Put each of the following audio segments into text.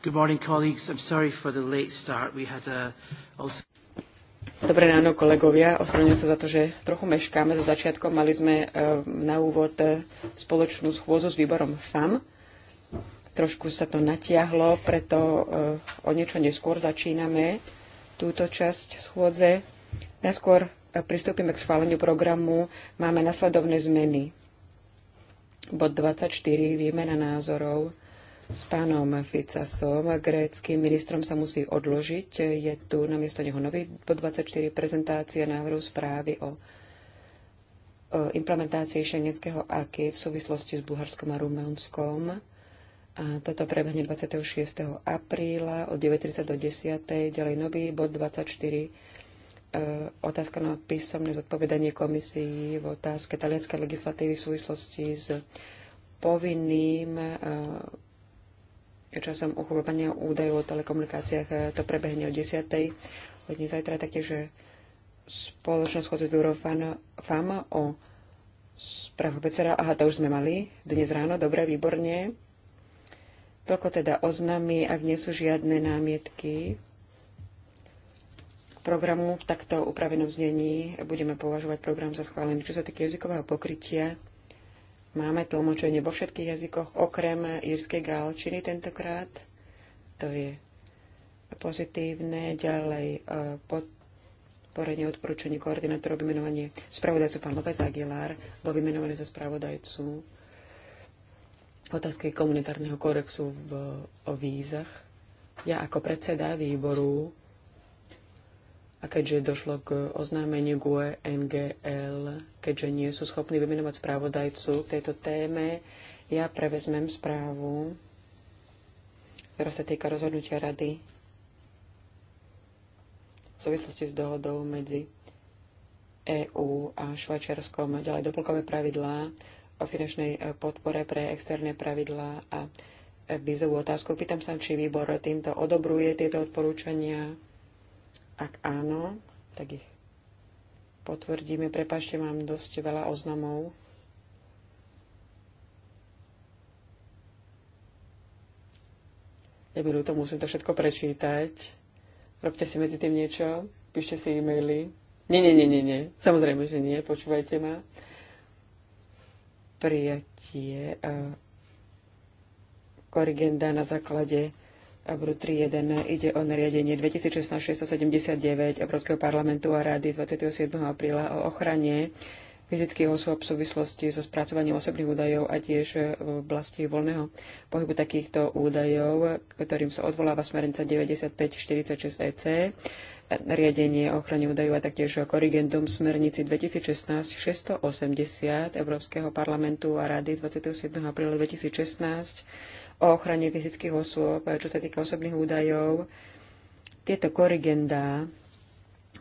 Good morning, colleagues. I'm sorry for the late start. We had a uh, also... Dobré ráno, kolegovia. Ospravedlňujem sa za to, že trochu meškáme so začiatkom. Mali sme uh, na úvod uh, spoločnú schôdzu s výborom FAM. Trošku sa to natiahlo, preto o niečo neskôr začíname túto časť schôdze. Najskôr pristúpime k schváleniu programu. Máme nasledovné zmeny. Bod 24, výmena názorov s pánom Ficasom, gréckým ministrom sa musí odložiť. Je tu na miesto neho nový po 24 prezentácia návrhu správy o, implementácii šengenského AKY v súvislosti s Bulharskom a Rumunskom. A toto prebehne 26. apríla od 9.30 do 10.00. Ďalej nový bod 24. E, otázka na písomné zodpovedanie komisii v otázke talianskej legislatívy v súvislosti s povinným e, časom uchovávania údajov o telekomunikáciách. To prebehne o 10. hodine zajtra, taktiež spoločnosť chodze z FAM o správu Becera. Aha, to už sme mali dnes ráno. Dobre, výborne. Toľko teda oznámy, ak nie sú žiadne námietky programu v takto upravenom znení budeme považovať program za schválený. Čo sa týka jazykového pokrytia, Máme tlmočenie vo všetkých jazykoch, okrem írskej gálčiny tentokrát. To je pozitívne. Ďalej e, podporenie odporúčaní koordinátorov vymenovanie spravodajcu pán López Aguilar bol vymenovaný za spravodajcu otázky komunitárneho kódexu v, o vízach. Ja ako predseda výboru a keďže došlo k oznámeniu GUE NGL, keďže nie sú schopní vymenovať správodajcu k tejto téme, ja prevezmem správu, ktorá sa týka rozhodnutia rady v súvislosti s dohodou medzi EÚ a Švajčiarskom ďalej doplnkové pravidlá o finančnej podpore pre externé pravidlá a vízovú otázku. Pýtam sa, či výbor týmto odobruje tieto odporúčania ak áno, tak ich potvrdíme. Prepašte, mám dosť veľa oznamov. Je to musím to všetko prečítať. Robte si medzi tým niečo, píšte si e-maily. Nie, nie, nie, nie, nie. Samozrejme, že nie, počúvajte ma. Prijatie eh, korigenda na základe Abru 3.1 ide o nariadenie 2016-679 Európskeho parlamentu a rady 27. apríla o ochrane fyzických osôb v súvislosti so spracovaním osobných údajov a tiež v oblasti voľného pohybu takýchto údajov, ktorým sa odvoláva smernica 9546 EC, riadenie o ochrane údajov a taktiež korrigendum smernici 2016-680 Európskeho parlamentu a rady 27. apríla 2016 o ochrane fyzických osôb, čo sa týka osobných údajov. Tieto korigendá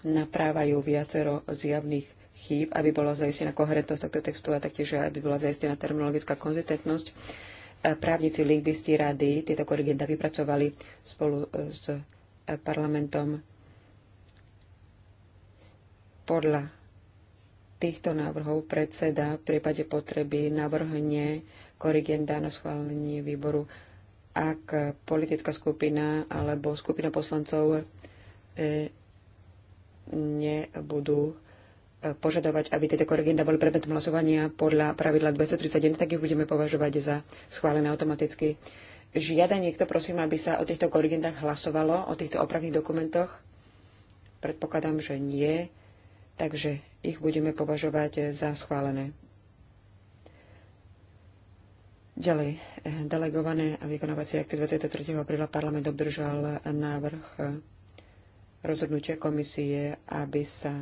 naprávajú viacero zjavných chýb, aby bola zaistená koherentnosť tohto textu a taktiež aby bola zaistená terminologická konzistentnosť. Právnici lingvisti rady tieto korigenda vypracovali spolu e, s e, parlamentom podľa týchto návrhov predseda v prípade potreby navrhne korigenda na schválenie výboru, ak politická skupina alebo skupina poslancov e, nebudú e, požadovať, aby tieto korigenda boli predmetom hlasovania podľa pravidla 231, tak ich budeme považovať za schválené automaticky. Žiada niekto, prosím, aby sa o týchto korigendách hlasovalo, o týchto opravných dokumentoch? Predpokladám, že nie, takže ich budeme považovať za schválené. Ďalej, eh, delegované a vykonávacie akty 23. apríla parlament obdržal návrh eh, rozhodnutia komisie, aby sa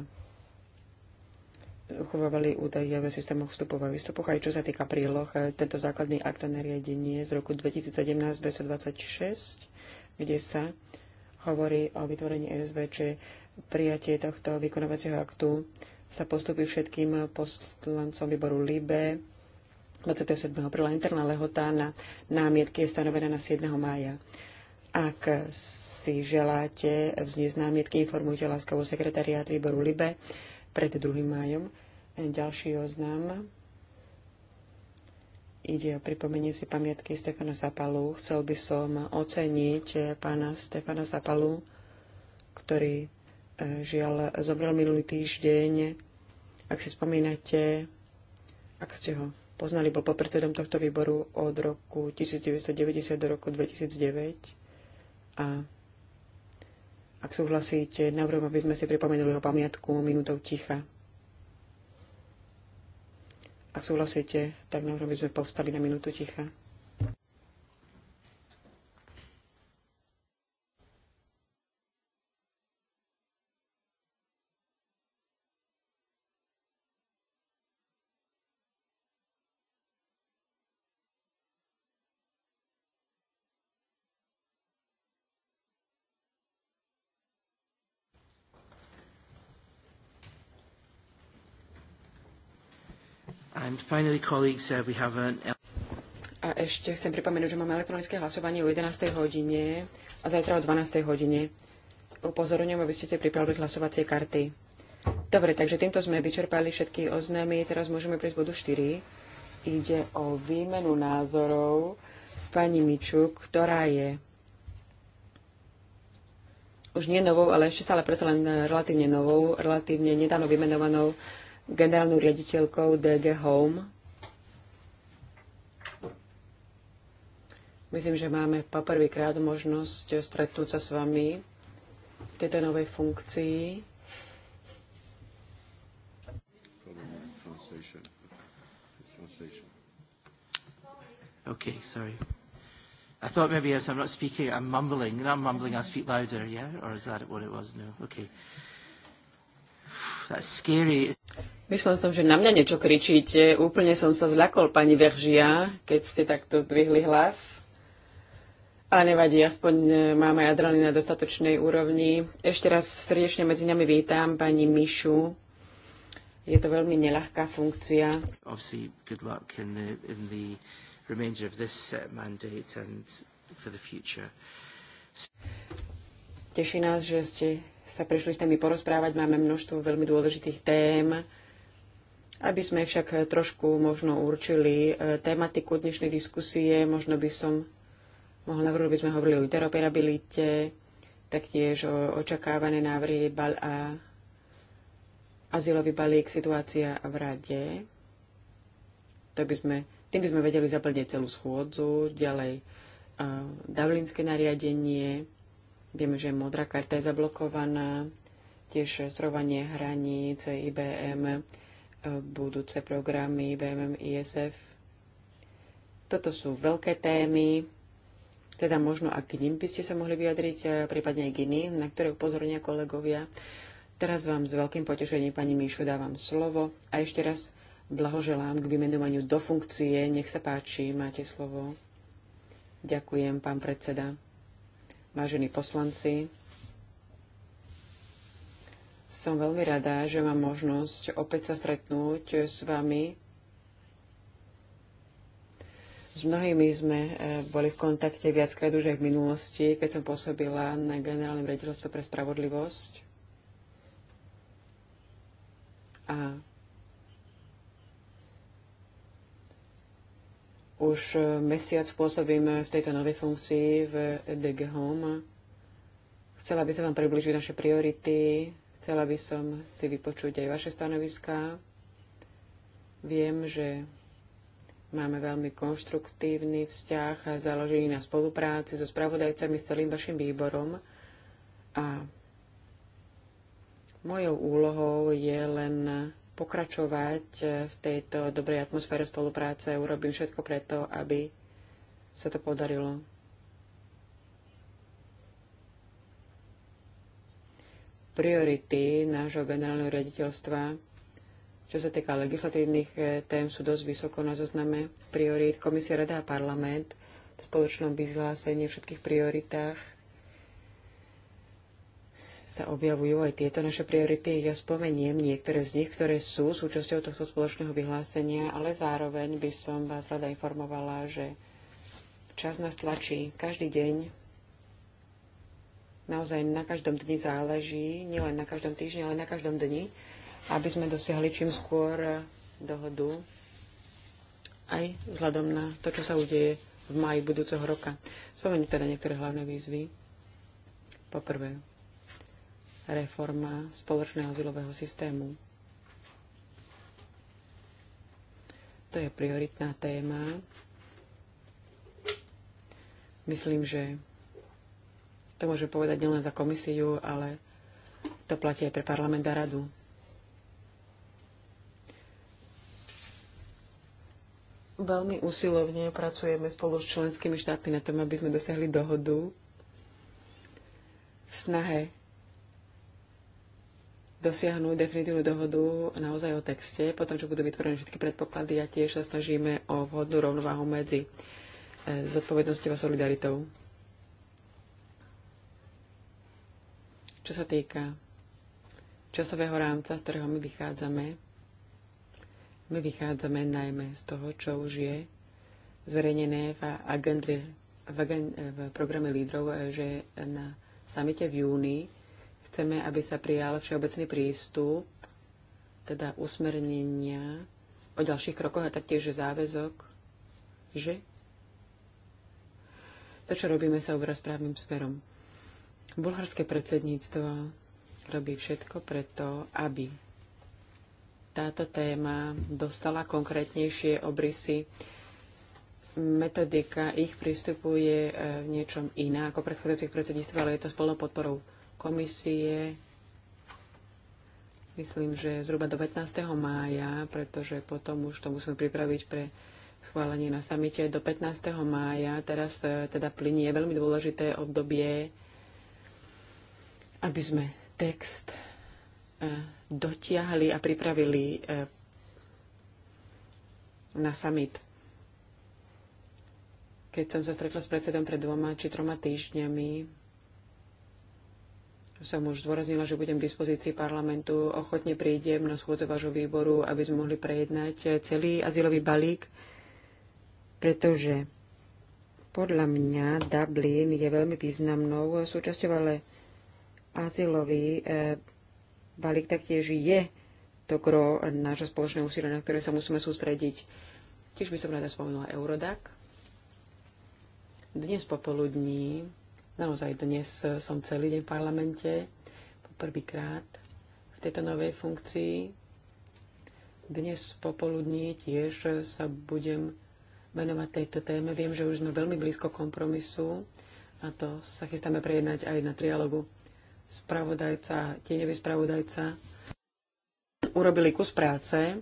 uchovávali údaje v systémoch vstupov a výstupov. Aj čo sa týka príloh, eh, tento základný akt a nariadenie z roku 2017-226, kde sa hovorí o vytvorení e či prijatie tohto vykonávacieho aktu sa postupí všetkým poslancom výboru LIBE, 27. apríla interná lehota na námietky je stanovená na 7. mája. Ak si želáte vzniesť námietky, informujte láskavú sekretariát výboru LIBE pred 2. májom. Ďalší oznám. Ide o pripomenie si pamiatky Stefana Zapalu. Chcel by som oceniť pána Stefana Zapalu, ktorý e, žiaľ zomrel minulý týždeň. Ak si spomínate, ak ste ho poznali, bol podpredsedom tohto výboru od roku 1990 do roku 2009 a ak súhlasíte, navrhujem, aby sme si pripomenuli ho pamiatku minútou ticha. Ak súhlasíte, tak navrhujem, aby sme povstali na minútu ticha. finally, colleagues, uh, we have an... A ešte chcem pripomenúť, že máme elektronické hlasovanie o 11. hodine a zajtra o 12. hodine. Upozorňujem, aby ste si pripravili hlasovacie karty. Dobre, takže týmto sme vyčerpali všetky oznámy. Teraz môžeme prísť bodu 4. Ide o výmenu názorov s pani Mičuk, ktorá je už nie novou, ale ešte stále predsa len eh, relatívne novou, relatívne nedávno vymenovanou generálnou riaditeľkou DG Home. Myslím, že máme poprvýkrát možnosť stretnúť sa s vami v tejto novej funkcii. Okay, sorry. I thought maybe as I'm not speaking, I'm mumbling. Not mumbling, I speak louder, yeah? Or is that what it was? No. Okay. That's scary. Myslel som, že na mňa niečo kričíte. Úplne som sa zľakol, pani Veržia, keď ste takto zdvihli hlas. Ale nevadí, aspoň e, máme adrenalín na dostatočnej úrovni. Ešte raz srdečne medzi nami vítam pani Mišu. Je to veľmi neľahká funkcia. Uh, Teší nás, že ste sa prišli s nami porozprávať. Máme množstvo veľmi dôležitých tém aby sme však trošku možno určili e, tematiku dnešnej diskusie, možno by som mohla navrhnúť, by sme hovorili o interoperabilite, taktiež o očakávané návrhy bal a azylový balík, situácia v rade. To by sme, tým by sme vedeli zaplniť celú schôdzu, ďalej uh, Dublinské nariadenie, vieme, že modrá karta je zablokovaná, tiež strovanie hraníc, IBM, budúce programy BMM ISF. Toto sú veľké témy, teda možno ak k ním by ste sa mohli vyjadriť, e, prípadne aj k iným, na ktoré upozornia kolegovia. Teraz vám s veľkým potešením, pani Míšu, dávam slovo a ešte raz blahoželám k vymenovaniu do funkcie. Nech sa páči, máte slovo. Ďakujem, pán predseda. Vážení poslanci, som veľmi rada, že mám možnosť opäť sa stretnúť s vami. S mnohými sme eh, boli v kontakte viackrát už aj v minulosti, keď som pôsobila na generálnom rediteľstve pre spravodlivosť. A už eh, mesiac pôsobím v tejto novej funkcii v DG Home. Chcela by sa vám približiť naše priority, Chcela by som si vypočuť aj vaše stanoviská. Viem, že máme veľmi konštruktívny vzťah a založený na spolupráci so spravodajcami, s celým vašim výborom. A mojou úlohou je len pokračovať v tejto dobrej atmosfére spolupráce. Urobím všetko preto, aby sa to podarilo. priority nášho generálneho riaditeľstva, čo sa týka legislatívnych eh, tém, sú dosť vysoko na zozname priorít. Komisia, Rada a parlament v spoločnom vyhlásení všetkých prioritách sa objavujú aj tieto naše priority. Ja spomeniem niektoré z nich, ktoré sú súčasťou tohto spoločného vyhlásenia, ale zároveň by som vás rada informovala, že čas nás tlačí. Každý deň naozaj na každom dni záleží, nielen na každom týždni, ale na každom dni, aby sme dosiahli čím skôr dohodu aj vzhľadom na to, čo sa udeje v maji budúceho roka. Spomeniem teda niektoré hlavné výzvy. Poprvé, reforma spoločného azylového systému. To je prioritná téma. Myslím, že to môžem povedať nielen za komisiu, ale to platí aj pre parlament a radu. Veľmi úsilovne pracujeme spolu s členskými štátmi na tom, aby sme dosiahli dohodu v snahe dosiahnuť definitívnu dohodu naozaj o texte, potom čo budú vytvorené všetky predpoklady a tiež sa snažíme o vhodnú rovnováhu medzi eh, zodpovednosťou a solidaritou. Čo sa týka časového rámca, z ktorého my vychádzame, my vychádzame najmä z toho, čo už je zverejnené v, agendre, v, agen, v programe lídrov, že na samite v júni chceme, aby sa prijal všeobecný prístup, teda usmernenia o ďalších krokoch a taktiež záväzok, že to, čo robíme, sa uberá správnym smerom. Bulharské predsedníctvo robí všetko preto, aby táto téma dostala konkrétnejšie obrysy. Metodika ich prístupu je e, v niečom iná ako predchádzajúcich predsedníctv, ale je to spolu podporou komisie. Myslím, že zhruba do 15. mája, pretože potom už to musíme pripraviť pre schválenie na samite. Do 15. mája teraz e, teda plinie veľmi dôležité obdobie aby sme text e, dotiahli a pripravili e, na summit. Keď som sa stretla s predsedom pred dvoma či troma týždňami, som už zdôraznila, že budem k dispozícii parlamentu. Ochotne prídem na schôdze vášho výboru, aby sme mohli prejednať e, celý azylový balík, pretože podľa mňa Dublin je veľmi významnou súčasťou, ale Azylový eh, balík taktiež je to gro nášho spoločného úsilia, na ktoré sa musíme sústrediť. Tiež by som rada spomenula Eurodak. Dnes popoludní, naozaj dnes som celý deň v parlamente, poprvýkrát v tejto novej funkcii. Dnes popoludní tiež sa budem venovať tejto téme. Viem, že už sme veľmi blízko kompromisu a to sa chystáme prejednať aj na trialogu spravodajca, tieňový spravodajca urobili kus práce.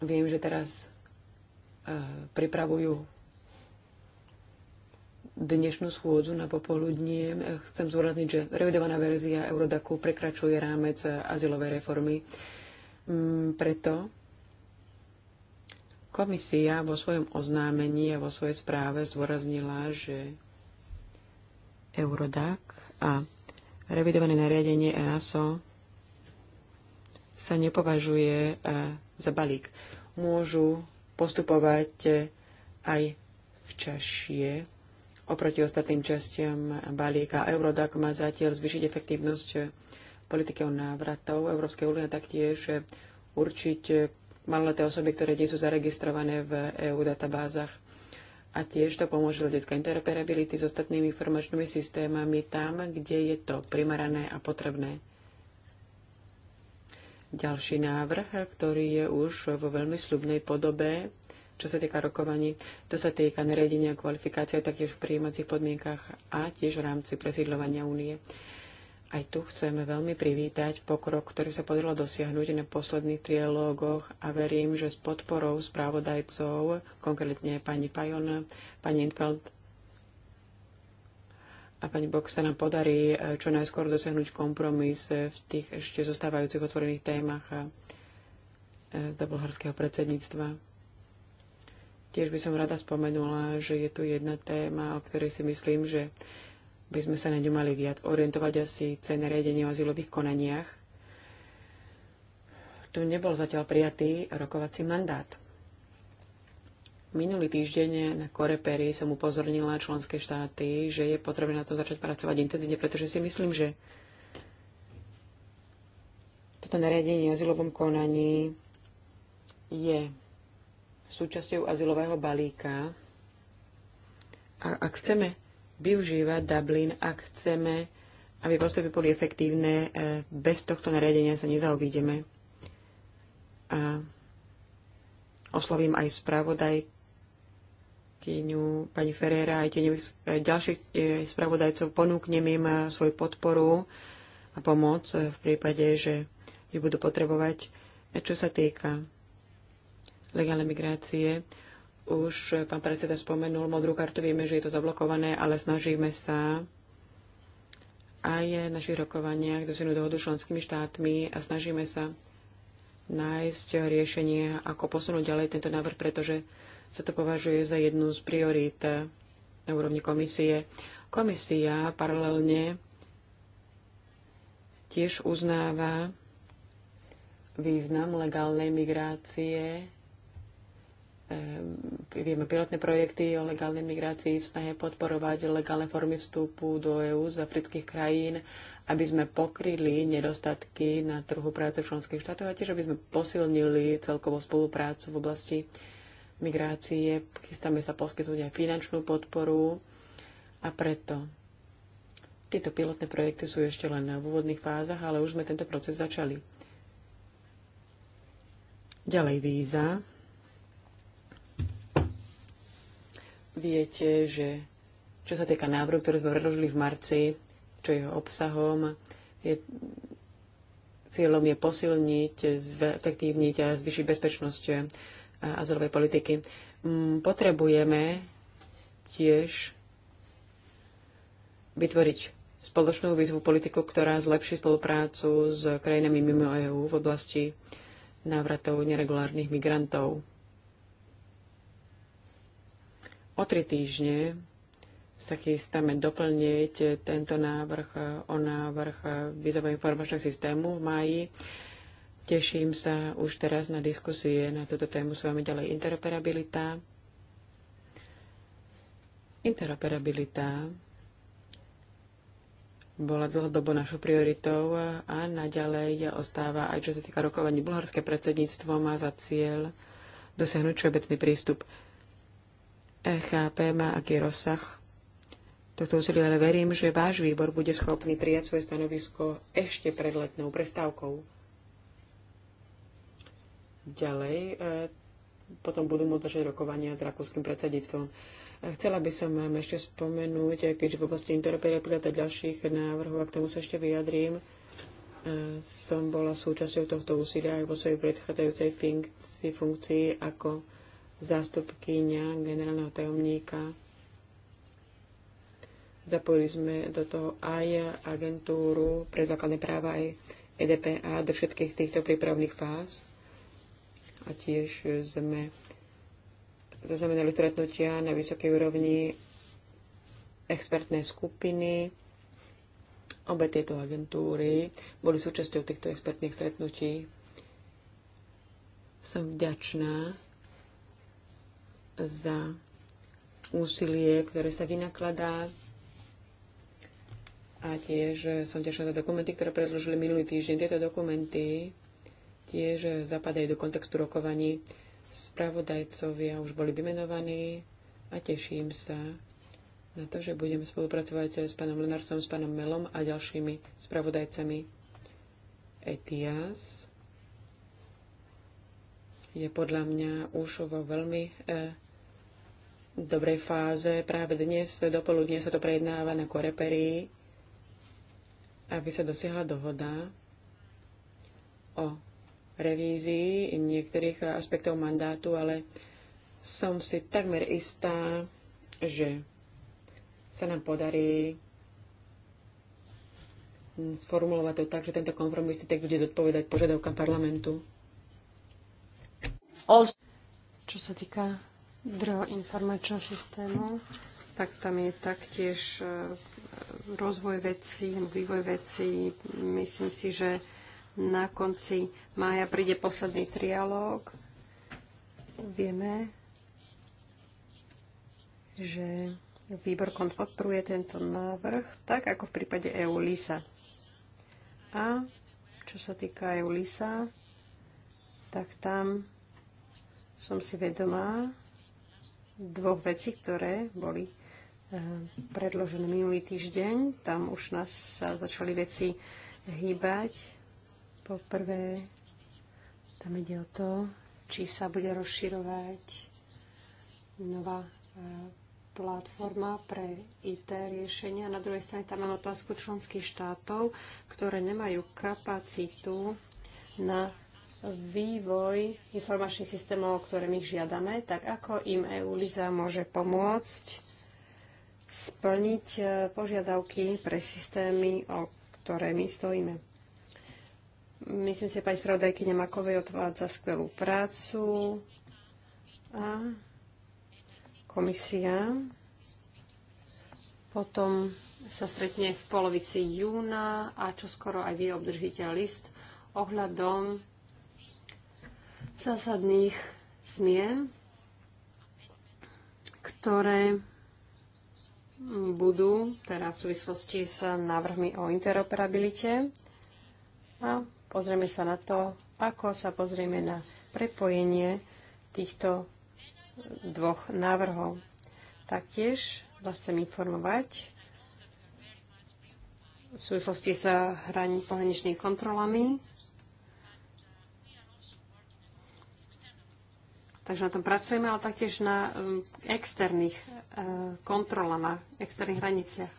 Viem, že teraz e, pripravujú dnešnú schôdzu na popoludnie. Chcem zúrazniť, že revidovaná verzia Eurodaku prekračuje rámec azylovej reformy. Mm, preto komisia vo svojom oznámení a vo svojej správe zdôraznila, že Eurodac a revidované nariadenie EASO sa nepovažuje e, za balík. Môžu postupovať e, aj čašie oproti ostatným častiam balíka. Eurodac má zatiaľ zvýšiť efektívnosť e, politiky návratov Európskej únie taktiež určiť malé osoby, ktoré nie sú zaregistrované v EU databázach a tiež to pomôže hľadiska interoperability s ostatnými informačnými systémami tam, kde je to primerané a potrebné. Ďalší návrh, ktorý je už vo veľmi slubnej podobe, čo sa týka rokovaní, to sa týka nariadenia kvalifikácie, taktiež v príjímacích podmienkach a tiež v rámci presídľovania únie. Aj tu chceme veľmi privítať pokrok, ktorý sa podarilo dosiahnuť na posledných trialógoch a verím, že s podporou správodajcov, konkrétne pani Pajon, pani Infeld a pani Bok sa nám podarí eh, čo najskôr dosiahnuť kompromis eh, v tých ešte zostávajúcich otvorených témach eh, z bulharského predsedníctva. Tiež by som rada spomenula, že je tu jedna téma, o ktorej si myslím, že by sme sa na ňu mali viac orientovať asi cene riadenie o azylových konaniach. Tu nebol zatiaľ prijatý rokovací mandát. Minulý týždeň na Koreperi som upozornila členské štáty, že je potrebné na to začať pracovať intenzívne, pretože si myslím, že toto nariadenie o azylovom konaní je súčasťou azylového balíka. A ak chceme využívať Dublin, ak chceme, aby postupy boli efektívne. E, bez tohto nariadenia sa nezaobídeme. A oslovím aj spravodaj. spravodajkyňu pani Ferreira aj tenevých, e, ďalších e, spravodajcov. Ponúknem im svoju podporu a pomoc v prípade, že ju budú potrebovať. Čo sa týka legálnej migrácie, už pán predseda spomenul, modrú kartu vieme, že je to zablokované, ale snažíme sa aj v našich rokovaniach dosiahnuť dohodu s členskými štátmi a snažíme sa nájsť riešenie, ako posunúť ďalej tento návrh, pretože sa to považuje za jednu z priorít na úrovni komisie. Komisia paralelne tiež uznáva význam legálnej migrácie Ehm, vieme pilotné projekty o legálnej migrácii v snahe podporovať legálne formy vstupu do EÚ z afrických krajín, aby sme pokryli nedostatky na trhu práce v členských štátoch a tiež aby sme posilnili celkovú spoluprácu v oblasti migrácie. Chystáme sa poskytnúť aj finančnú podporu a preto tieto pilotné projekty sú ešte len v úvodných fázach, ale už sme tento proces začali. Ďalej víza. Viete, že čo sa týka návrhu, ktorý sme predložili v marci, čo jeho obsahom, je, cieľom je posilniť, zefektívniť a zvyšiť bezpečnosť azylovej politiky. Mm, potrebujeme tiež vytvoriť spoločnú výzvu politiku, ktorá zlepší spoluprácu s krajinami mimo EÚ v oblasti návratov neregulárnych migrantov. O tri týždne sa chystáme doplniť tento návrh o návrh vizového informačného systému v máji. Teším sa už teraz na diskusie na túto tému s vami ďalej interoperabilita. Interoperabilita bola dlhodobo našou prioritou a naďalej ostáva aj čo sa týka rokovaní. Bulharské predsedníctvo má za cieľ dosiahnuť všeobecný prístup Chápem, aký rozsah toto úsilia, ale verím, že váš výbor bude schopný prijať svoje stanovisko ešte pred letnou prestávkou. Ďalej, e, potom budú môcť začať rokovania s rakúskym predsedníctvom. Chcela by som vám ešte spomenúť, keďže v oblasti interoperability a ďalších návrhov, a k tomu sa ešte vyjadrím, e, som bola súčasťou tohto úsilia aj vo svojej predchádzajúcej funkcii, funkcii ako zástupkyňa generálneho tajomníka. Zapojili sme do toho aj agentúru pre základné práva, aj EDPA do všetkých týchto prípravných fáz. A tiež sme zaznamenali stretnutia na vysokej úrovni expertnej skupiny. Obe tieto agentúry boli súčasťou týchto expertných stretnutí. Som vďačná za úsilie, ktoré sa vynakladá. A tiež som ťažila za dokumenty, ktoré predložili minulý týždeň. Tieto dokumenty tiež zapadajú do kontextu rokovaní. Spravodajcovia už boli vymenovaní a teším sa na to, že budem spolupracovať s pánom Lenarsom, s pánom Melom a ďalšími spravodajcami. ETIAS je podľa mňa už vo veľmi eh, dobrej fáze. Práve dnes, dopoludne sa to prejednáva na koreperi, aby sa dosiahla dohoda o revízii niektorých aspektov mandátu, ale som si takmer istá, že sa nám podarí sformulovať to tak, že tento kompromis tak bude zodpovedať požiadavkám parlamentu. Čo sa týka druhého informačného systému, tak tam je taktiež e, rozvoj vecí, vývoj vecí. Myslím si, že na konci mája príde posledný trialóg. Vieme, že výbor kont podporuje tento návrh, tak ako v prípade EU LISA. A čo sa týka EU LISA, tak tam som si vedomá, dvoch vecí, ktoré boli eh, predložené minulý týždeň. Tam už nás sa začali veci hýbať. Po prvé, tam ide o to, či sa bude rozširovať nová eh, platforma pre IT riešenia. Na druhej strane tam mám otázku členských štátov, ktoré nemajú kapacitu na vývoj informačných systémov, ktoré my žiadame, tak ako im EU LISA môže pomôcť splniť e, požiadavky pre systémy, o ktoré my stojíme. Myslím si, že pani spravodajkyňa Makovej odvádza skvelú prácu a komisia potom sa stretne v polovici júna a čo skoro aj vy obdržíte list ohľadom zásadných zmien, ktoré budú teda v súvislosti s návrhmi o interoperabilite a pozrieme sa na to, ako sa pozrieme na prepojenie týchto dvoch návrhov. Taktiež vás chcem informovať v súvislosti s hraničnými kontrolami, Takže na tom pracujeme, ale taktiež na um, externých uh, kontrolách, na externých hraniciach.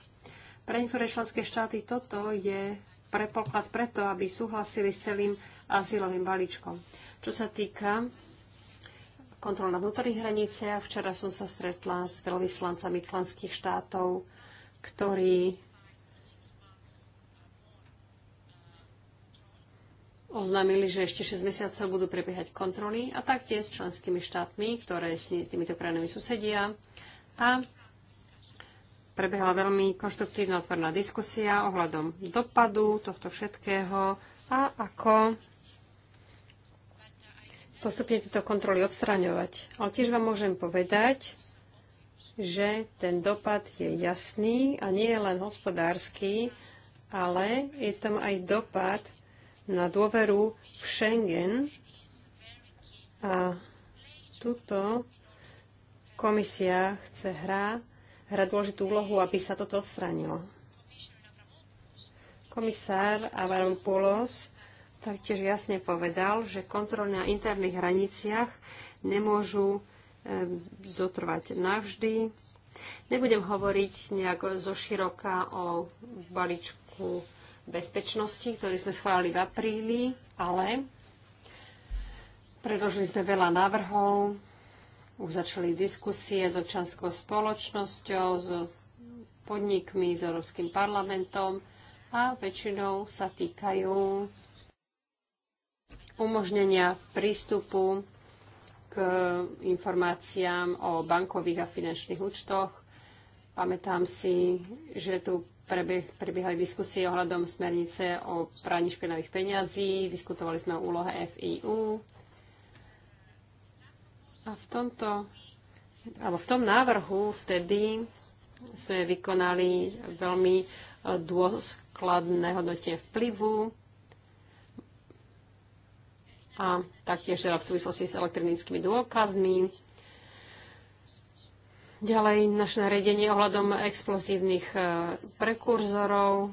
Pre niektoré členské štáty toto je prepoklad preto, aby súhlasili s celým azylovým balíčkom. Čo sa týka kontrol na vnútorných hraniciach, včera som sa stretla s veľvyslancami členských štátov, ktorí oznámili, že ešte 6 mesiacov budú prebiehať kontroly a taktiež s členskými štátmi, ktoré s týmito krajinami susedia. A prebehla veľmi konštruktívna otvorná diskusia ohľadom dopadu tohto všetkého a ako postupne tieto kontroly odstraňovať. Ale tiež vám môžem povedať, že ten dopad je jasný a nie je len hospodársky, ale je tam aj dopad na dôveru v Schengen a tuto komisia chce hra, hrať dôležitú úlohu, aby sa toto odstránilo. Komisár Avramopoulos taktiež jasne povedal, že kontroly na interných hraniciach nemôžu e, zotrvať navždy. Nebudem hovoriť nejak zoširoka o balíčku bezpečnosti, ktorý sme schválili v apríli, ale predložili sme veľa návrhov, už začali diskusie s občanskou spoločnosťou, s podnikmi, s Európskym parlamentom a väčšinou sa týkajú umožnenia prístupu k informáciám o bankových a finančných účtoch. Pamätám si, že tu prebiehali diskusie ohľadom smernice o praní špinavých peňazí, diskutovali sme o úlohe FIU. A v tomto, alebo v tom návrhu vtedy sme vykonali veľmi e, dôskladné hodnotie vplyvu a taktiež teda v súvislosti s elektronickými dôkazmi Ďalej naše nariadenie ohľadom explozívnych e, prekurzorov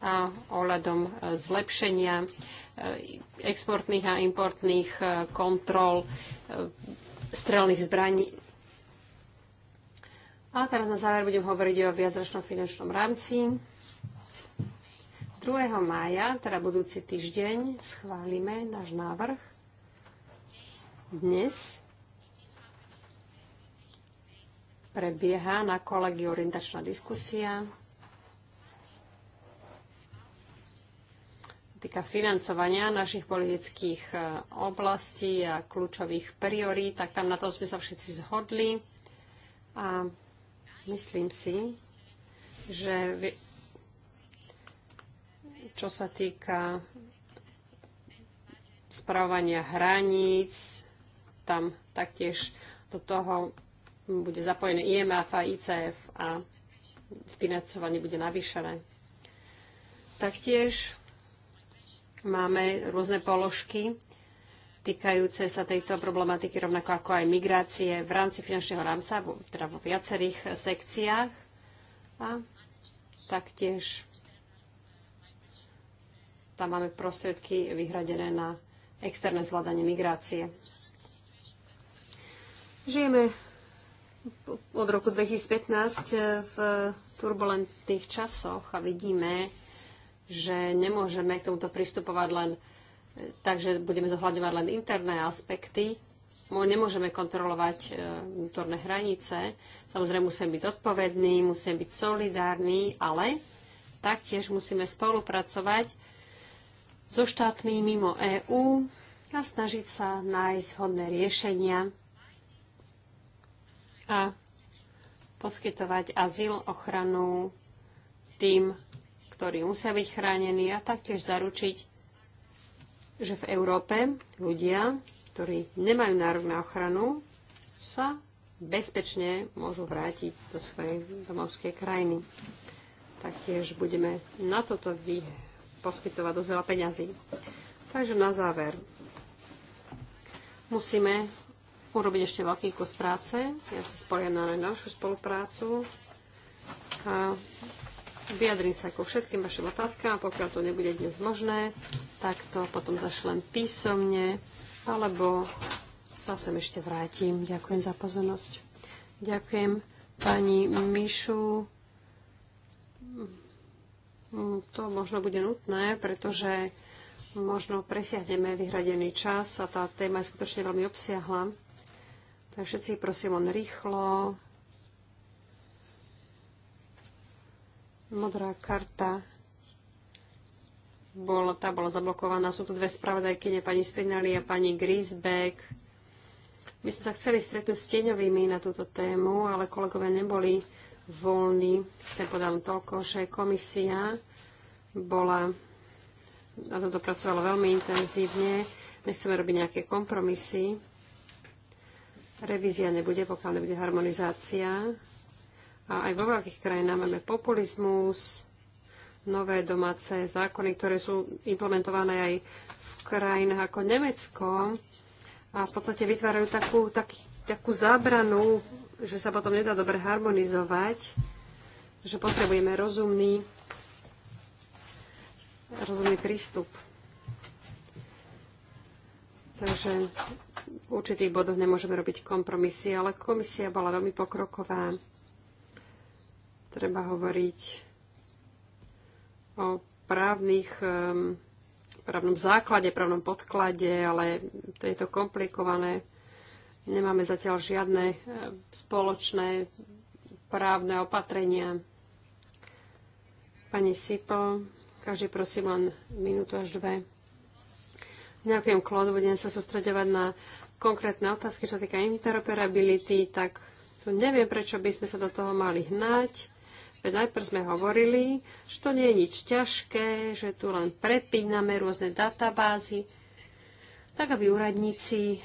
a ohľadom e, zlepšenia e, exportných a importných kontrol strelných zbraní. A teraz na záver budem hovoriť o viacročnom finančnom rámci. 2. mája, teda budúci týždeň, schválime náš návrh. Dnes prebieha na kolegii orientačná diskusia. týka financovania našich politických e, oblastí a kľúčových priorít, tak tam na to sme sa všetci zhodli. A myslím si, že čo sa týka spravovania hraníc, tam taktiež do toho bude zapojené IMF a ICF a financovanie bude navýšené. Taktiež máme rôzne položky týkajúce sa tejto problematiky, rovnako ako aj migrácie v rámci finančného rámca, teda vo viacerých sekciách. A taktiež tam máme prostriedky vyhradené na externé zvládanie migrácie. Žijeme od roku 2015 eh, v turbulentných časoch a vidíme, že nemôžeme k tomuto pristupovať len eh, tak, že budeme zohľadňovať len interné aspekty. Nemôžeme kontrolovať eh, vnútorné hranice. Samozrejme, musíme byť odpovední, musíme byť solidárni, ale taktiež musíme spolupracovať so štátmi mimo EÚ a snažiť sa nájsť hodné riešenia a poskytovať azyl, ochranu tým, ktorí musia byť chránení a taktiež zaručiť, že v Európe ľudia, ktorí nemajú nárok na ochranu, sa bezpečne môžu vrátiť do svojej domovskej krajiny. Taktiež budeme na toto vždy poskytovať dosť veľa peňazí. Takže na záver. Musíme urobiť ešte veľký kus práce. Ja sa spojím na našu spoluprácu. A vyjadrím sa ku všetkým vašim otázkam a pokiaľ to nebude dnes možné, tak to potom zašlem písomne alebo sa sem ešte vrátim. Ďakujem za pozornosť. Ďakujem pani Mišu. To možno bude nutné, pretože možno presiahneme vyhradený čas a tá téma je skutočne veľmi obsiahla. Tak všetci prosím on rýchlo. Modrá karta. Bol, tá bola zablokovaná. Sú tu dve spravodajkyne, pani Spinelli a pani Grisbeck. My sme sa chceli stretnúť s tieňovými na túto tému, ale kolegové neboli voľní. Chcem povedať toľko, že komisia bola na toto pracovala veľmi intenzívne. Nechceme robiť nejaké kompromisy revízia nebude, pokiaľ nebude harmonizácia. A aj vo veľkých krajinách máme populizmus, nové domáce zákony, ktoré sú implementované aj v krajinách ako Nemecko a v podstate vytvárajú takú, taký, takú zábranu, že sa potom nedá dobre harmonizovať, že potrebujeme rozumný, rozumný prístup. Takže v určitých bodoch nemôžeme robiť kompromisy, ale komisia bola veľmi pokroková. Treba hovoriť o právnych, právnom základe, právnom podklade, ale to je to komplikované. Nemáme zatiaľ žiadne spoločné právne opatrenia. Pani Sipo, každý prosím len minútu až dve. Ďakujem, Klod. Budem sa sústredovať na konkrétne otázky, čo týka interoperability, tak tu neviem, prečo by sme sa do toho mali hnať. Veď najprv sme hovorili, že to nie je nič ťažké, že tu len prepíname rôzne databázy, tak aby úradníci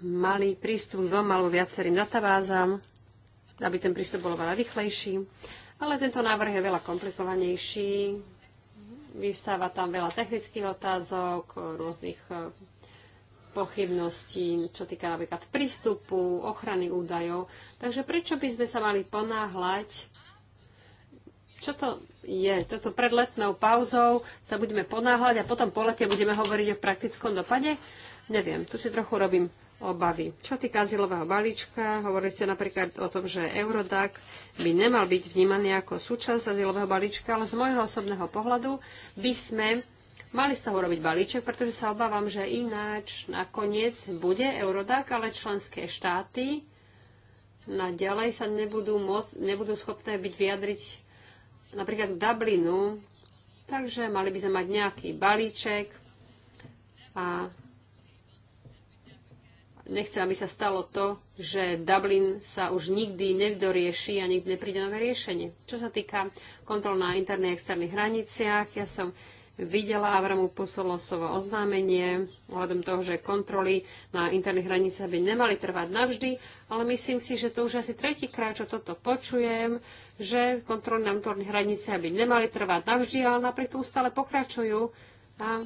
mali prístup k dvom alebo viacerým databázam, aby ten prístup bol veľa rýchlejší. Ale tento návrh je veľa komplikovanejší, Vystáva tam veľa technických otázok, rôznych e, pochybností, čo týka napríklad prístupu, ochrany údajov. Takže prečo by sme sa mali ponáhľať? Čo to je? Toto pred letnou pauzou sa budeme ponáhľať a potom po lete budeme hovoriť o praktickom dopade? Neviem, tu si trochu robím obavy. Čo týka azylového balíčka, hovorili ste napríklad o tom, že Eurodac by nemal byť vnímaný ako súčasť azylového balíčka, ale z môjho osobného pohľadu by sme mali z toho robiť balíček, pretože sa obávam, že ináč nakoniec bude Eurodac, ale členské štáty naďalej sa nebudú, môcť, nebudú schopné byť vyjadriť napríklad k Dublinu, takže mali by sme mať nejaký balíček a nechcem, aby sa stalo to, že Dublin sa už nikdy nedorieši a nikdy nepríde nové riešenie. Čo sa týka kontrol na interných a externých hraniciach, ja som videla Avramu Pusolosovo oznámenie ohľadom toho, že kontroly na interných hraniciach by nemali trvať navždy, ale myslím si, že to už asi tretíkrát, čo toto počujem, že kontroly na vnútorných hraniciach by nemali trvať navždy, ale napriek tomu stále pokračujú. A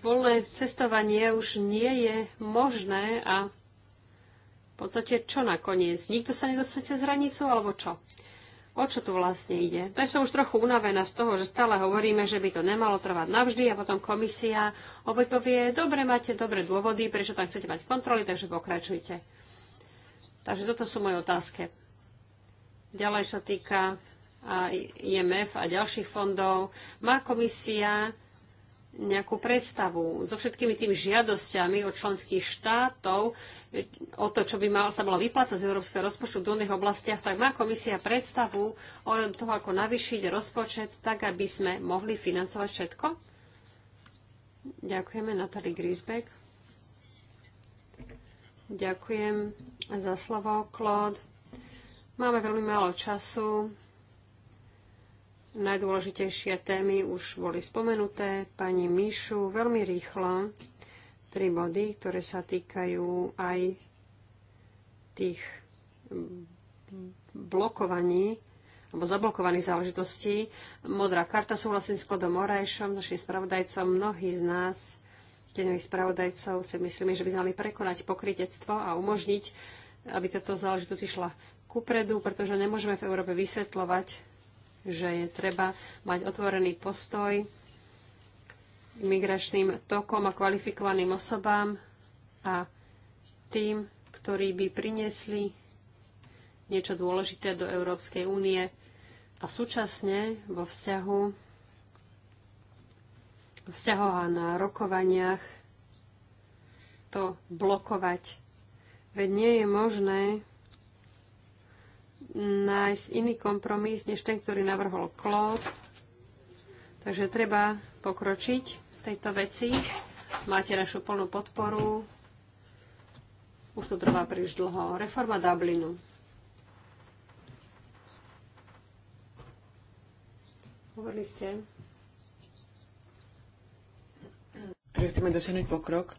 voľné cestovanie už nie je možné a v podstate čo nakoniec? Nikto sa nedostane cez hranicu alebo čo? O čo tu vlastne ide? To som už trochu unavená z toho, že stále hovoríme, že by to nemalo trvať navždy a potom komisia opäť povie, dobre, máte dobré dôvody, prečo tam chcete mať kontroly, takže pokračujte. Takže toto sú moje otázky. Ďalej, čo týka IMF a ďalších fondov, má komisia nejakú predstavu so všetkými tými žiadosťami od členských štátov o to, čo by mal, sa malo vyplácať z európskeho rozpočtu v dolných oblastiach, tak má komisia predstavu o toho, ako navýšiť rozpočet tak, aby sme mohli financovať všetko? Ďakujeme, Natalie Grisbeck. Ďakujem za slovo, Claude. Máme veľmi málo času Najdôležitejšie témy už boli spomenuté. Pani Míšu, veľmi rýchlo tri body, ktoré sa týkajú aj tých blokovaní alebo zablokovaných záležitostí. Modrá karta, súhlasím s Klodom Orajšom, našim spravodajcom. Mnohí z nás, tenových spravodajcov, si myslíme, že by sme mali prekonať pokrytectvo a umožniť, aby táto záležitosť išla kupredu, pretože nemôžeme v Európe vysvetľovať že je treba mať otvorený postoj migračným tokom a kvalifikovaným osobám a tým, ktorí by priniesli niečo dôležité do Európskej únie a súčasne vo vzťahu vo a na rokovaniach to blokovať. Veď nie je možné nájsť iný kompromis, než ten, ktorý navrhol Claude. Takže treba pokročiť v tejto veci. Máte našu plnú podporu. Už to trvá príliš dlho. Reforma Dublinu. Hovorili ste, že chceme dosiahnuť pokrok.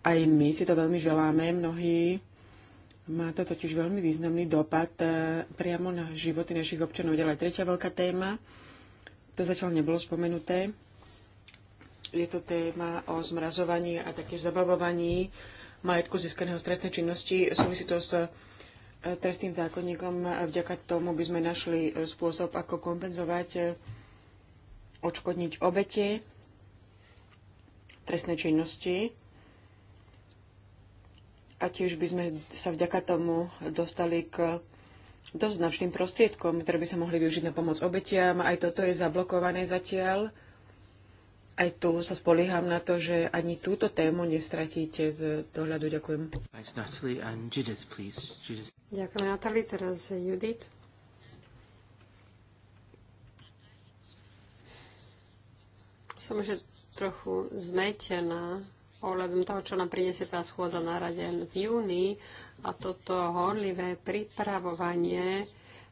Aj my si to veľmi želáme. Mnohí má to totiž veľmi významný dopad e, priamo na životy našich občanov. Ďalej tretia veľká téma, to zatiaľ nebolo spomenuté, je to téma o zmrazovaní a taktiež zabavovaní majetku získaného z trestnej činnosti. Súvisí to s e, trestným zákonníkom. a Vďaka tomu by sme našli e, spôsob, ako kompenzovať, odškodniť obete trestnej činnosti a tiež by sme sa vďaka tomu dostali k dosť značným prostriedkom, ktoré by sa mohli využiť na pomoc obetiam. Aj toto je zablokované zatiaľ. Aj tu sa spolieham na to, že ani túto tému nestratíte z dohľadu. Ďakujem. Ďakujem, Natalie. Teraz Judith. Som že trochu zmetená ohľadom toho, čo nám priniesie tá schôdza na rade v júni a toto horlivé pripravovanie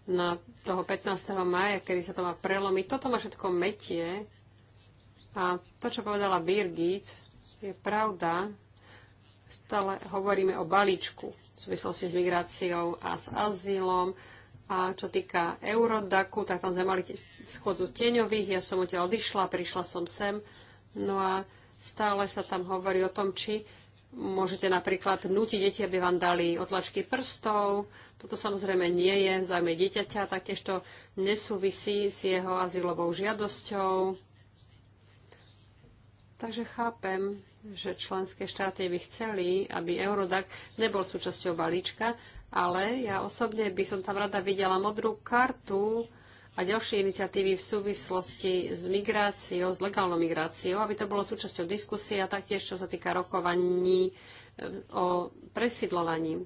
na toho 15. maja, kedy sa to má prelomiť. Toto má všetko metie a to, čo povedala Birgit, je pravda. Stále hovoríme o balíčku v súvislosti s migráciou a s azylom. A čo týka Eurodaku, tak tam sme mali schôdzu tieňových. Ja som odtiaľ odišla, prišla som sem. No a Stále sa tam hovorí o tom, či môžete napríklad nutiť deti, aby vám dali otlačky prstov. Toto samozrejme nie je v záujme dieťaťa, taktiež to nesúvisí s jeho azylovou žiadosťou. Takže chápem, že členské štáty by chceli, aby Eurodac nebol súčasťou balíčka, ale ja osobne by som tam rada videla modrú kartu a ďalšie iniciatívy v súvislosti s migráciou, s legálnou migráciou, aby to bolo súčasťou diskusie a taktiež, čo sa týka rokovaní e, o presidlovaní.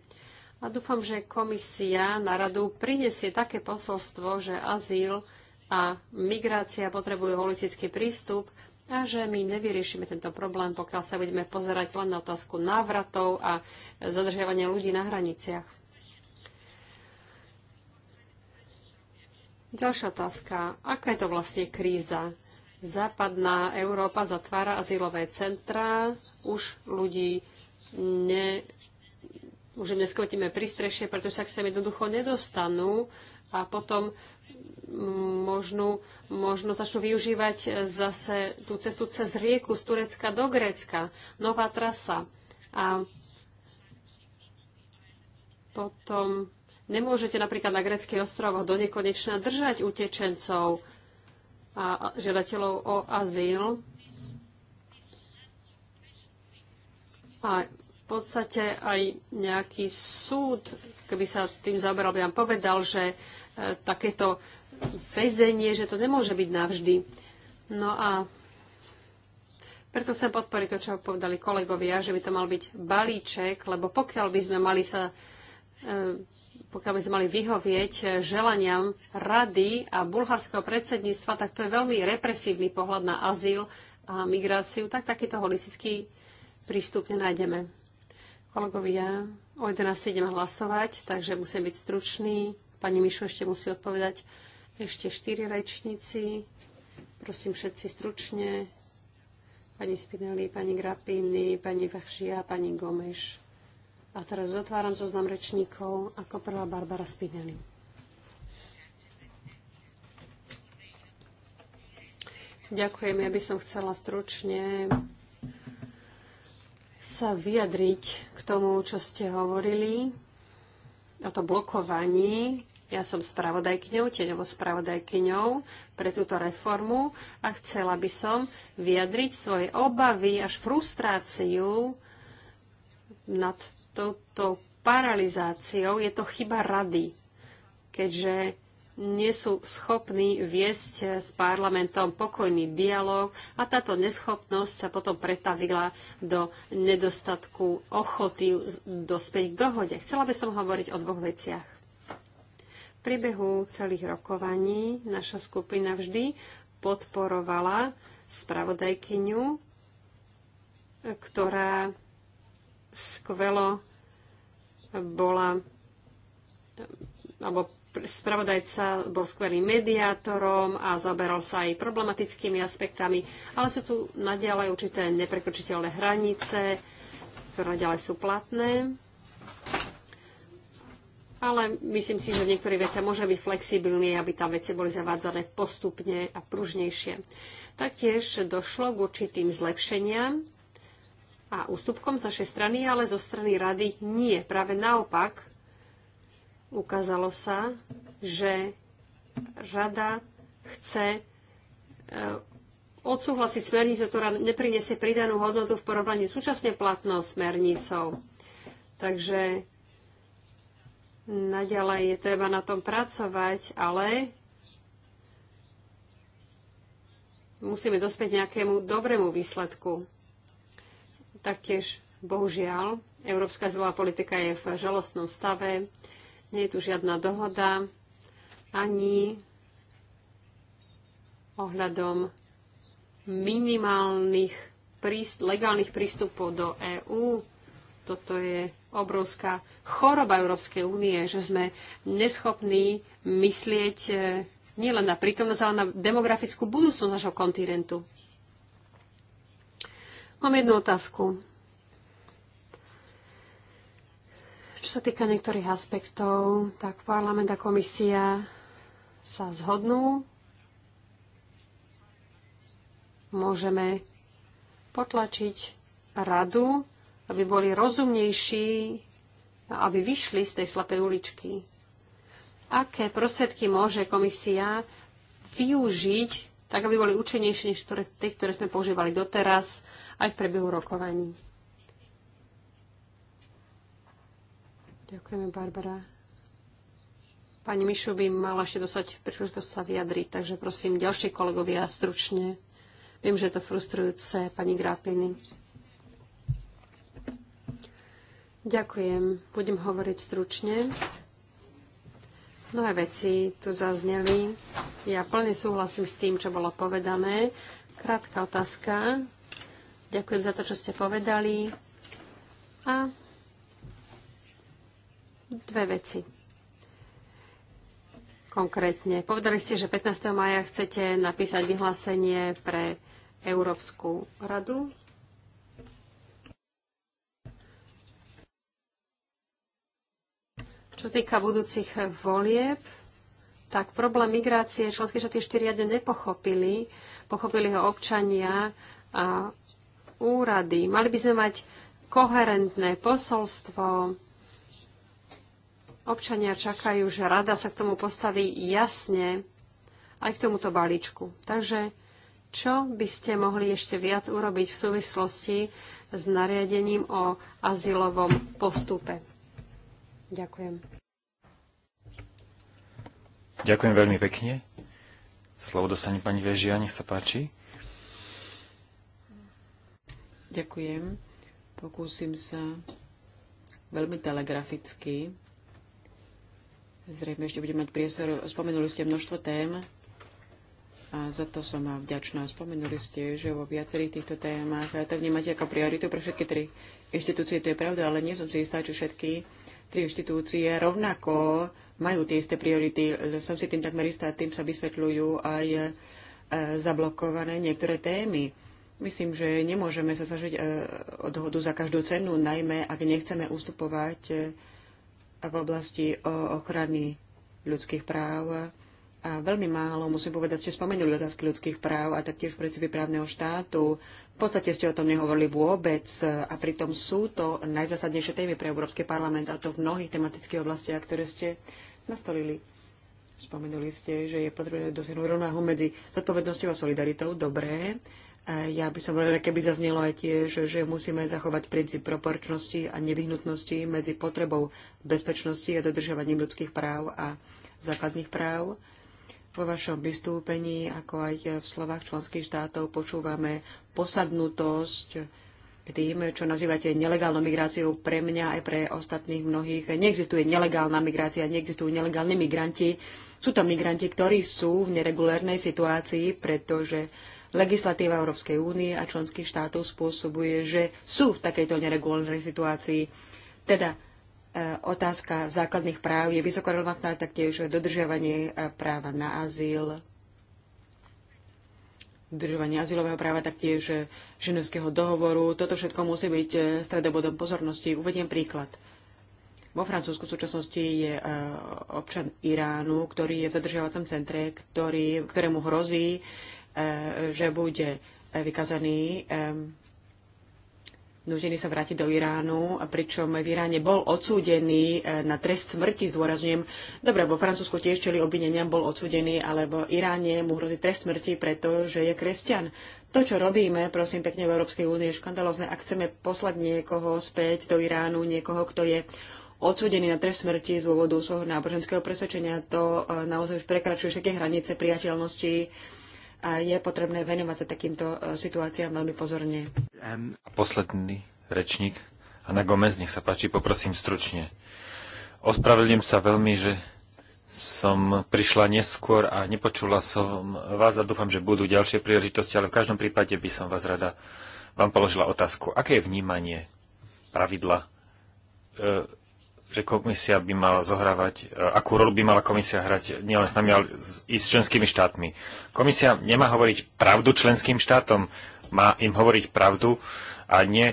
A dúfam, že komisia na radu prinesie také posolstvo, že azyl a migrácia potrebujú holistický prístup a že my nevyriešime tento problém, pokiaľ sa budeme pozerať len na otázku návratov a zadržiavania ľudí na hraniciach. Ďalšia otázka. Aká je to vlastne kríza? Západná Európa zatvára azylové centra, už ľudí ne, už im neskotíme pristrešie, pretože sa k sem jednoducho nedostanú a potom možno, možno začnú využívať zase tú cestu cez rieku z Turecka do Grécka. Nová trasa. A potom Nemôžete napríklad na greckých ostrovoch do nekonečna držať utečencov a žiadateľov o azyl. A v podstate aj nejaký súd, keby sa tým zaoberal, by vám povedal, že e, takéto väzenie, že to nemôže byť navždy. No a preto chcem podporiť to, čo povedali kolegovia, že by to mal byť balíček, lebo pokiaľ by sme mali sa E, pokiaľ by sme mali vyhovieť e, želaniam rady a bulharského predsedníctva, tak to je veľmi represívny pohľad na azyl a migráciu, tak takýto holistický prístup nenájdeme. Kolegovia, o 11 ideme hlasovať, takže musím byť stručný. Pani Mišu ešte musí odpovedať ešte štyri rečníci. Prosím všetci stručne. Pani Spinelli, pani Grapini, pani Vachšia, pani Gomeš. A teraz otváram zoznam rečníkov ako prvá Barbara Spideli. Ďakujem. Ja by som chcela stručne sa vyjadriť k tomu, čo ste hovorili o to blokovaní. Ja som spravodajkňou, tieňovo spravodajkňou pre túto reformu a chcela by som vyjadriť svoje obavy až frustráciu nad touto paralizáciou, je to chyba rady, keďže nie sú schopní viesť s parlamentom pokojný dialog a táto neschopnosť sa potom pretavila do nedostatku ochoty dospieť k dohode. Chcela by som hovoriť o dvoch veciach. V priebehu celých rokovaní naša skupina vždy podporovala spravodajkyňu, ktorá skvelo bola alebo spravodajca bol skvelým mediátorom a zaberal sa aj problematickými aspektami, ale sú tu naďalej určité neprekročiteľné hranice, ktoré naďalej sú platné. Ale myslím si, že v niektorých veciach môže byť flexibilný, aby tam veci boli zavádzané postupne a pružnejšie. Taktiež došlo k určitým zlepšeniam a ústupkom z našej strany, ale zo strany rady nie. Práve naopak ukázalo sa, že rada chce e, odsúhlasiť smernicu, ktorá nepriniesie pridanú hodnotu v porovnaní súčasne platnou smernicou. Takže naďalej je treba na tom pracovať, ale musíme dospieť nejakému dobrému výsledku. Taktiež, bohužiaľ, európska zvolá politika je v žalostnom stave. Nie je tu žiadna dohoda ani ohľadom minimálnych príst- legálnych prístupov do EÚ. Toto je obrovská choroba Európskej únie, že sme neschopní myslieť eh, nielen na prítomnosť, ale na demografickú budúcnosť našho kontinentu. Mám jednu otázku. Čo sa týka niektorých aspektov, tak parlament a komisia sa zhodnú. Môžeme potlačiť radu, aby boli rozumnejší, aby vyšli z tej slepej uličky. Aké prostriedky môže komisia využiť, tak aby boli účinnejšie než tie, ktoré sme používali doteraz, aj v priebehu rokovaní. Ďakujeme, Barbara. Pani Mišu by mala ešte dostať príležitosť sa vyjadriť, takže prosím, ďalší kolegovia stručne. Viem, že je to frustrujúce, pani Grápiny. Ďakujem. Budem hovoriť stručne. Mnohé veci tu zazneli. Ja plne súhlasím s tým, čo bolo povedané. Krátka otázka Ďakujem za to, čo ste povedali. A dve veci. Konkrétne. Povedali ste, že 15. maja chcete napísať vyhlásenie pre Európsku radu. Čo týka budúcich volieb, tak problém migrácie členské štáty 4 riadne nepochopili. Pochopili ho občania a úrady. Mali by sme mať koherentné posolstvo. Občania čakajú, že rada sa k tomu postaví jasne aj k tomuto balíčku. Takže čo by ste mohli ešte viac urobiť v súvislosti s nariadením o azylovom postupe? Ďakujem. Ďakujem veľmi pekne. Slovo dostane pani Vežia, nech sa páči. Ďakujem. Pokúsim sa veľmi telegraficky. Zrejme ešte budem mať priestor. Spomenuli ste množstvo tém a za to som vám vďačná. Spomenuli ste, že vo viacerých týchto témach to vnímate ako prioritu pre všetky tri inštitúcie. To je pravda, ale nie som si istá, či všetky tri inštitúcie rovnako majú tie isté priority. Som si tým takmer istá, tým sa vysvetľujú aj e, zablokované niektoré témy Myslím, že nemôžeme sa zažiť e, o dohodu za každú cenu, najmä ak nechceme ustupovať e, v oblasti ochrany ľudských práv. A veľmi málo, musím povedať, ste spomenuli otázky ľudských práv a taktiež v princípe právneho štátu. V podstate ste o tom nehovorili vôbec a pritom sú to najzásadnejšie témy pre Európsky parlament a to v mnohých tematických oblastiach, ktoré ste nastolili. Spomenuli ste, že je potrebné dosiahnuť rovnáhu medzi zodpovednosťou a solidaritou. Dobré. Ja by som rada, keby zaznelo aj tiež, že musíme zachovať princíp proporčnosti a nevyhnutnosti medzi potrebou bezpečnosti a dodržovaním ľudských práv a základných práv. Vo vašom vystúpení, ako aj v slovách členských štátov, počúvame posadnutosť k tým, čo nazývate nelegálnou migráciou. Pre mňa aj pre ostatných mnohých neexistuje nelegálna migrácia, neexistujú nelegálni migranti. Sú to migranti, ktorí sú v neregulérnej situácii, pretože legislatíva Európskej únie a členských štátov spôsobuje, že sú v takejto neregulárnej situácii. Teda e, otázka základných práv je vysoko relevantná, taktiež dodržiavanie e, práva na azyl, dodržovanie azylového práva, taktiež e, ženevského dohovoru. Toto všetko musí byť stredobodom pozornosti. Uvediem príklad. Vo Francúzsku v súčasnosti je občan Iránu, ktorý je v zadržiavacom centre, ktorý, ktorému hrozí E, že bude vykazaný e, nútený sa vrátiť do Iránu, pričom v Iráne bol odsúdený e, na trest smrti, zdôrazňujem. Dobre, vo Francúzsku tiež čeli obvineniam, bol odsúdený, ale v Iráne mu hrozí trest smrti, pretože je kresťan. To, čo robíme, prosím pekne, v Európskej únie je škandalozne. Ak chceme poslať niekoho späť do Iránu, niekoho, kto je odsúdený na trest smrti z dôvodu svojho náboženského presvedčenia, to naozaj už prekračuje všetky hranice priateľnosti a je potrebné venovať sa takýmto e, situáciám veľmi pozorne. A posledný rečník, Ana Gomez, nech sa páči, poprosím stručne. Ospravedlím sa veľmi, že som prišla neskôr a nepočula som vás a dúfam, že budú ďalšie príležitosti, ale v každom prípade by som vás rada vám položila otázku. Aké je vnímanie pravidla e, že komisia by mala zohrávať, e, akú rolu by mala komisia hrať nielen s nami, ale i s členskými štátmi. Komisia nemá hovoriť pravdu členským štátom, má im hovoriť pravdu a nie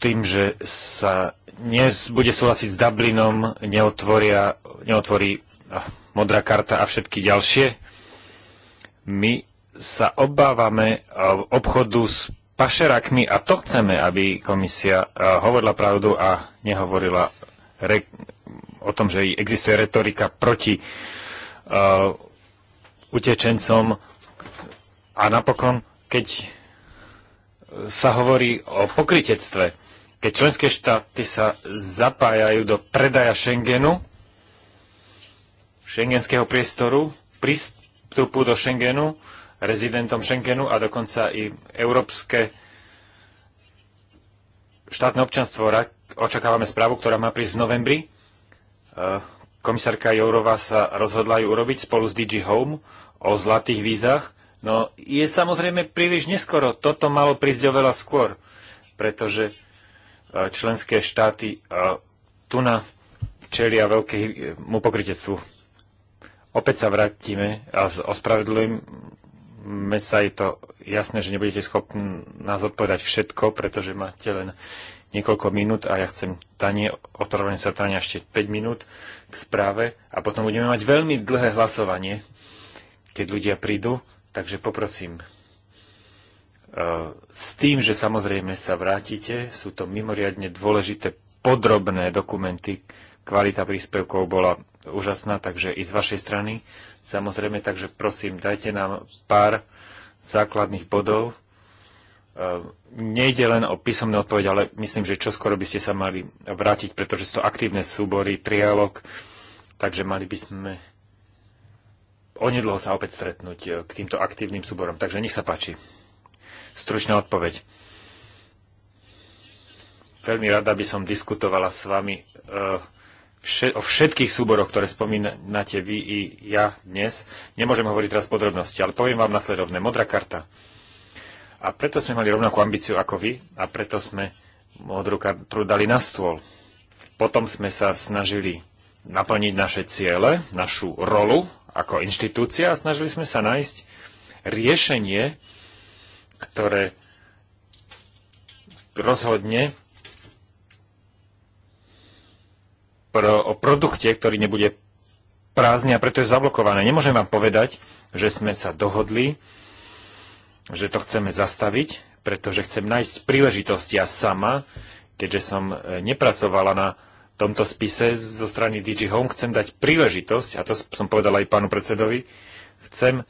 tým, že sa nebude súhlasiť s Dublinom, neotvoria, neotvorí modrá karta a všetky ďalšie. My sa obávame e, obchodu s pašerakmi a to chceme, aby komisia e, hovorila pravdu a nehovorila re- o tom, že existuje retorika proti uh, utečencom a napokon, keď sa hovorí o pokritectve, keď členské štáty sa zapájajú do predaja Schengenu, šengenského priestoru, prístupu do Schengenu, rezidentom Schengenu a dokonca i európske štátne občanstvo. Očakávame správu, ktorá má prísť v novembri. E, komisárka Jourová sa rozhodla ju urobiť spolu s DG Home o zlatých vízach. No je samozrejme príliš neskoro. Toto malo prísť oveľa skôr, pretože e, členské štáty e, tu na čelia veľkému pokrytectvu. Opäť sa vrátime a ospravedlňujem mesa je to jasné, že nebudete schopní nás odpovedať všetko, pretože máte len niekoľko minút a ja chcem tanie, otvorene sa tania ešte 5 minút k správe a potom budeme mať veľmi dlhé hlasovanie, keď ľudia prídu, takže poprosím. Eh, s tým, že samozrejme sa vrátite, sú to mimoriadne dôležité podrobné dokumenty, Kvalita príspevkov bola úžasná, takže i z vašej strany. Samozrejme, takže prosím, dajte nám pár základných bodov. Ehm, nejde len o písomné odpovede, ale myslím, že čoskoro by ste sa mali vrátiť, pretože sú to aktívne súbory, trialog, takže mali by sme onedlho sa opäť stretnúť e, k týmto aktívnym súborom. Takže nech sa páči. Stručná odpoveď. Veľmi rada by som diskutovala s vami e, o všetkých súboroch, ktoré spomínate vy i ja dnes. Nemôžem hovoriť teraz podrobnosti, ale poviem vám nasledovné. Modrá karta. A preto sme mali rovnakú ambíciu ako vy a preto sme modrú kartu dali na stôl. Potom sme sa snažili naplniť naše ciele, našu rolu ako inštitúcia a snažili sme sa nájsť riešenie, ktoré rozhodne pro, o produkte, ktorý nebude prázdny a preto je zablokované. Nemôžem vám povedať, že sme sa dohodli, že to chceme zastaviť, pretože chcem nájsť príležitosť ja sama, keďže som e, nepracovala na tomto spise zo strany DG Home, chcem dať príležitosť, a to som povedal aj pánu predsedovi, chcem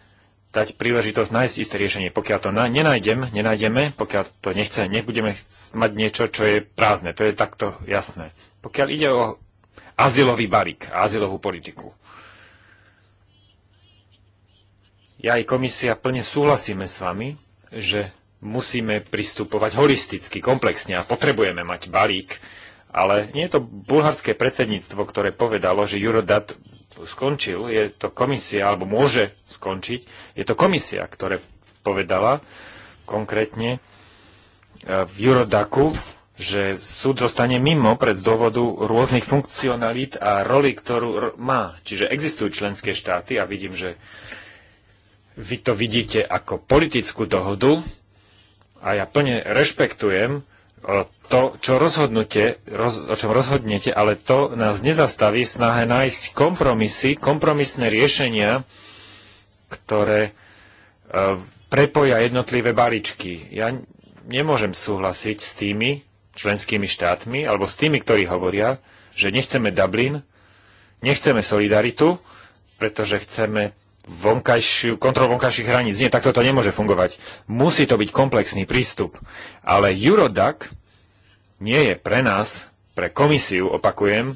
dať príležitosť nájsť isté riešenie. Pokiaľ to na, nenájdem, nenájdeme, pokiaľ to nechce, nebudeme mať niečo, čo je prázdne. To je takto jasné. Pokiaľ ide o azylový balík, azylovú politiku. Ja aj komisia plne súhlasíme s vami, že musíme pristupovať holisticky, komplexne a potrebujeme mať balík, ale nie je to bulharské predsedníctvo, ktoré povedalo, že Eurodat skončil, je to komisia, alebo môže skončiť, je to komisia, ktoré povedala konkrétne e, v Eurodaku, že súd zostane mimo pred z dôvodu rôznych funkcionalít a roli, ktorú má. Čiže existujú členské štáty a vidím, že vy to vidíte ako politickú dohodu a ja plne rešpektujem e, to, čo rozhodnete, roz, o čom rozhodnete, ale to nás nezastaví snahe nájsť kompromisy, kompromisné riešenia, ktoré e, prepoja jednotlivé baličky. Ja nemôžem súhlasiť s tými, členskými štátmi alebo s tými, ktorí hovoria, že nechceme Dublin, nechceme solidaritu, pretože chceme vonkajšiu, kontrol vonkajších hraníc. Nie, takto to nemôže fungovať. Musí to byť komplexný prístup. Ale Eurodac nie je pre nás, pre komisiu, opakujem,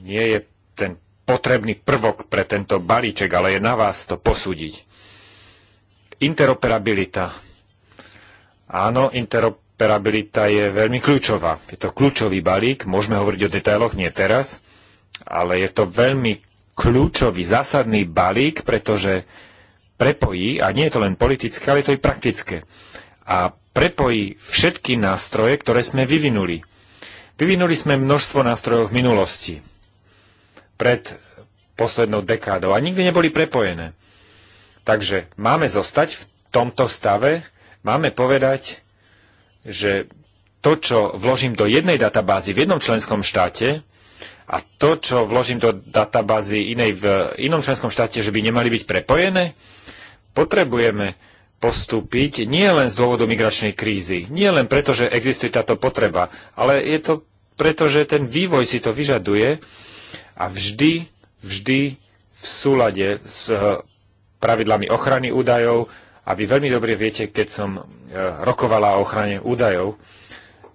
nie je ten potrebný prvok pre tento balíček, ale je na vás to posúdiť. Interoperabilita. Áno, interoperabilita interoperabilita je veľmi kľúčová. Je to kľúčový balík, môžeme hovoriť o detailoch nie teraz, ale je to veľmi kľúčový, zásadný balík, pretože prepojí, a nie je to len politické, ale je to i praktické, a prepojí všetky nástroje, ktoré sme vyvinuli. Vyvinuli sme množstvo nástrojov v minulosti, pred poslednou dekádou a nikdy neboli prepojené. Takže máme zostať v tomto stave, máme povedať, že to, čo vložím do jednej databázy v jednom členskom štáte a to, čo vložím do databázy inej v inom členskom štáte, že by nemali byť prepojené, potrebujeme postúpiť nie len z dôvodu migračnej krízy, nie len preto, že existuje táto potreba, ale je to preto, že ten vývoj si to vyžaduje a vždy, vždy v súlade s eh, pravidlami ochrany údajov, a vy veľmi dobre viete, keď som e, rokovala o ochrane údajov,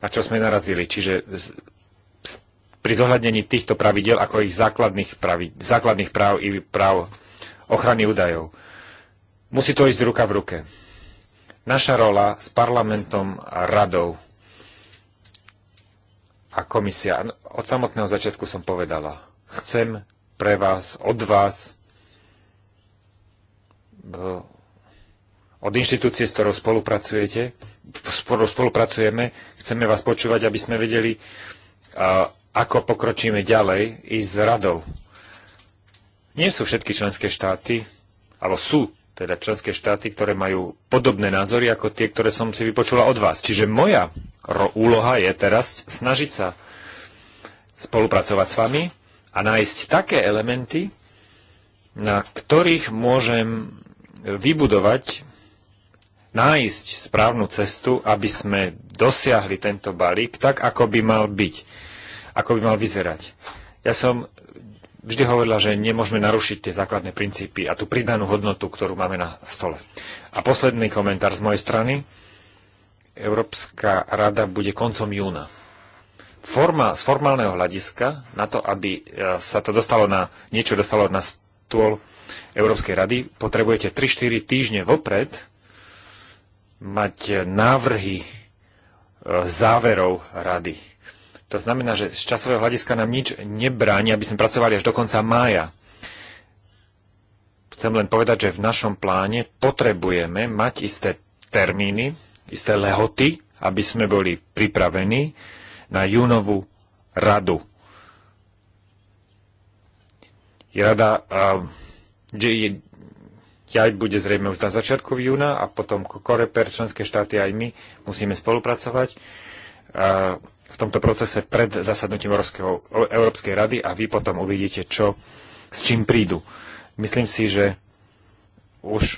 na čo sme narazili. Čiže pri zohľadnení týchto pravidel ako ich základných, pravi, základných práv i práv ochrany údajov. Musí to ísť ruka v ruke. Naša rola s parlamentom a radou a komisia. No, od samotného začiatku som povedala, chcem pre vás, od vás e, od inštitúcie, s ktorou spolupracujete, spolu, spolupracujeme. Chceme vás počúvať, aby sme vedeli, ako pokročíme ďalej i s radou. Nie sú všetky členské štáty, alebo sú teda členské štáty, ktoré majú podobné názory ako tie, ktoré som si vypočula od vás. Čiže moja úloha je teraz snažiť sa spolupracovať s vami a nájsť také elementy, na ktorých môžem vybudovať nájsť správnu cestu, aby sme dosiahli tento balík tak, ako by mal byť, ako by mal vyzerať. Ja som vždy hovorila, že nemôžeme narušiť tie základné princípy a tú pridanú hodnotu, ktorú máme na stole. A posledný komentár z mojej strany. Európska rada bude koncom júna. Forma, z formálneho hľadiska, na to, aby e, sa to dostalo na, niečo dostalo na stôl Európskej rady, potrebujete 3-4 týždne vopred, mať návrhy e, záverov rady. To znamená, že z časového hľadiska nám nič nebráni, aby sme pracovali až do konca mája. Chcem len povedať, že v našom pláne potrebujeme mať isté termíny, isté lehoty, aby sme boli pripravení na júnovú radu. Rada, je JAJ bude zrejme už na začiatku júna a potom Koreper, členské štáty aj my musíme spolupracovať e, v tomto procese pred zasadnutím Európskej rady a vy potom uvidíte, čo, s čím prídu. Myslím si, že už e,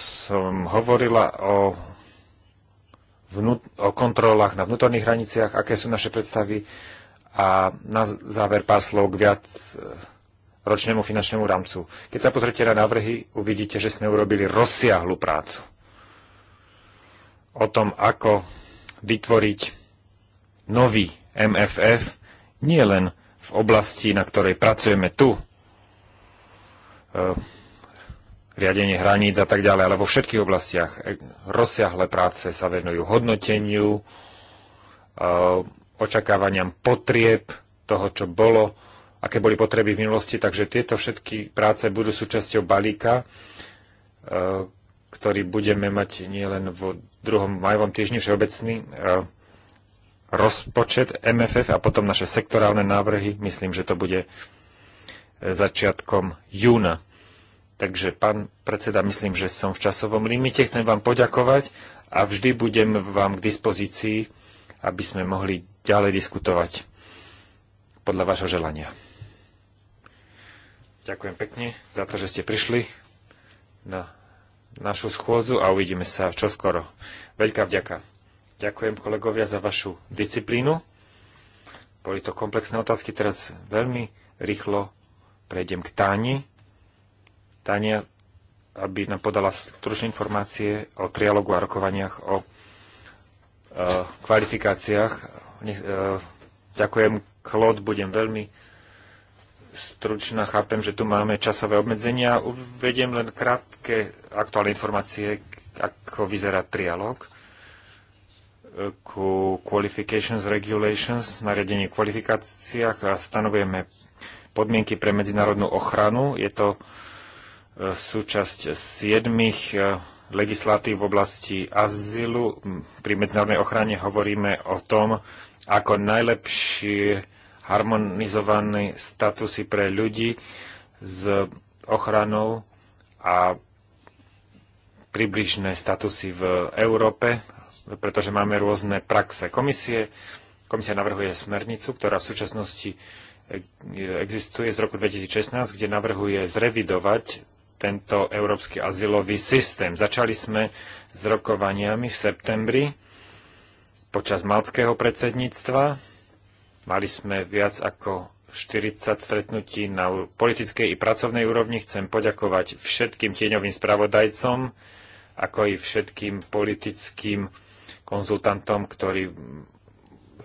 som hovorila o, vnút, o kontrolách na vnútorných hraniciach, aké sú naše predstavy a na záver pár slov k viac ročnému finančnému rámcu. Keď sa pozrite na návrhy, uvidíte, že sme urobili rozsiahlu prácu o tom, ako vytvoriť nový MFF, nie len v oblasti, na ktorej pracujeme tu, e, riadenie hraníc a tak ďalej, ale vo všetkých oblastiach e, rozsiahle práce sa venujú hodnoteniu, e, očakávaniam potrieb toho, čo bolo aké boli potreby v minulosti, takže tieto všetky práce budú súčasťou balíka, e, ktorý budeme mať nielen v druhom majovom týždni všeobecný e, rozpočet MFF a potom naše sektorálne návrhy. Myslím, že to bude e, začiatkom júna. Takže, pán predseda, myslím, že som v časovom limite. Chcem vám poďakovať a vždy budem vám k dispozícii, aby sme mohli ďalej diskutovať podľa vašho želania. Ďakujem pekne za to, že ste prišli na našu schôdzu a uvidíme sa čoskoro. Veľká vďaka. Ďakujem kolegovia za vašu disciplínu. Boli to komplexné otázky. Teraz veľmi rýchlo prejdem k Táni. Tania, aby nám podala stručné informácie o trialogu a rokovaniach o e, kvalifikáciách. E, ďakujem, Klod, budem veľmi stručná. Chápem, že tu máme časové obmedzenia. Uvediem len krátke aktuálne informácie, ako vyzerá trialog ku Qualifications Regulations, nariadení kvalifikáciách a stanovujeme podmienky pre medzinárodnú ochranu. Je to e, súčasť siedmých e, legislatív v oblasti azylu. Pri medzinárodnej ochrane hovoríme o tom, ako najlepšie harmonizované statusy pre ľudí s ochranou a približné statusy v Európe, pretože máme rôzne praxe. Komisie, komisia navrhuje smernicu, ktorá v súčasnosti existuje z roku 2016, kde navrhuje zrevidovať tento európsky azylový systém. Začali sme s rokovaniami v septembri počas malckého predsedníctva Mali sme viac ako 40 stretnutí na politickej i pracovnej úrovni. Chcem poďakovať všetkým tieňovým spravodajcom, ako i všetkým politickým konzultantom, ktorí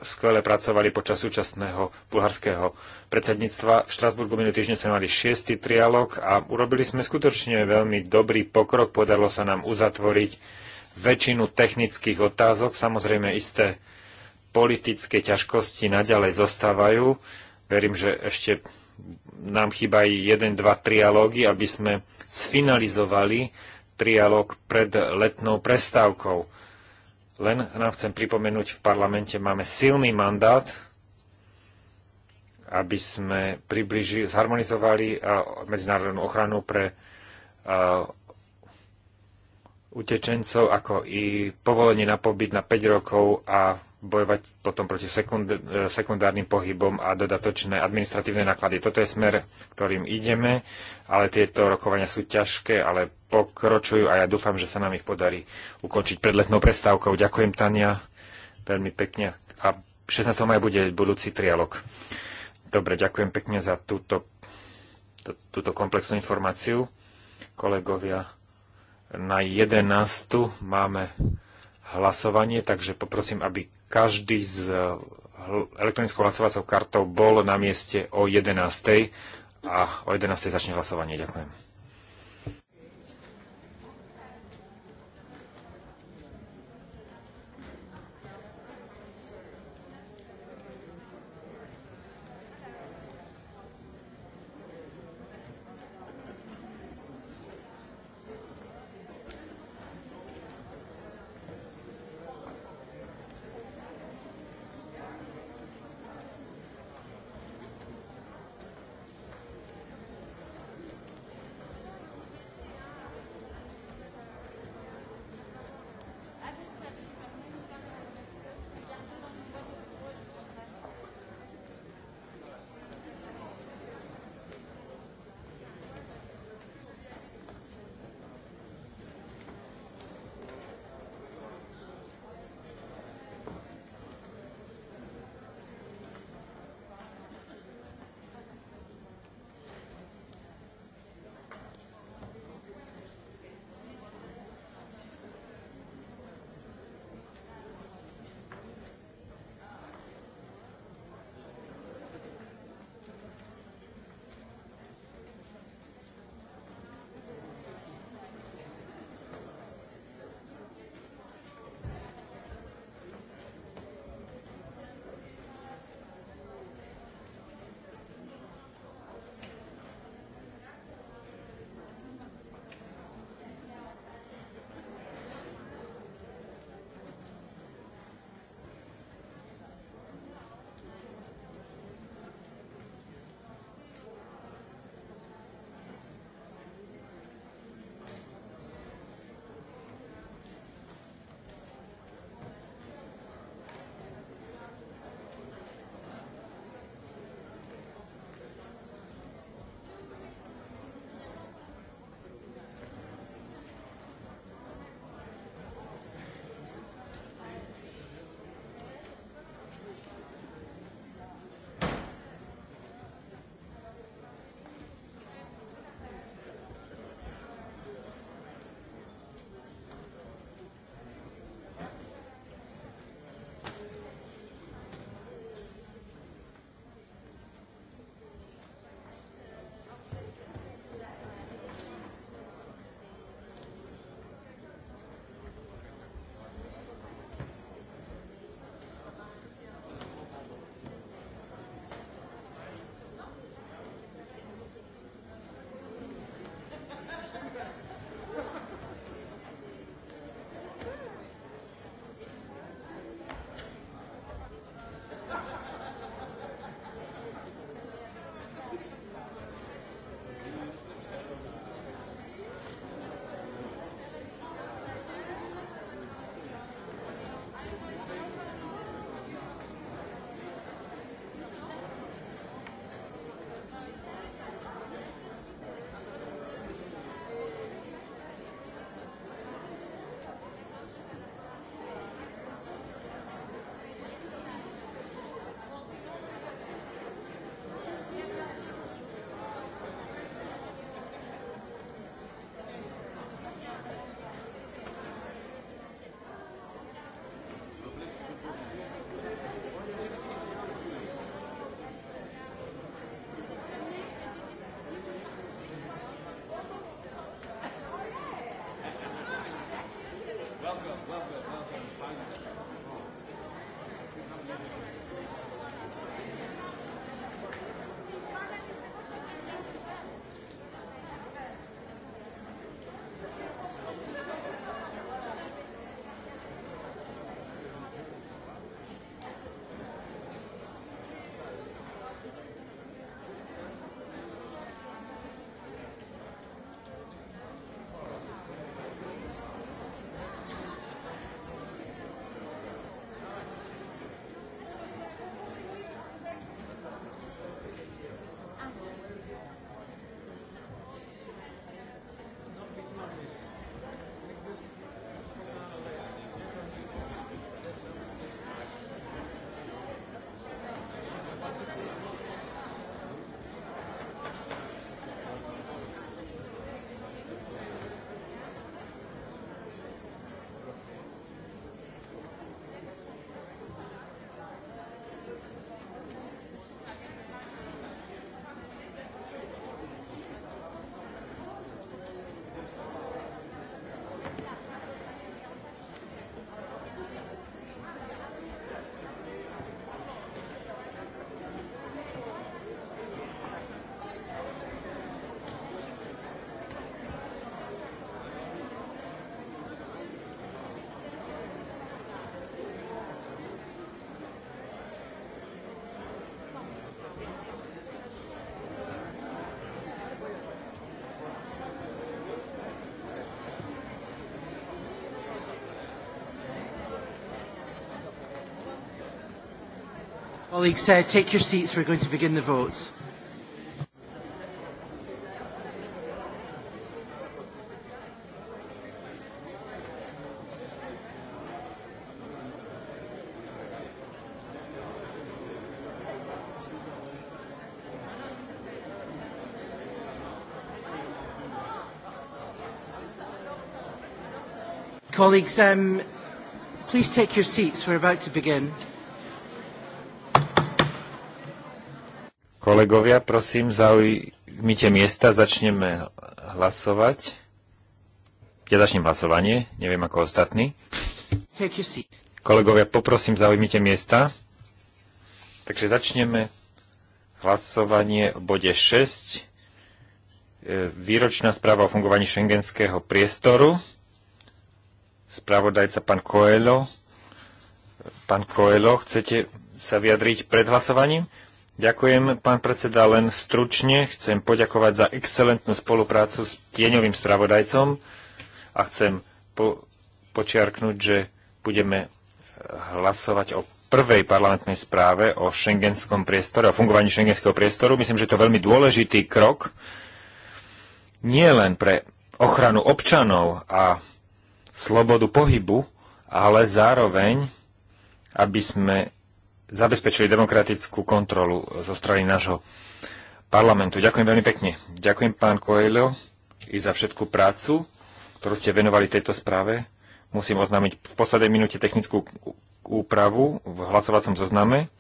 skvele pracovali počas súčasného bulharského predsedníctva. V Štrasburgu minulý týždeň sme mali šiestý trialog a urobili sme skutočne veľmi dobrý pokrok. Podarilo sa nám uzatvoriť väčšinu technických otázok, samozrejme isté politické ťažkosti naďalej zostávajú. Verím, že ešte nám chýbajú jeden, dva trialógy, aby sme sfinalizovali trialóg pred letnou prestávkou. Len nám chcem pripomenúť, v parlamente máme silný mandát, aby sme približi, zharmonizovali medzinárodnú ochranu pre utečencov, ako i povolenie na pobyt na 5 rokov a bojovať potom proti e, sekundárnym pohybom a dodatočné administratívne náklady. Toto je smer, ktorým ideme, ale tieto rokovania sú ťažké, ale pokročujú a ja dúfam, že sa nám ich podarí ukončiť pred letnou prestávkou. Ďakujem, Tania, veľmi pekne a 16. maja bude budúci trialog. Dobre, ďakujem pekne za túto, túto komplexnú informáciu. Kolegovia, na 11. máme hlasovanie, takže poprosím, aby každý z eh, elektronickou hlasovacou kartou bol na mieste o 11.00 a o 11.00 začne hlasovanie. Ďakujem. Colleagues, uh, take your seats. We're going to begin the votes. Colleagues, um, please take your seats. We're about to begin. Kolegovia, prosím, zaujmite miesta, začneme hlasovať. Ja začnem hlasovanie, neviem ako ostatní. Kolegovia, poprosím, zaujmite miesta. Takže začneme hlasovanie o bode 6. E, výročná správa o fungovaní šengenského priestoru. Spravodajca pán Coelho. Pán Coelho, chcete sa vyjadriť pred hlasovaním? Ďakujem, pán predseda, len stručne chcem poďakovať za excelentnú spoluprácu s tieňovým spravodajcom a chcem po- počiarknúť, že budeme eh, hlasovať o prvej parlamentnej správe o šengenskom priestore, o fungovaní šengenského priestoru. Myslím, že to je veľmi dôležitý krok nie len pre ochranu občanov a slobodu pohybu, ale zároveň, aby sme zabezpečili demokratickú kontrolu zo strany nášho parlamentu. Ďakujem veľmi pekne. Ďakujem pán Coelho i za všetkú prácu, ktorú ste venovali tejto správe. Musím oznámiť v poslednej minúte technickú úpravu v hlasovacom zozname.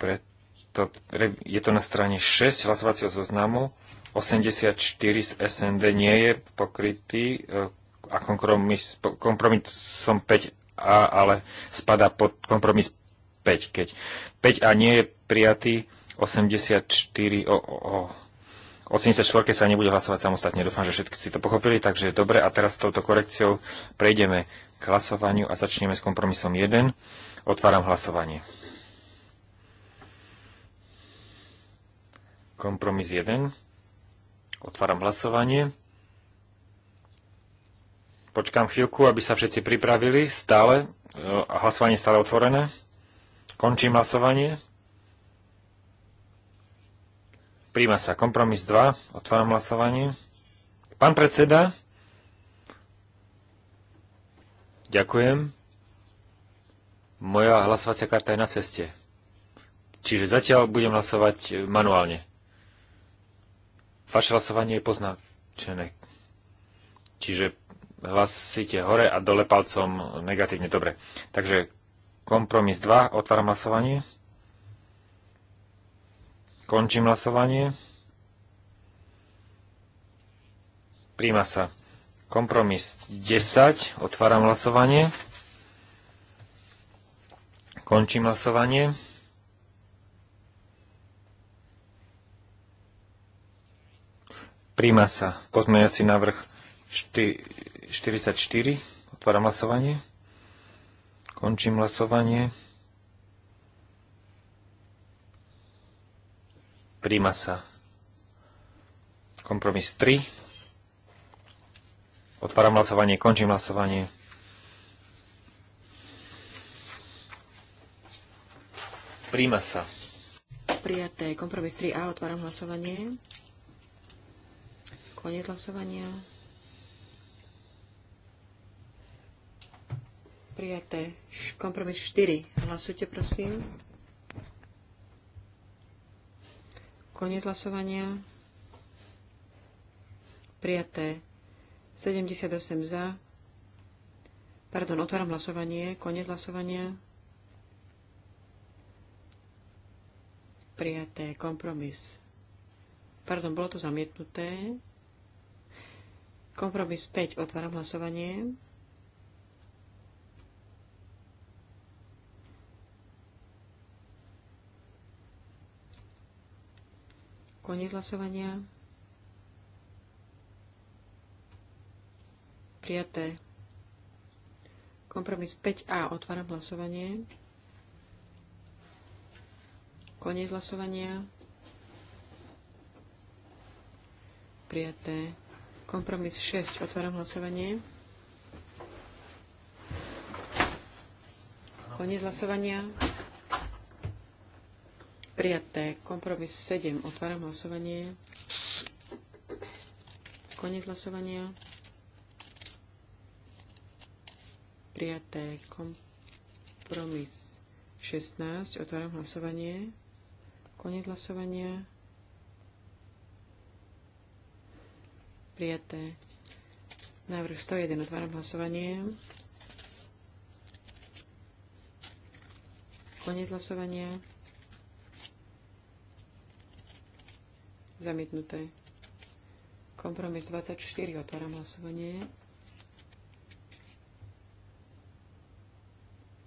Preto je to na strane 6 hlasovacieho zoznamu. 84 z SND nie je pokrytý e, a kompromisom 5 a, ale spada pod kompromis 5, keď 5A nie je prijatý, 84 o, o, o 84 sa nebude hlasovať samostatne. Dúfam, že všetci si to pochopili, takže dobre. A teraz s touto korekciou prejdeme k hlasovaniu a začneme s kompromisom 1. Otváram hlasovanie. Kompromis 1. Otváram hlasovanie. Počkám chvíľku, aby sa všetci pripravili. Stále. E, hlasovanie stále otvorené. Končím hlasovanie. Príjma sa kompromis 2. Otváram hlasovanie. Pán predseda. Ďakujem. Moja hlasovacia karta je na ceste. Čiže zatiaľ budem hlasovať manuálne. Vaše hlasovanie je poznačené. Čiže hlasíte hore a dole palcom negatívne. Dobre. Takže kompromis 2, otváram hlasovanie. Končím hlasovanie. Príjma sa. Kompromis 10, otváram hlasovanie. Končím hlasovanie. Príjma sa. Pozmeňací návrh 4. 44. Otváram hlasovanie. Končím hlasovanie. Príjma sa kompromis 3. Otváram hlasovanie, končím hlasovanie. Príjma sa. Prijaté kompromis 3a, otváram hlasovanie. Koniec hlasovania. prijaté. Kompromis 4. Hlasujte, prosím. Koniec hlasovania. Prijaté. 78 za. Pardon, otváram hlasovanie. Koniec hlasovania. Prijaté. Kompromis. Pardon, bolo to zamietnuté. Kompromis 5. Otváram hlasovanie. Koniec hlasovania. Prijaté. Kompromis 5A. Otváram hlasovanie. Koniec hlasovania. Prijaté. Kompromis 6. Otváram hlasovanie. Koniec hlasovania. Prijaté. Kompromis 7. Otváram hlasovanie. Konec hlasovania. Prijaté. Kompromis 16. Otváram hlasovanie. Konec hlasovania. Prijaté. Návrh 101. Otváram hlasovanie. Konec hlasovania. Zamietnuté. Kompromis 24. Otváram hlasovanie.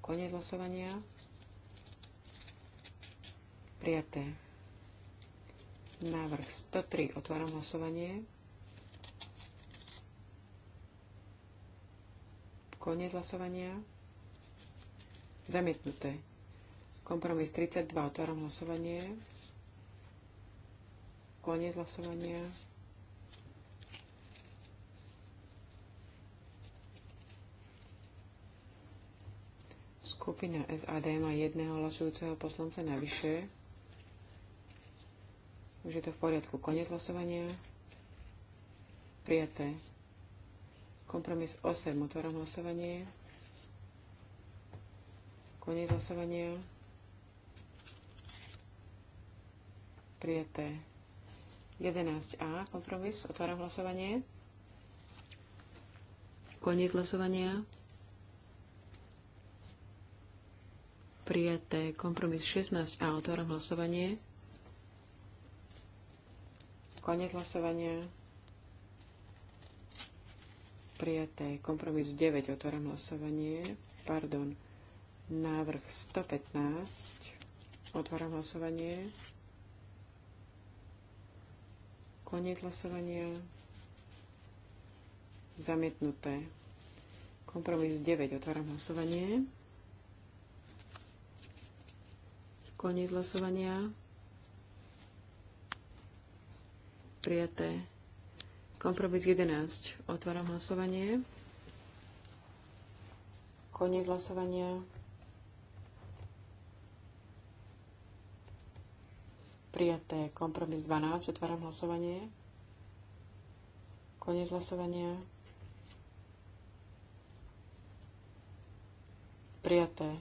Koniec hlasovania. Prijaté. Návrh 103. Otváram hlasovanie. Koniec hlasovania. Zamietnuté. Kompromis 32. Otváram hlasovanie. Koniec hlasovania. Skupina SAD má jedného hlasujúceho poslanca navyše. Už je to v poriadku. Koniec hlasovania. Prijaté. Kompromis 8. Otváram hlasovanie. Koniec hlasovania. Prijaté. 11a, kompromis, otváram hlasovanie. Koniec hlasovania. Prijaté kompromis 16a, otváram hlasovanie. Koniec hlasovania. Prijaté kompromis 9, otváram hlasovanie. Pardon, návrh 115, otváram hlasovanie. Koniec hlasovania. Zamietnuté. Kompromis 9. Otváram hlasovanie. Koniec hlasovania. Prijaté. Kompromis 11. Otváram hlasovanie. Koniec hlasovania. prijaté. Kompromis 12, otváram hlasovanie. Koniec hlasovania. Prijaté.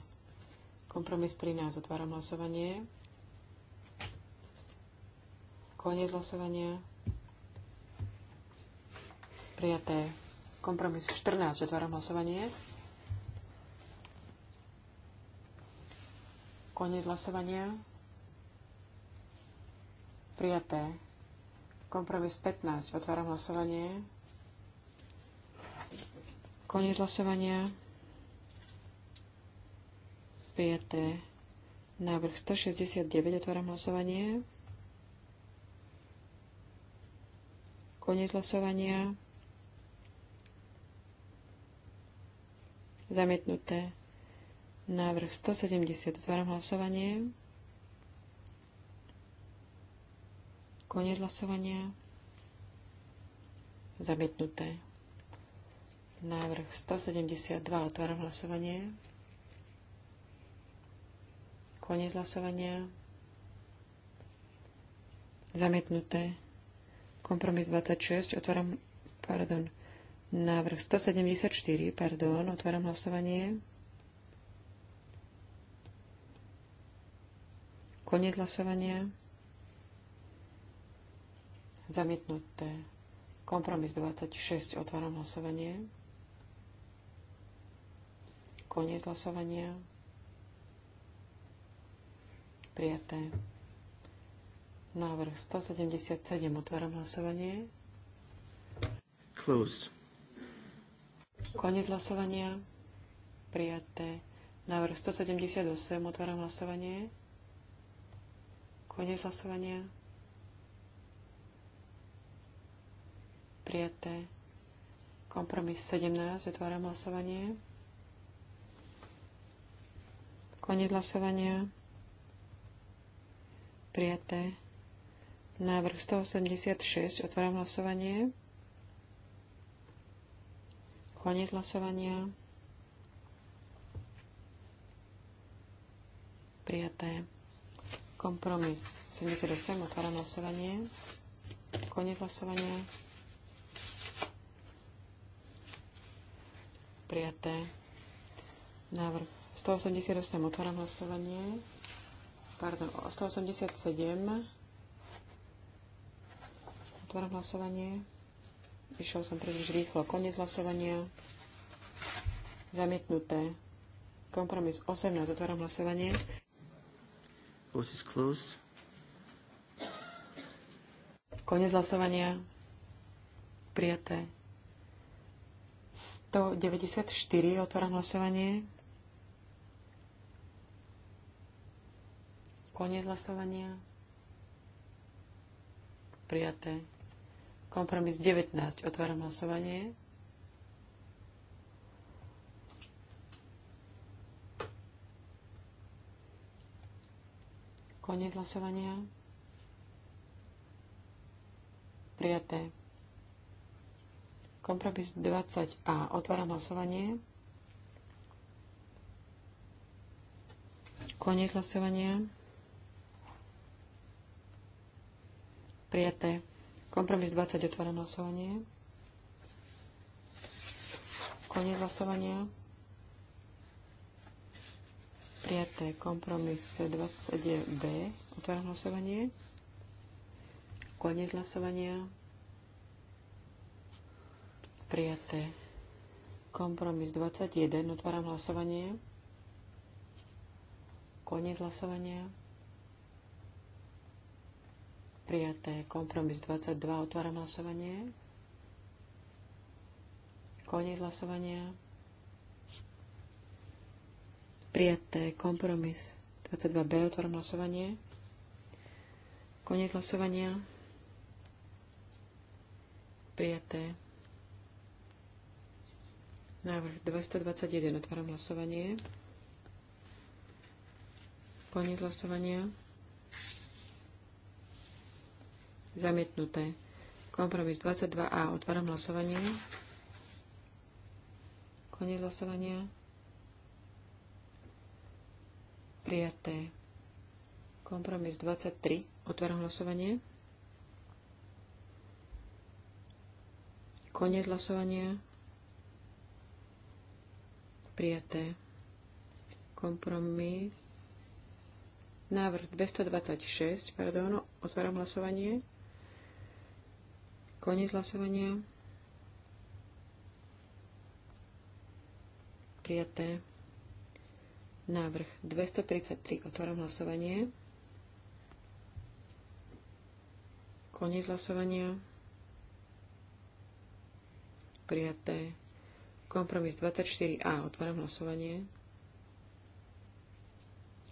Kompromis 13, otváram hlasovanie. Koniec hlasovania. Prijaté. Kompromis 14, otváram hlasovanie. Koniec hlasovania. Prijaté. Kompromis 15. Otváram hlasovanie. Koniec hlasovania. Prijaté. Návrh 169. Otváram hlasovanie. Koniec hlasovania. Zamietnuté. Návrh 170. Otváram hlasovanie. Koniec hlasovania. Zamietnuté. Návrh 172. Otváram hlasovanie. Koniec hlasovania. Zamietnuté. Kompromis 26. Otváram, pardon, návrh 174. Pardon, otváram hlasovanie. Koniec hlasovania. Zamietnuté. Kompromis 26. Otváram hlasovanie. Koniec hlasovania. Prijaté. Návrh 177. Otváram hlasovanie. Closed. Koniec hlasovania. Prijaté. Návrh 178. Otváram hlasovanie. Koniec hlasovania. prijaté. Kompromis 17, otváram hlasovanie. Koniec hlasovania. Prijaté. Návrh 186, otváram hlasovanie. Koniec hlasovania. Prijaté. Kompromis 78, otváram hlasovanie. Koniec hlasovania. prijaté. Návrh 188, otváram hlasovanie. Pardon, 187. Otváram hlasovanie. Išiel som príliš rýchlo. Konec hlasovania. Zamietnuté. Kompromis 18. Otváram hlasovanie. Vote is closed. Konec hlasovania. Prijaté. 194. Otváram hlasovanie. Koniec hlasovania. Prijaté. Kompromis 19. Otváram hlasovanie. Koniec hlasovania. Prijaté. Kompromis 20a. Otváram hlasovanie. Koniec hlasovania. Prijaté. Kompromis 20. Otváram hlasovanie. Koniec hlasovania. Prijaté. Kompromis 20b. Otváram hlasovanie. Koniec hlasovania. Prijaté. Kompromis 21. Otváram hlasovanie. Koniec hlasovania. Prijaté. Kompromis 22. Otváram hlasovanie. Koniec hlasovania. Prijaté. Kompromis 22b. Otváram hlasovanie. Koniec hlasovania. Prijaté. Návrh 221. Otváram hlasovanie. Koniec hlasovania. Zamietnuté. Kompromis 22a. Otváram hlasovanie. Koniec hlasovania. Prijaté. Kompromis 23. Otváram hlasovanie. Koniec hlasovania prijaté. Kompromis. Návrh 226, pardon, otváram hlasovanie. Koniec hlasovania. Prijaté. Návrh 233, otváram hlasovanie. Koniec hlasovania. Prijaté Kompromis 24a. Otváram hlasovanie.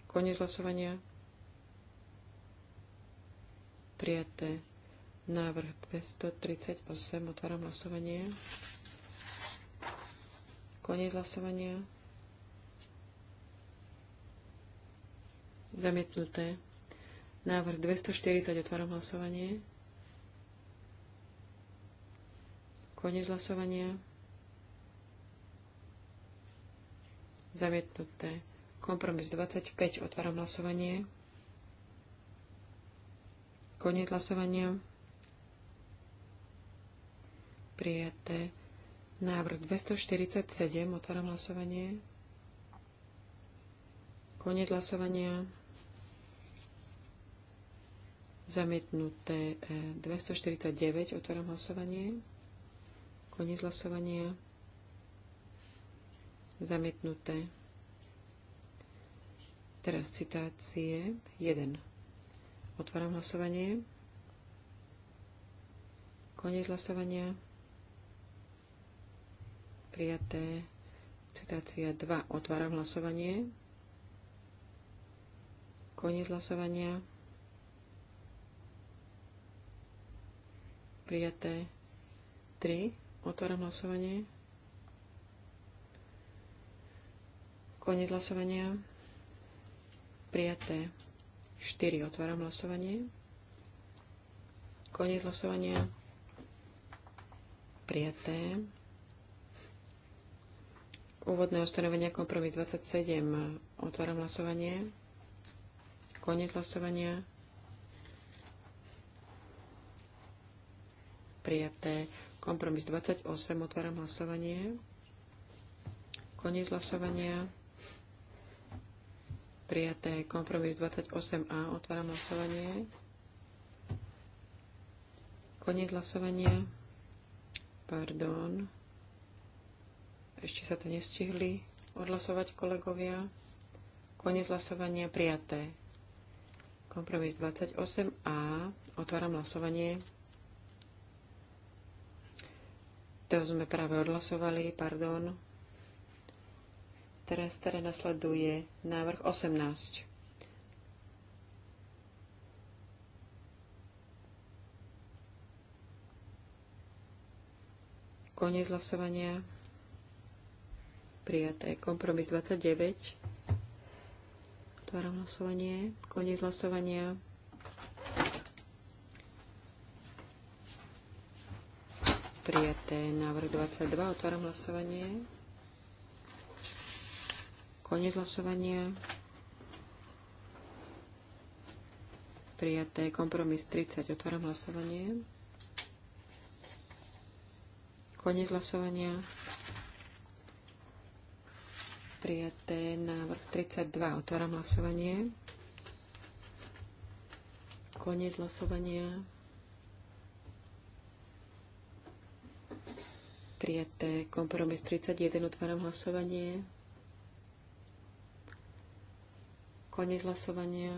Koniec hlasovania. Prijaté. Návrh 238. Otváram hlasovanie. Koniec hlasovania. Zamietnuté. Návrh 240. Otváram hlasovanie. Koniec hlasovania. Zamietnuté. Kompromis 25. Otváram hlasovanie. Koniec hlasovania. Prijaté. Návrh 247. Otváram hlasovanie. Koniec hlasovania. Zamietnuté 249. Eh, Otváram hlasovanie. Koniec hlasovania zamietnuté. Teraz citácie 1. Otváram hlasovanie. Koniec hlasovania. Prijaté. Citácia 2. Otváram hlasovanie. Koniec hlasovania. Prijaté. 3. Otváram hlasovanie. Konec hlasovania. Prijaté. 4. Otváram hlasovanie. Konec hlasovania. Prijaté. Úvodné ustanovenia kompromis 27. Otváram hlasovanie. Konec hlasovania. Prijaté. Kompromis 28. Otváram hlasovanie. Koniec hlasovania prijaté. Kompromis 28a. Otváram hlasovanie. Koniec hlasovania. Pardon. Ešte sa to nestihli odhlasovať kolegovia. Koniec hlasovania prijaté. Kompromis 28a. Otváram hlasovanie. To sme práve odhlasovali, pardon. Teraz teda nasleduje návrh 18. Koniec hlasovania. Prijaté. Kompromis 29. Otváram hlasovanie. Koniec hlasovania. Prijaté. Návrh 22. Otváram hlasovanie. Koniec hlasovania. Prijaté kompromis 30. Otváram hlasovanie. Koniec hlasovania. Prijaté návrh 32. Otváram hlasovanie. Koniec hlasovania. prijaté. Kompromis 31, otváram hlasovanie. Koniec hlasovania.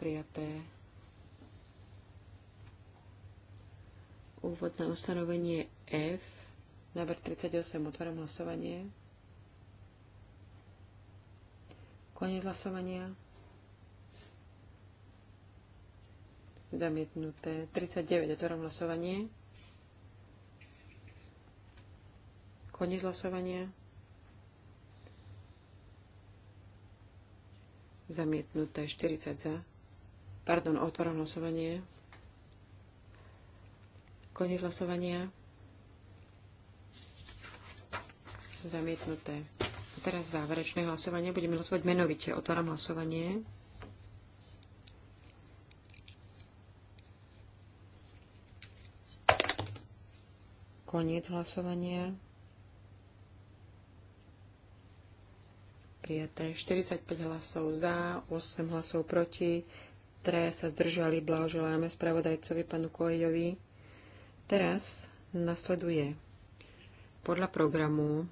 Prijaté. Úvodné ustanovenie F. Návrh 38. Otváram hlasovanie. Koniec hlasovania. Zamietnuté. 39. Otváram hlasovanie. Koniec hlasovania. Zamietnuté 40 za. Pardon, otváram hlasovanie. Koniec hlasovania. Zamietnuté. A teraz záverečné hlasovanie. Budeme hlasovať menovite. Otváram hlasovanie. Koniec hlasovania. prijaté. 45 hlasov za, 8 hlasov proti, 3 sa zdržali, blahoželáme spravodajcovi panu Kojovi. Teraz nasleduje podľa programu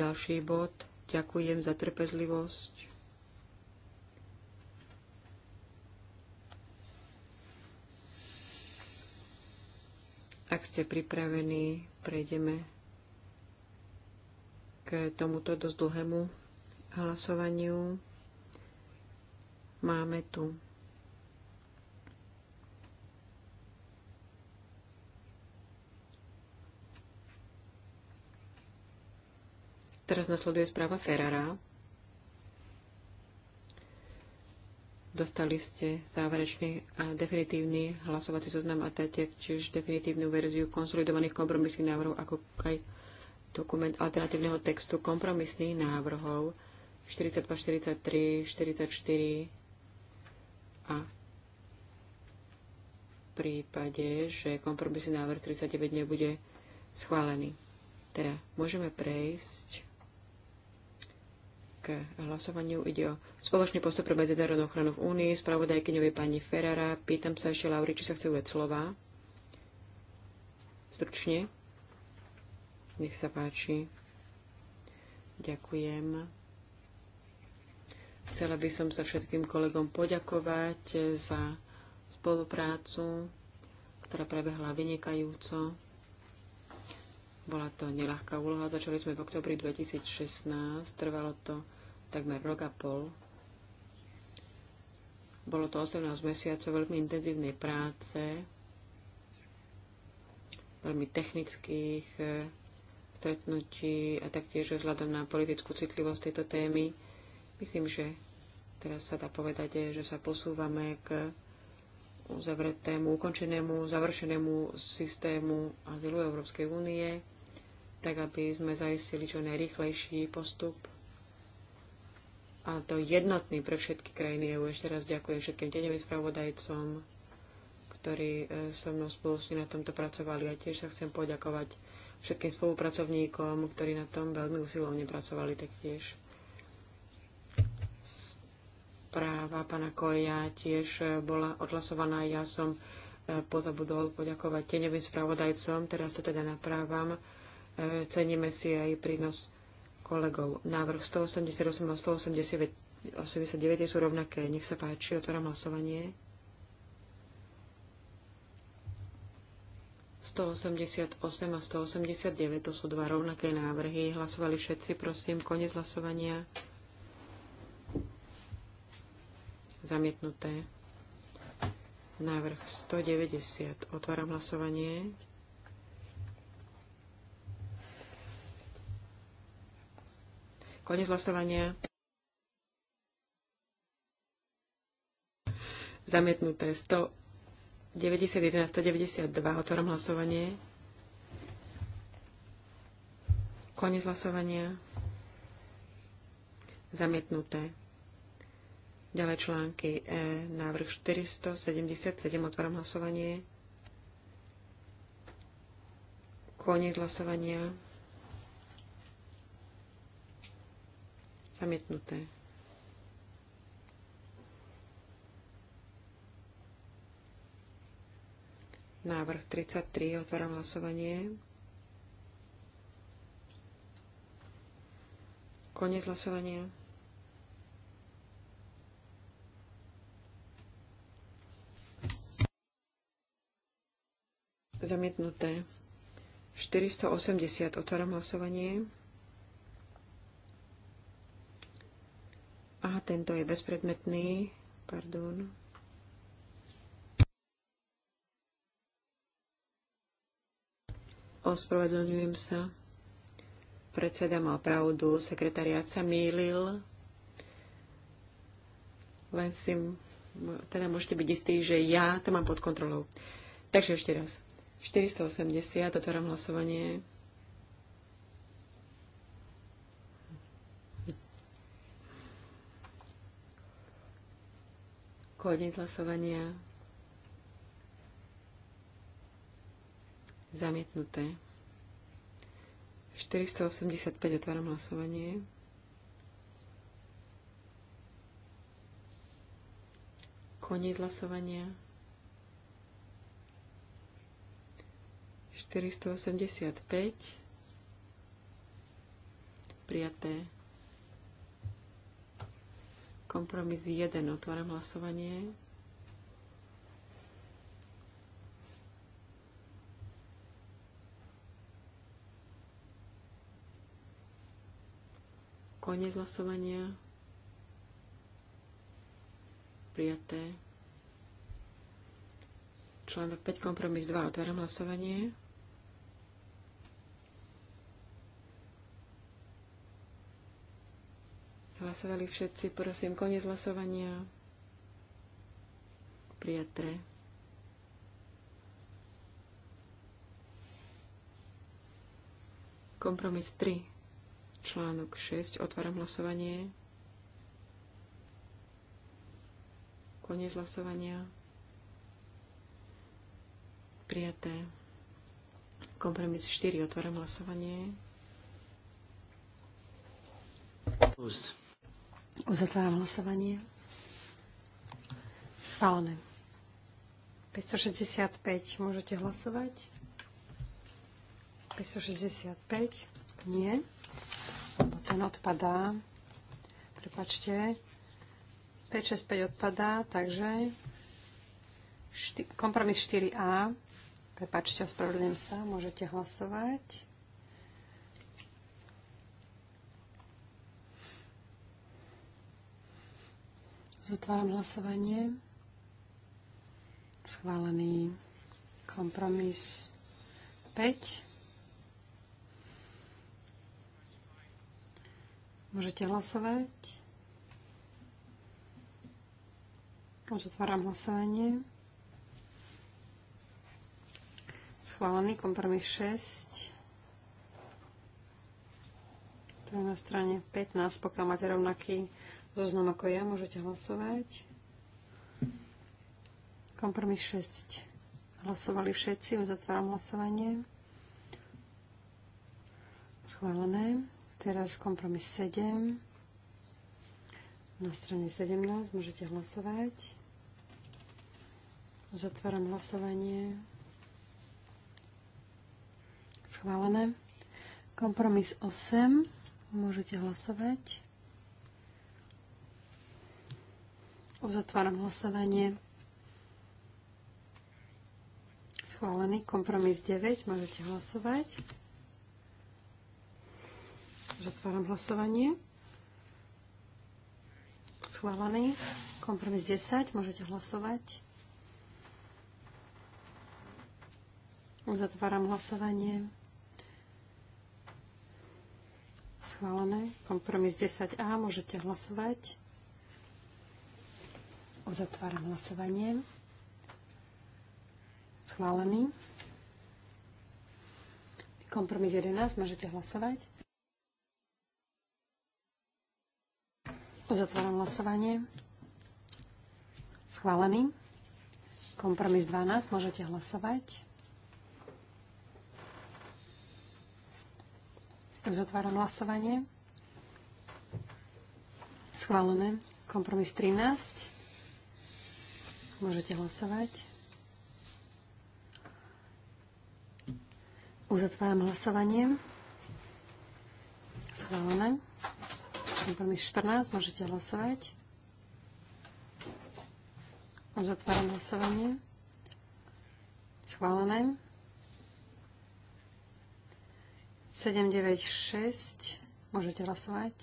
ďalší bod. Ďakujem za trpezlivosť. Ak ste pripravení, prejdeme k tomuto dosť dlhému hlasovaniu. Máme tu Teraz nasleduje správa Ferrara. Dostali ste záverečný a definitívny hlasovací zoznam a tiež definitívnu verziu konsolidovaných kompromisných návrhov, ako aj dokument alternatívneho textu kompromisných návrhov 42, 43, 44 a v prípade, že kompromisný návrh 39 nebude schválený. Teda môžeme prejsť k hlasovaniu. Ide o spoločný postup pre medzinárodnú ochranu v Únii. Spravodajkyňovi pani Ferrara. Pýtam sa ešte, Lauri, či sa chce uvedť slova. Stručne. Nech sa páči. Ďakujem. Chcela by som sa všetkým kolegom poďakovať za spoluprácu, ktorá prebehla vynikajúco. Bola to nelahká úloha. Začali sme v oktobri 2016. Trvalo to takmer rok a pol. Bolo to 18 mesiacov veľmi intenzívnej práce, veľmi technických, stretnutí a taktiež vzhľadom na politickú citlivosť tejto témy. Myslím, že teraz sa dá povedať, že sa posúvame k uzavretému, ukončenému, završenému systému azylu Európskej únie, tak aby sme zaistili čo najrýchlejší postup a to jednotný pre všetky krajiny EU. Ešte raz ďakujem všetkým deňovým spravodajcom, ktorí eh, so mnou spolu na tomto pracovali. A tiež sa chcem poďakovať všetkým spolupracovníkom, ktorí na tom veľmi usilovne pracovali taktiež. Správa pana Koja tiež e, bola odhlasovaná. Ja som e, pozabudol poďakovať teňovým spravodajcom. Teraz to teda naprávam. E, ceníme si aj prínos kolegov. Návrh 188 a 189 sú rovnaké. Nech sa páči, otváram hlasovanie. 188 a 189, to sú dva rovnaké návrhy. Hlasovali všetci, prosím, koniec hlasovania. Zamietnuté. Návrh 190. Otváram hlasovanie. Konec hlasovania. Zamietnuté 100. 91 192. Otváram hlasovanie. Koniec hlasovania. Zamietnuté. Ďalej články E, návrh 477, otvorím hlasovanie. Koniec hlasovania. Zamietnuté. Návrh 33. Otváram hlasovanie. Koniec hlasovania. Zamietnuté. 480. Otváram hlasovanie. Aha, tento je bezpredmetný. Pardon. Ospravedlňujem sa. Predseda mal pravdu, sekretariát sa mýlil. Len si teda môžete byť istí, že ja to mám pod kontrolou. Takže ešte raz. 480, otváram hlasovanie. Koniec hlasovania. Zamietnuté. 485 otváram hlasovanie. Koniec hlasovania. 485 prijaté. Kompromis 1. Otváram hlasovanie. Koniec hlasovania. Prijaté. Článok 5, kompromis 2. Otváram hlasovanie. Hlasovali všetci. Prosím, koniec hlasovania. Prijaté. Kompromis 3. Článok 6. Otváram hlasovanie. Koniec hlasovania. Prijaté. Kompromis 4. Otváram hlasovanie. Uzatváram hlasovanie. Schválené. 565. Môžete hlasovať? 565. Nie ten odpadá. Prepačte. 5 odpadá, takže kompromis 4A. Prepačte, ospravedlňujem sa, môžete hlasovať. Zotváram hlasovanie. Schválený kompromis 5. Môžete hlasovať. Otváram hlasovanie. Schválený kompromis 6. To je na strane 15. Pokiaľ máte rovnaký zoznam ako ja, môžete hlasovať. Kompromis 6. Hlasovali všetci, uzatváram hlasovanie. Schválené. Teraz kompromis 7. Na strane 17 môžete hlasovať. Zatváram hlasovanie. Schválené. Kompromis 8. Môžete hlasovať. Uzatváram hlasovanie. Schválený kompromis 9. Môžete hlasovať otváram hlasovanie. Schválený. Kompromis 10. Môžete hlasovať. Uzatváram hlasovanie. Schválené. Kompromis 10a. Môžete hlasovať. Uzatváram hlasovanie. Schválený. Kompromis 11. Môžete hlasovať. Uzatváram hlasovanie. Schválený. Kompromis 12. Môžete hlasovať. Uzatváram hlasovanie. Schválené. Kompromis 13. Môžete hlasovať. Uzatváram hlasovanie. Schválené. Kompromis 14, môžete hlasovať. Uzatváram hlasovanie. Schválené. 796, môžete hlasovať.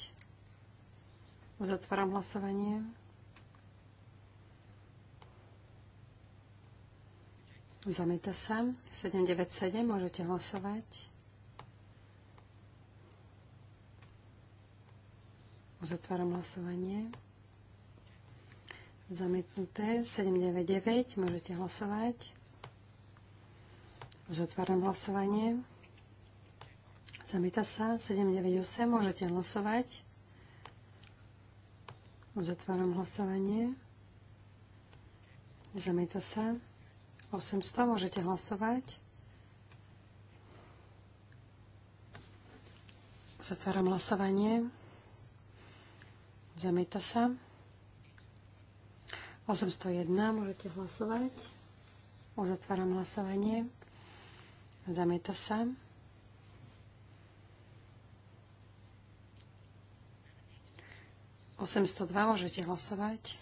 Uzatváram hlasovanie. Zamieta sa. 797, môžete hlasovať. Uzatváram hlasovanie. Zamietnuté. 799. Môžete hlasovať. Uzatváram hlasovanie. Zamieta sa. 798. Môžete hlasovať. Uzatváram hlasovanie. Zamieta sa. 800. Môžete hlasovať. Uzatváram hlasovanie. Zamieta sa. 801, môžete hlasovať. Uzatváram hlasovanie. Zamieta sa. Osemsto dva môžete hlasovať.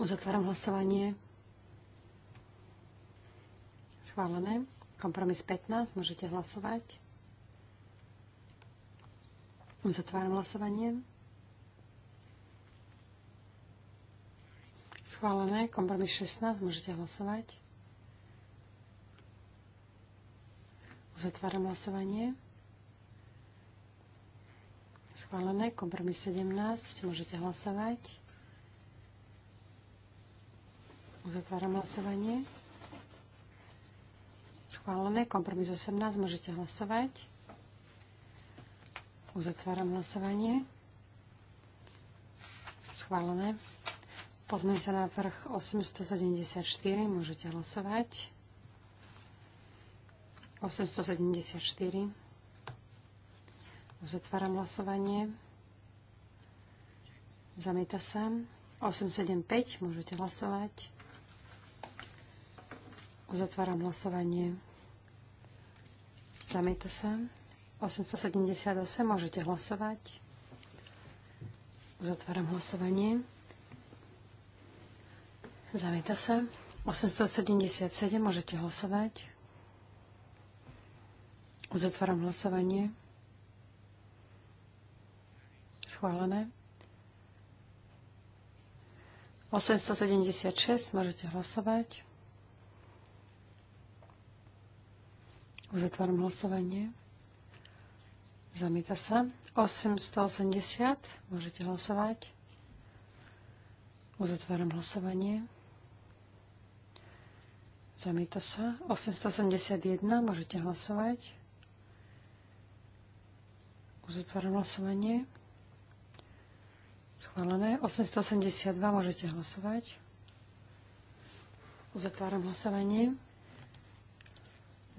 Uzatváram hlasovanie. Schválené. Kompromis 15, môžete hlasovať. Uzatváram hlasovanie. Schválené. Kompromis 16. Môžete hlasovať. Uzatváram hlasovanie. Schválené. Kompromis 17. Môžete hlasovať. Uzatváram hlasovanie. Schválené. Kompromis 18. Môžete hlasovať. Uzatváram hlasovanie. Schválené. Pozme sa na vrch 874. Môžete hlasovať. 874. Uzatváram hlasovanie. Zamieta sa. 875. Môžete hlasovať. Uzatváram hlasovanie. Zamieta sa. 878, môžete hlasovať. Zatváram hlasovanie. Zamieta sa. 877, môžete hlasovať. Zatváram hlasovanie. Schválené. 876, môžete hlasovať. Uzatváram hlasovanie. Zamieta sa. 880. Môžete hlasovať. Uzatváram hlasovanie. Zamieta sa. 871. Môžete hlasovať. Uzatváram hlasovanie. Schválené. 882 môžete hlasovať. Uzatváram hlasovanie.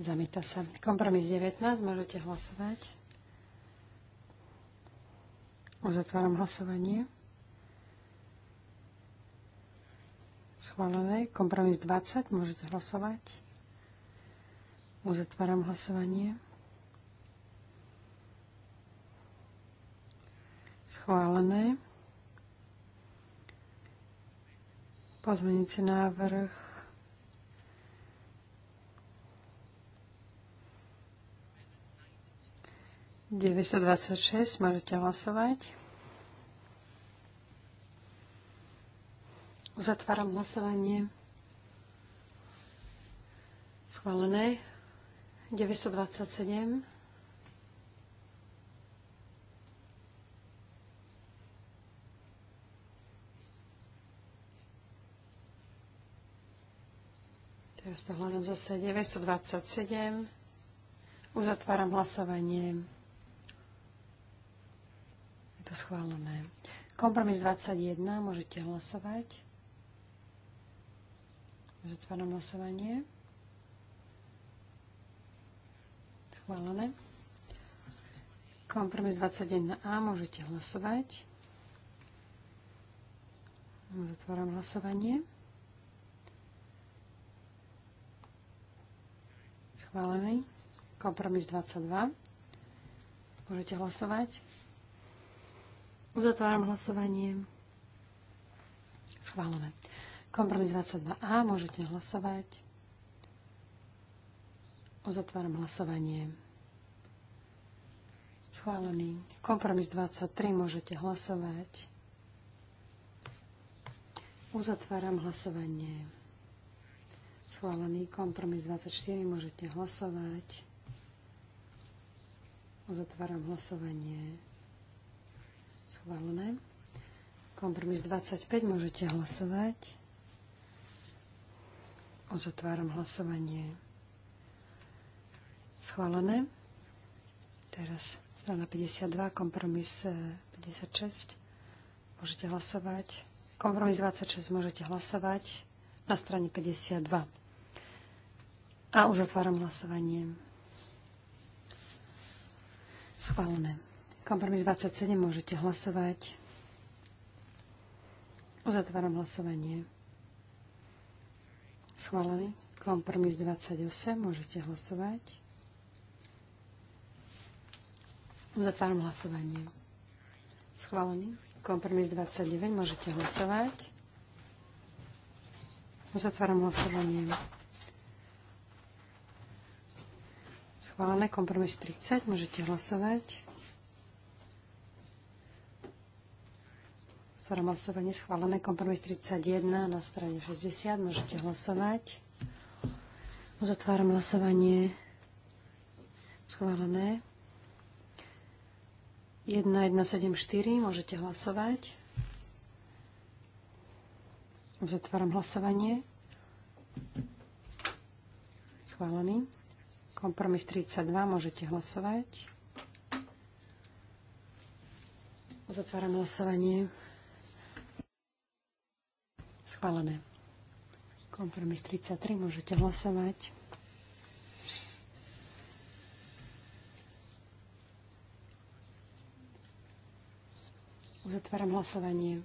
Zamieta sa. Kompromis 19 môžete hlasovať. Uzatváram hlasovanie. Schválené. Kompromis 20. Môžete hlasovať. Uzatváram hlasovanie. Schválené. Pozmeníci návrh 926, môžete hlasovať. Uzatváram hlasovanie. Schválené. 927. Teraz to hľadám zase 927. Uzatváram hlasovanie. Je to schválené. Kompromis 21, môžete hlasovať. Zatváram hlasovanie. Schválené. Kompromis 21a, môžete hlasovať. Zatváram hlasovanie. Schválený. Kompromis 22. Môžete hlasovať. Uzatváram hlasovanie. Schválené. Kompromis 22a, môžete hlasovať. Uzatváram hlasovanie. Schválený. Kompromis 23, môžete hlasovať. Uzatváram hlasovanie. Schválený. Kompromis 24, môžete hlasovať. Uzatváram hlasovanie. Schválené. Kompromis 25. Môžete hlasovať. Uzatváram hlasovanie. Schválené. Teraz strana 52, kompromis 56. E, môžete hlasovať. Kompromis 26 môžete hlasovať na strane 52. A uzatváram hlasovanie. Schválené. Kompromis 27 môžete hlasovať. Uzatváram hlasovanie. Schválený. Kompromis 28 môžete hlasovať. Uzatváram hlasovanie. Schválený. Kompromis 29 môžete hlasovať. Uzatváram hlasovanie. Schválené kompromis 30, môžete hlasovať. ktorom hlasovanie schválené. Kompromis 31 na strane 60. Môžete hlasovať. Uzatváram hlasovanie schválené. 1174. Môžete hlasovať. Uzatváram hlasovanie. Schválený. Kompromis 32. Môžete hlasovať. Uzatváram hlasovanie. Schválené. Kompromis 33, môžete hlasovať. Uzatváram hlasovanie.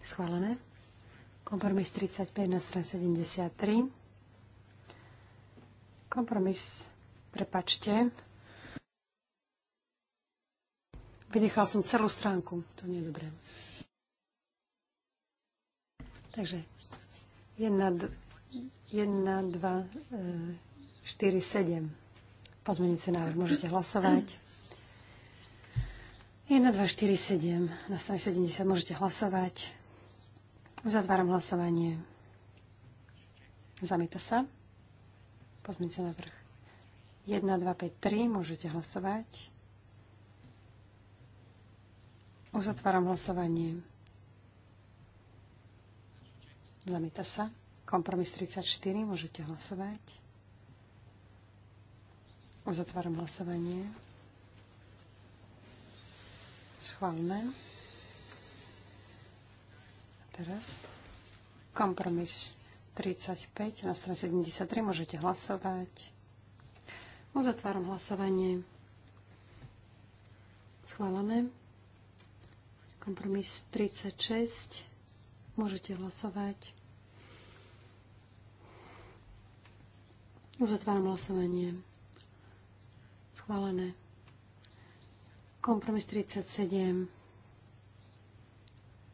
Schválené. Kompromis 35 na strane 73. Kompromis, prepačte. Vynechal som celú stránku, to nie je dobré. Takže 1, 1 2, 4, 7. Pozmeňujúci návrh môžete hlasovať. 1, 2, 4, 7. Na strane 70 môžete hlasovať. Uzatváram hlasovanie. Zamieta sa. Pozmeňujúci návrh. 1, 2, 5, 3. Môžete hlasovať. Uzatváram hlasovanie. Zamieta sa. Kompromis 34. Môžete hlasovať. Uzatváram hlasovanie. Schválne. A teraz kompromis 35 na strane 73. Môžete hlasovať. Uzatváram hlasovanie. Schválené. Kompromis 36. Môžete hlasovať. Uzatváram hlasovanie. Schválené. Kompromis 37.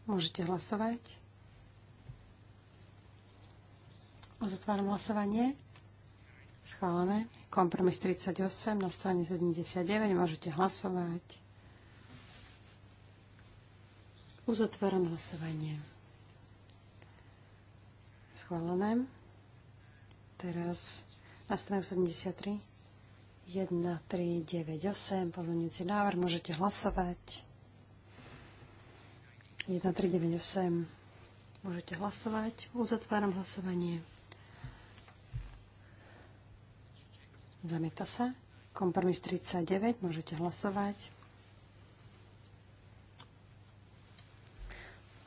Môžete hlasovať. Uzatváram hlasovanie. Schválené. Kompromis 38 na strane 79. Môžete hlasovať. Uzatváram hlasovanie. Schválené. Teraz na strane 73. 1, 3, 9, 8, pozmeňujúci návrh, môžete hlasovať. 1, 3, 9, 8, môžete hlasovať. Uzatváram hlasovanie. Zamieta sa. Kompromis 39, môžete hlasovať.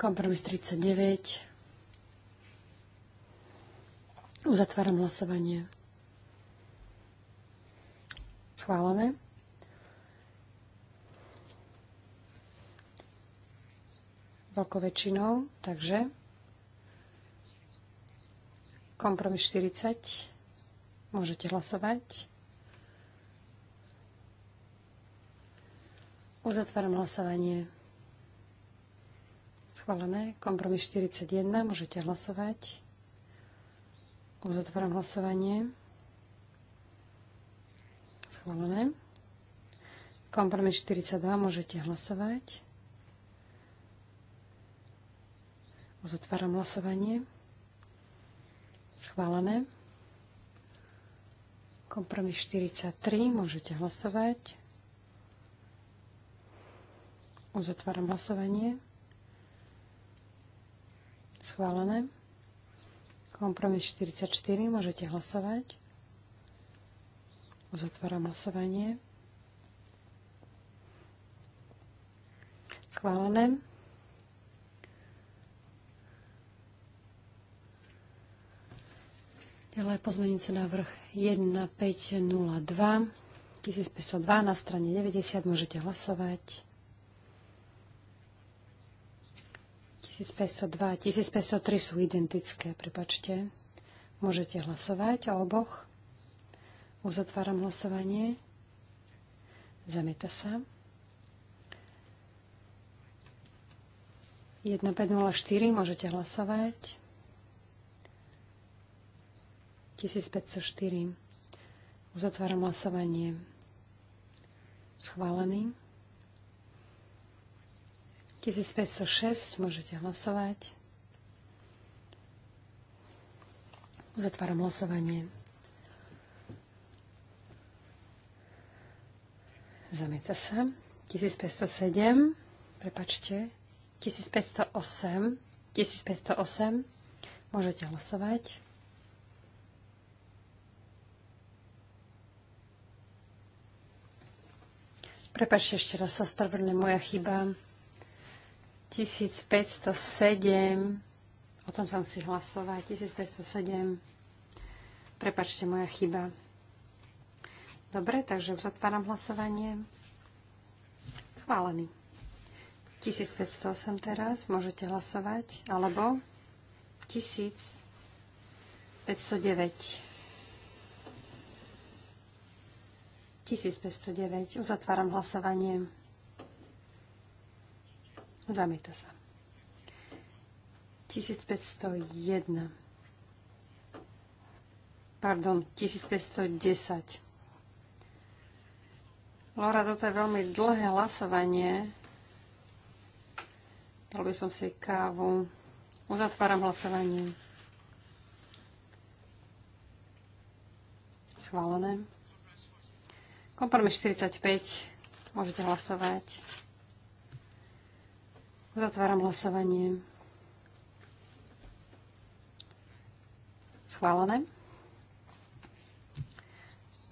Kompromis 39. Uzatváram hlasovanie. Schválené. Veľkou väčšinou, takže kompromis 40. Môžete hlasovať. Uzatváram hlasovanie. Schválené. Kompromis 41. Môžete hlasovať. Uzatváram hlasovanie schválené. Kompromis 42, môžete hlasovať. Uzatváram hlasovanie. Schválené. Kompromis 43, môžete hlasovať. Uzatváram hlasovanie. Schválené. Kompromis 44, môžete hlasovať. Uzatváram hlasovanie. Schválené. Ďalej pozmeňujúci návrh 1502 1502 na strane 90 môžete hlasovať. 1502 a 1503 sú identické, prepačte. Môžete hlasovať o oboch. Uzatváram hlasovanie. Zamieta sa. 1504 môžete hlasovať. 1504. Uzatváram hlasovanie. Schválený. 1506 môžete hlasovať. Uzatváram hlasovanie. Zamieta sa. 1507. Prepačte. 1508. 1508. Môžete hlasovať. Prepačte ešte raz, sa spravedlne moja chyba. 1507. O tom som si hlasovať. 1507. Prepačte, moja chyba. Dobre, takže uzatváram hlasovanie. Chválený. 1508 teraz, môžete hlasovať, alebo 1509. 1509. Uzatváram hlasovanie. Zamieta sa. 1501. Pardon, 1510. Laura, toto je veľmi dlhé hlasovanie. Dal by som si kávu. Uzatváram hlasovanie. Schválené. Kompromis 45. Môžete hlasovať. Uzatváram hlasovanie. Schválené.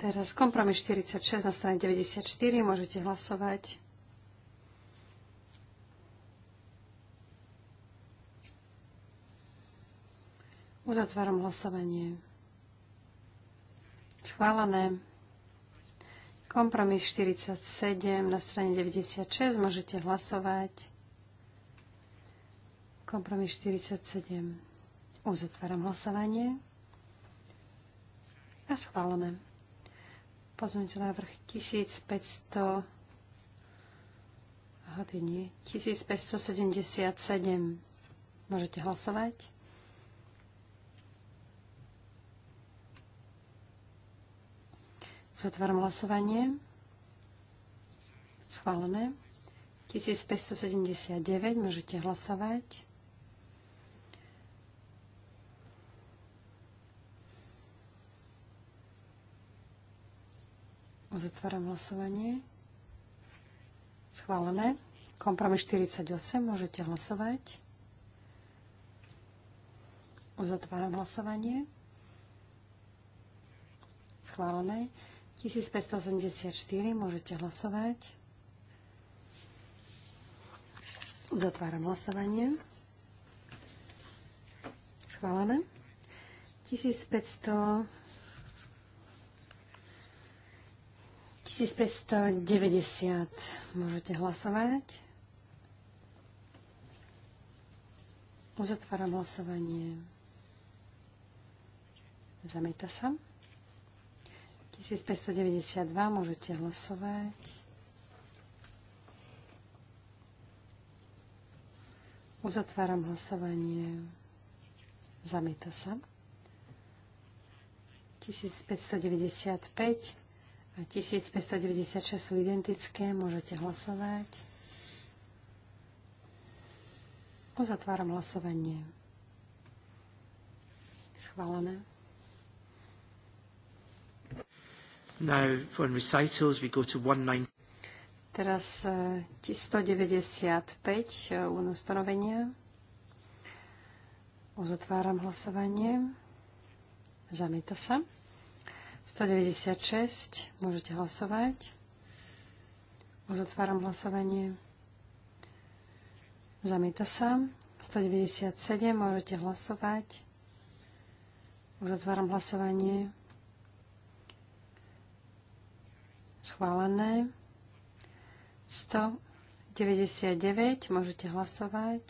Teraz kompromis 46 na strane 94. Môžete hlasovať. Uzatváram hlasovanie. Schválené. Kompromis 47 na strane 96. Môžete hlasovať. Kompromis 47. Uzatváram hlasovanie. A schválené na vrch, 1500 nie 1577. Môžete hlasovať. Zatváram hlasovanie. Schválené. 1579. Môžete hlasovať. Uzatváram hlasovanie. Schválené. Kompromis 48. Môžete hlasovať. Uzatváram hlasovanie. Schválené. 1584. Môžete hlasovať. Uzatváram hlasovanie. Schválené. 1500 1590. Môžete hlasovať. Uzatváram hlasovanie. Zamieta sa. 1592. Môžete hlasovať. Uzatváram hlasovanie. Zamieta sa. 1595. 1596 sú identické. Môžete hlasovať. Uzatváram hlasovanie. Schválené. Now, for recitals, we go to 19... Teraz 195 e, e, ustanovenia. Uzatváram hlasovanie. Zamieta sa. 196. Môžete hlasovať. otváram hlasovanie. Zamieta sa. 197. Môžete hlasovať. otváram hlasovanie. Schválené. 199. Môžete hlasovať.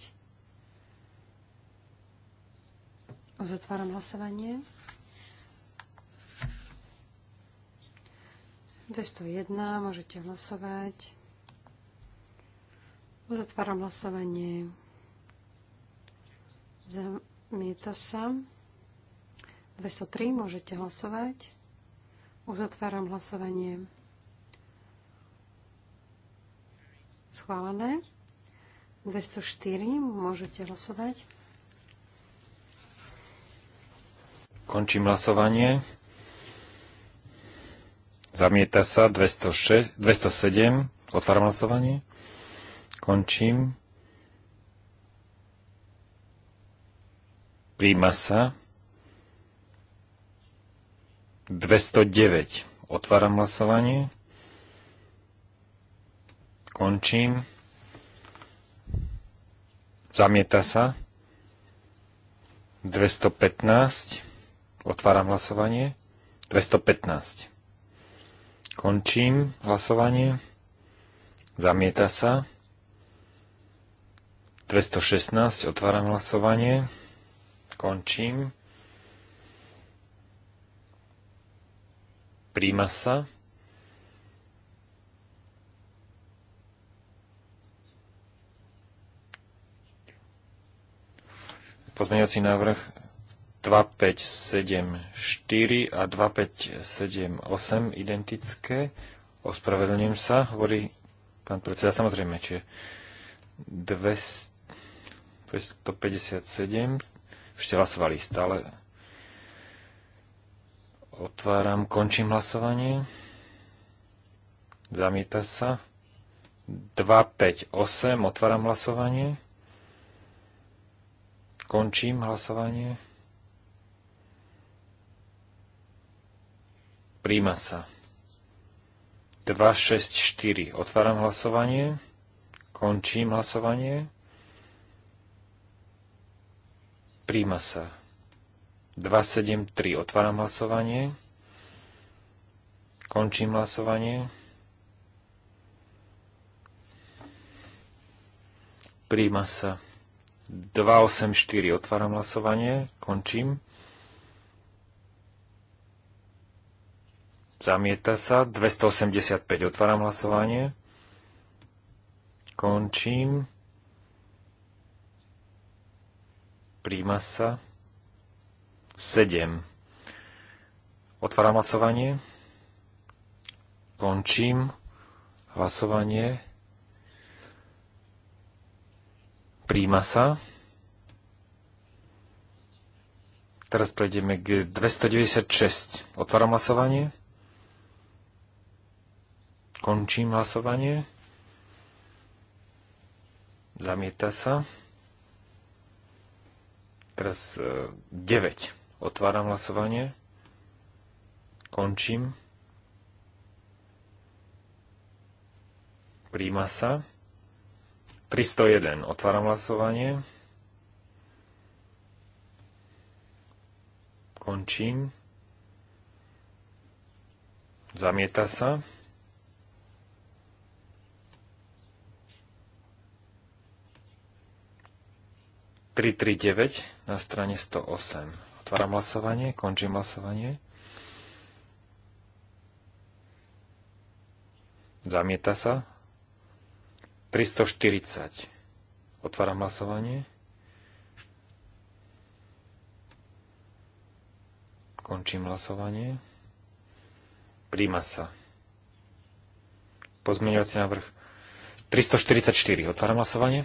otváram hlasovanie. 201, môžete hlasovať. Uzatváram hlasovanie. Zamieta sa. 203, môžete hlasovať. Uzatváram hlasovanie. Schválené. 204, môžete hlasovať. Končím hlasovanie. Zamieta sa 206, 207. Otváram hlasovanie. Končím. Príjma sa 209. Otváram hlasovanie. Končím. Zamieta sa. 215. Otváram hlasovanie. 215. Končím hlasovanie. Zamieta sa. 216. Otváram hlasovanie. Končím. Príjma sa. Pozmeňovací návrh 2574 a 2578 identické. Ospravedlňujem sa, hovorí pán predseda, samozrejme, čiže 257 ešte hlasovali stále. Otváram, končím hlasovanie. Zamieta sa. 258, otváram hlasovanie. Končím hlasovanie. Príjma sa. 4 Otváram hlasovanie. Končím hlasovanie. Príjma sa. 273. Otváram hlasovanie. Končím hlasovanie. Príjma sa. 4. Otváram hlasovanie. Končím. Zamieta sa. 285. Otváram hlasovanie. Končím. Príjma sa. 7. Otváram hlasovanie. Končím hlasovanie. Príjma sa. Teraz prejdeme k 296. Otváram hlasovanie. Končím hlasovanie. Zamieta sa. Teraz 9. E, Otváram hlasovanie. Končím. Príjma sa. 301. Otváram hlasovanie. Končím. Zamieta sa. 339 na strane 108. Otváram hlasovanie, končím hlasovanie. Zamieta sa. 340. Otváram hlasovanie. Končím hlasovanie. Príjma sa. Pozmeňovací návrh 344. Otváram hlasovanie.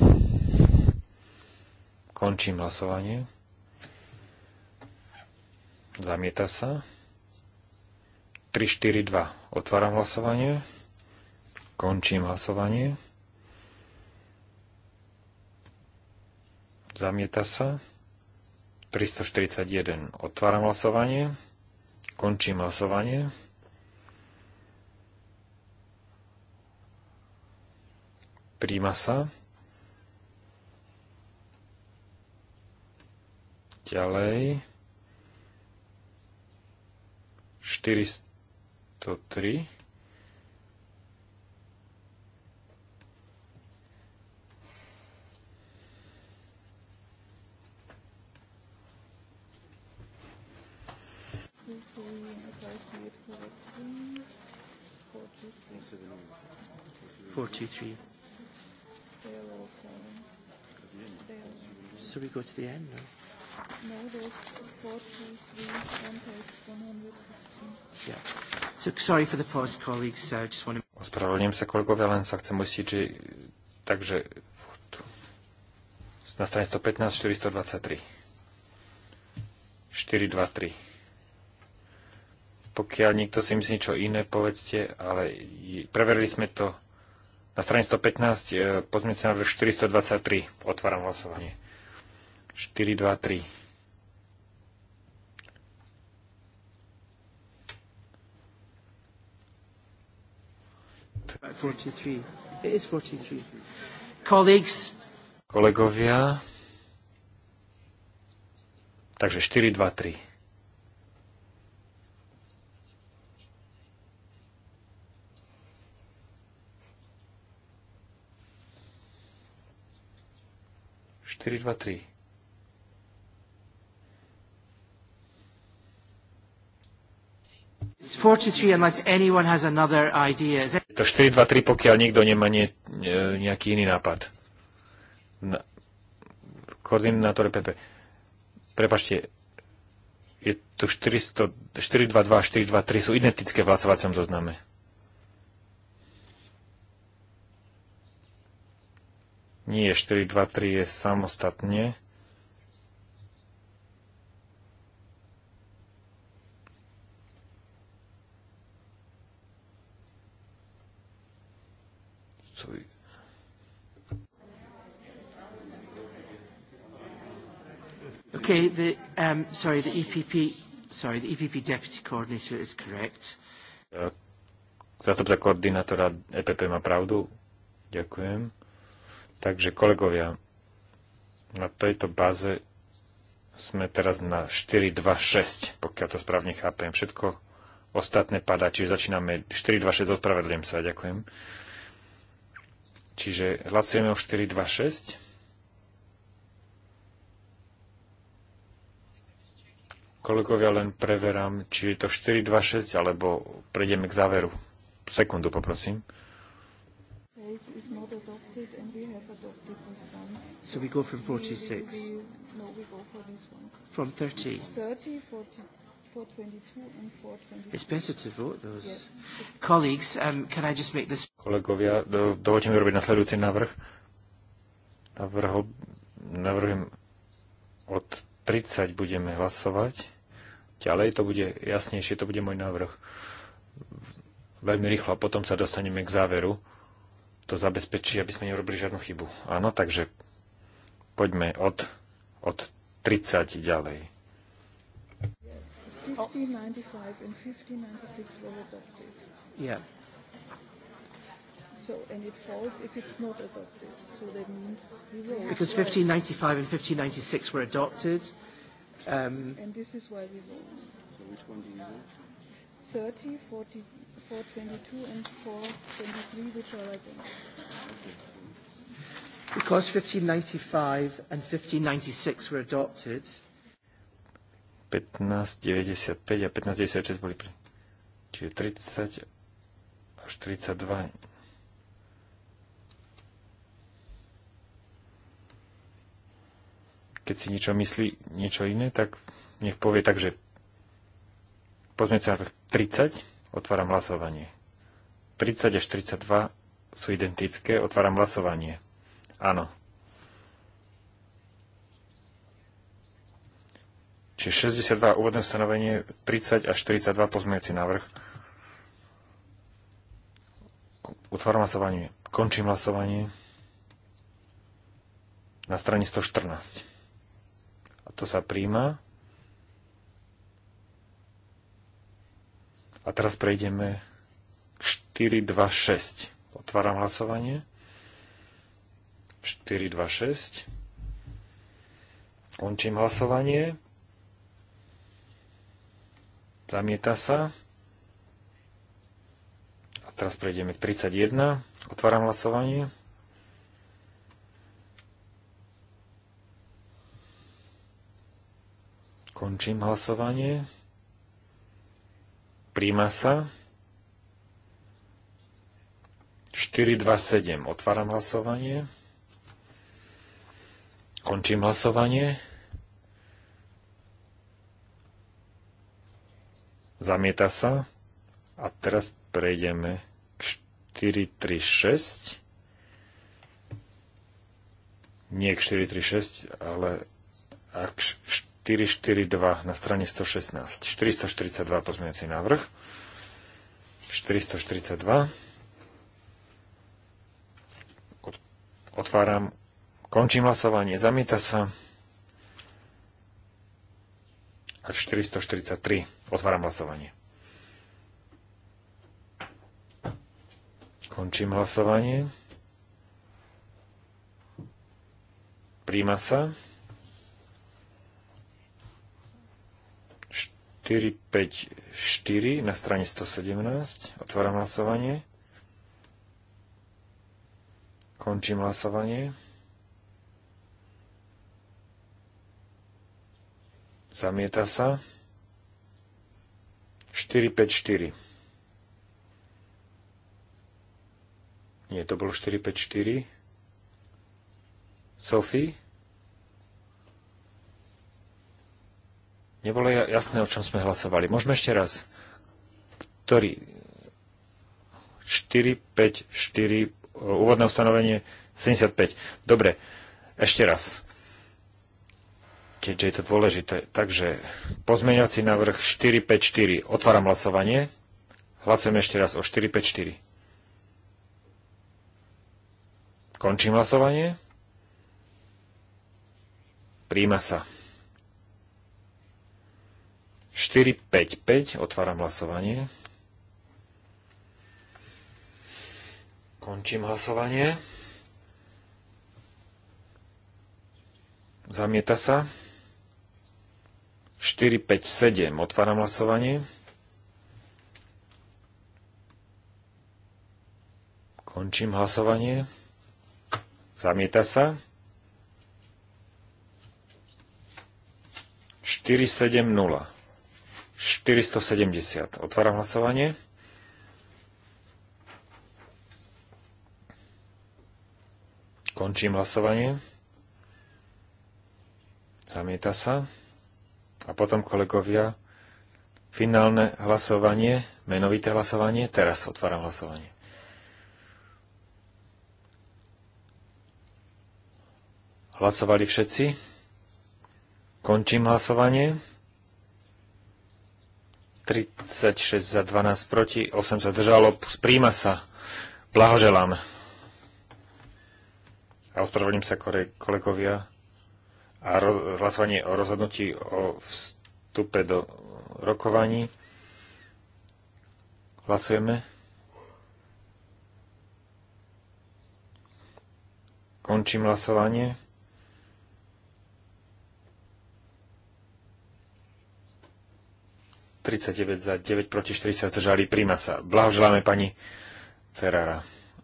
Končím hlasovanie. Zamieta sa. 3, 4, 2. Otváram hlasovanie. Končím hlasovanie. Zamieta sa. 341. Otváram hlasovanie. Končím hlasovanie. Príjma sa. Ďalej. 403. Four three. So we go to the end No? Ospravedlňujem sa, kolegovia, len sa chcem ujistiť, že... Takže na strane 115, 423. 423. Pokiaľ niekto si myslí niečo iné, povedzte, ale preverili sme to na strane 115, pozmeňte sa na 423. Otváram hlasovanie. 4, 2, 3. Kolegovia. Takže 4, 2, 3. Štyri, dva, tri. to 4-2-3, pokiaľ nikto nemá nie, e, nejaký iný nápad. Na, koordinátor PP. Prepačte, je tu 400, 422 a 423 sú identické v hlasovacom zozname. Nie, 423 je samostatne. Okay, the, um, sorry, the EPP, sorry, the EPP deputy coordinator is correct. Zastupca koordinátora EPP má pravdu. Ďakujem. Takže kolegovia, na tejto báze sme teraz na 4-2-6, pokiaľ to správne chápem. Všetko ostatné padá, čiže začíname 4-2-6, ospravedlím sa, ďakujem. Čiže hlasujeme o 4-2-6. Kolegovia, len preverám, či je to 426, alebo prejdeme k záveru. Sekundu, poprosím. So we go from 46. No, from 30. 30, 40, 422 and 423. It's better to vote those. Yes. Colleagues, um, can I just make this... Kolegovia, do, dovolte mi robiť nasledujúci návrh. Navrho, navrhujem od 30 budeme hlasovať. Ďalej to bude jasnejšie, to bude môj návrh. Veľmi rýchlo a potom sa dostaneme k záveru. To zabezpečí, aby sme neurobili žiadnu chybu. Áno, takže poďme od, od 30 ďalej. 1595 and 1596 were adopted. Yeah. So, and it falls if it's not adopted. So that means we will Because 1595 and 1596 were adopted. Um, and this is why we vote. So which one do you vote? 30, 40, 422 and 423, which are identical. Because 1595 and 1596 were adopted. 1595 a 1596 boli pri... Čiže 30 až 32 keď si niečo myslí niečo iné, tak nech povie tak, že pozme sa 30, otváram hlasovanie. 30 až 32 sú identické, otváram hlasovanie. Áno. Čiže 62 úvodné stanovenie, 30 až 42 pozmejúci návrh. Otváram hlasovanie. Končím hlasovanie. Na strane 114 to sa príjma. A teraz prejdeme k 6. Otváram hlasovanie. 426. Končím hlasovanie. Zamieta sa. A teraz prejdeme k 31. Otváram hlasovanie. Končím hlasovanie. Príjma sa. 427. Otváram hlasovanie. Končím hlasovanie. Zamieta sa. A teraz prejdeme k 436. Nie k 436, ale ak 442 na strane 116. 442 pozmeňovací návrh. 442. Otváram. Končím hlasovanie. Zamieta sa. A 443. Otváram hlasovanie. Končím hlasovanie. Príjma sa. 4, na strane 117. Otváram hlasovanie. Končím hlasovanie. Zamieta sa. 4. Nie, to bolo 4. Sophie? Nebolo jasné, o čom sme hlasovali. Môžeme ešte raz. Ktorý? 4, 5, 4, úvodné ustanovenie 75. Dobre, ešte raz. Keďže je to dôležité. Takže pozmeňovací návrh 4, 5, 4. Otváram hlasovanie. Hlasujem ešte raz o 4, 5, 4. Končím hlasovanie. Príjma sa. 455, otváram hlasovanie. Končím hlasovanie. Zamieta sa. 457, otváram hlasovanie. Končím hlasovanie. Zamieta sa. 470. 470. Otváram hlasovanie. Končím hlasovanie. Zamieta sa. A potom, kolegovia, finálne hlasovanie, menovité hlasovanie. Teraz otváram hlasovanie. Hlasovali všetci? Končím hlasovanie. 36 za 12 proti, 8 sa držalo, príjma sa. Blahoželám. A ospravedlním sa kolegovia. A hlasovanie o rozhodnutí o vstupe do rokovaní. Hlasujeme. Končím hlasovanie. 39 za 9 proti 40 zdržali. Príjma sa. Blahoželáme pani Ferrara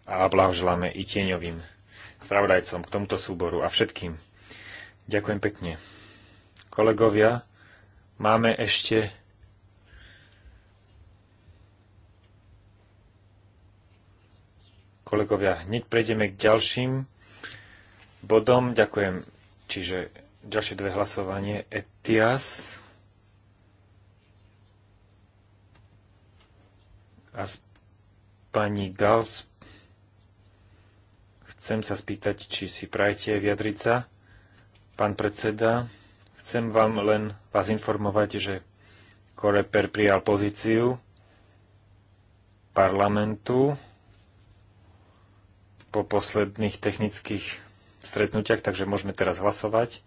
a blahoželáme i tieňovým spravodajcom k tomuto súboru a všetkým. Ďakujem pekne. Kolegovia, máme ešte kolegovia, hneď prejdeme k ďalším bodom. Ďakujem. Čiže ďalšie dve hlasovanie. Etias. a s pani Gals chcem sa spýtať, či si prajete vyjadriť sa. Pán predseda, chcem vám len vás informovať, že Koreper prijal pozíciu parlamentu po posledných technických stretnutiach, takže môžeme teraz hlasovať.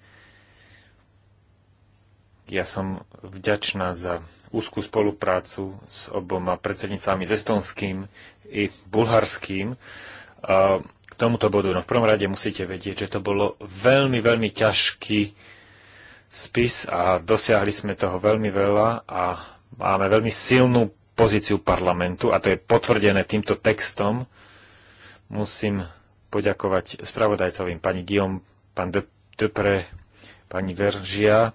Ja som vďačná za úzkú spoluprácu s oboma predsedníctvami, s estonským i bulharským. A k tomuto bodu, no v prvom rade musíte vedieť, že to bolo veľmi, veľmi ťažký spis a dosiahli sme toho veľmi veľa a máme veľmi silnú pozíciu parlamentu a to je potvrdené týmto textom. Musím poďakovať spravodajcovým pani Guillaume, pán Depre, pani Veržia,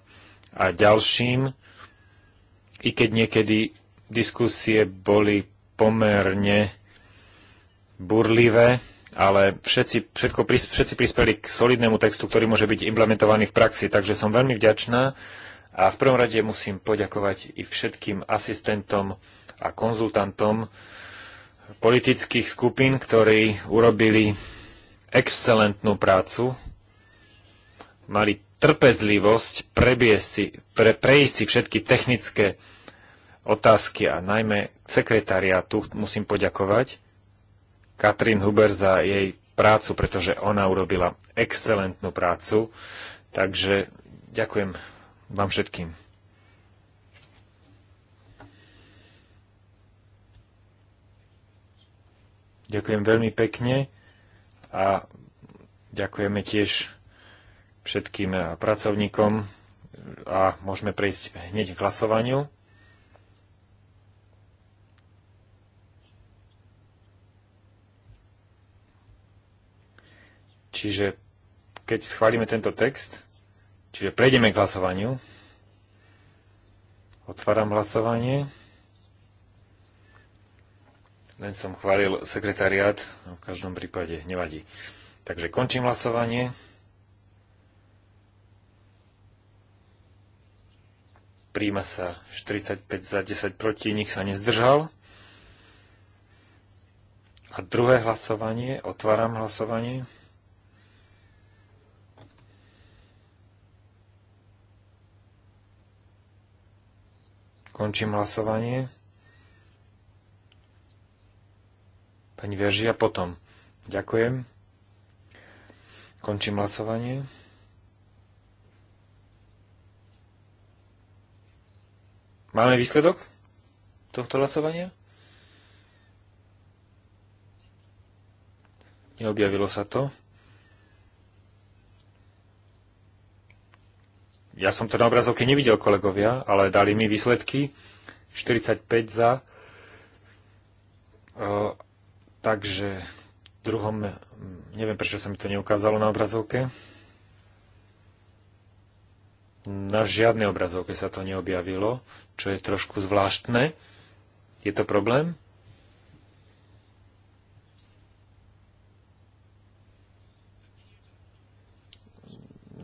a ďalším, i keď niekedy diskusie boli pomerne burlivé, ale všetci, všetko, všetci prispeli k solidnému textu, ktorý môže byť implementovaný v praxi, takže som veľmi vďačná a v prvom rade musím poďakovať i všetkým asistentom a konzultantom politických skupín, ktorí urobili excelentnú prácu, mali trpezlivosť prebiesť si, pre, prejsť si všetky technické otázky a najmä sekretariátu musím poďakovať Katrin Huber za jej prácu, pretože ona urobila excelentnú prácu. Takže ďakujem vám všetkým. Ďakujem veľmi pekne a ďakujeme tiež všetkým eh, pracovníkom a môžeme prejsť hneď k hlasovaniu. Čiže keď schválime tento text, čiže prejdeme k hlasovaniu. Otváram hlasovanie. Len som chválil sekretariát, v každom prípade nevadí. Takže končím hlasovanie. Príjma sa 45 za 10 proti, nik sa nezdržal. A druhé hlasovanie, otváram hlasovanie. Končím hlasovanie. Pani Veržia potom. Ďakujem. Končím hlasovanie. Máme výsledok tohto hlasovania? Neobjavilo sa to. Ja som to na obrazovke nevidel, kolegovia, ale dali mi výsledky 45 za. O, takže v druhom, neviem prečo sa mi to neukázalo na obrazovke. Na žiadnej obrazovke sa to neobjavilo, čo je trošku zvláštne. Je to problém?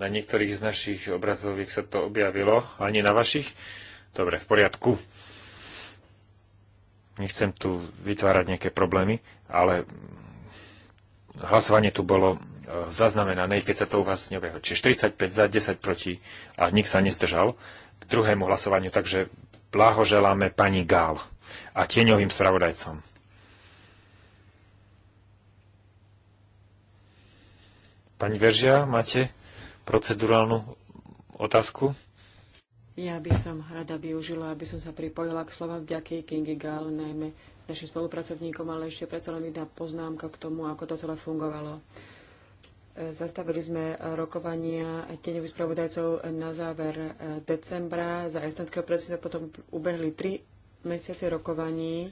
Na niektorých z našich obrazoviek sa to objavilo, ani na vašich. Dobre, v poriadku. Nechcem tu vytvárať nejaké problémy, ale hlasovanie tu bolo E, zaznamenanej, keď sa to u vás neobjavilo. Čiže 45 za, 10 proti a nik sa nezdržal k druhému hlasovaniu, takže blahoželáme pani Gál a tieňovým spravodajcom. Pani Veržia, máte procedurálnu otázku? Ja by som rada využila, aby som sa pripojila k slovám vďaky Kingy Gál, najmä našim spolupracovníkom, ale ešte predsa len mi dá poznámka k tomu, ako to celé fungovalo. Zastavili sme rokovania tieňových spravodajcov na záver eh, decembra. Za estonského predseda potom ubehli tri mesiace rokovaní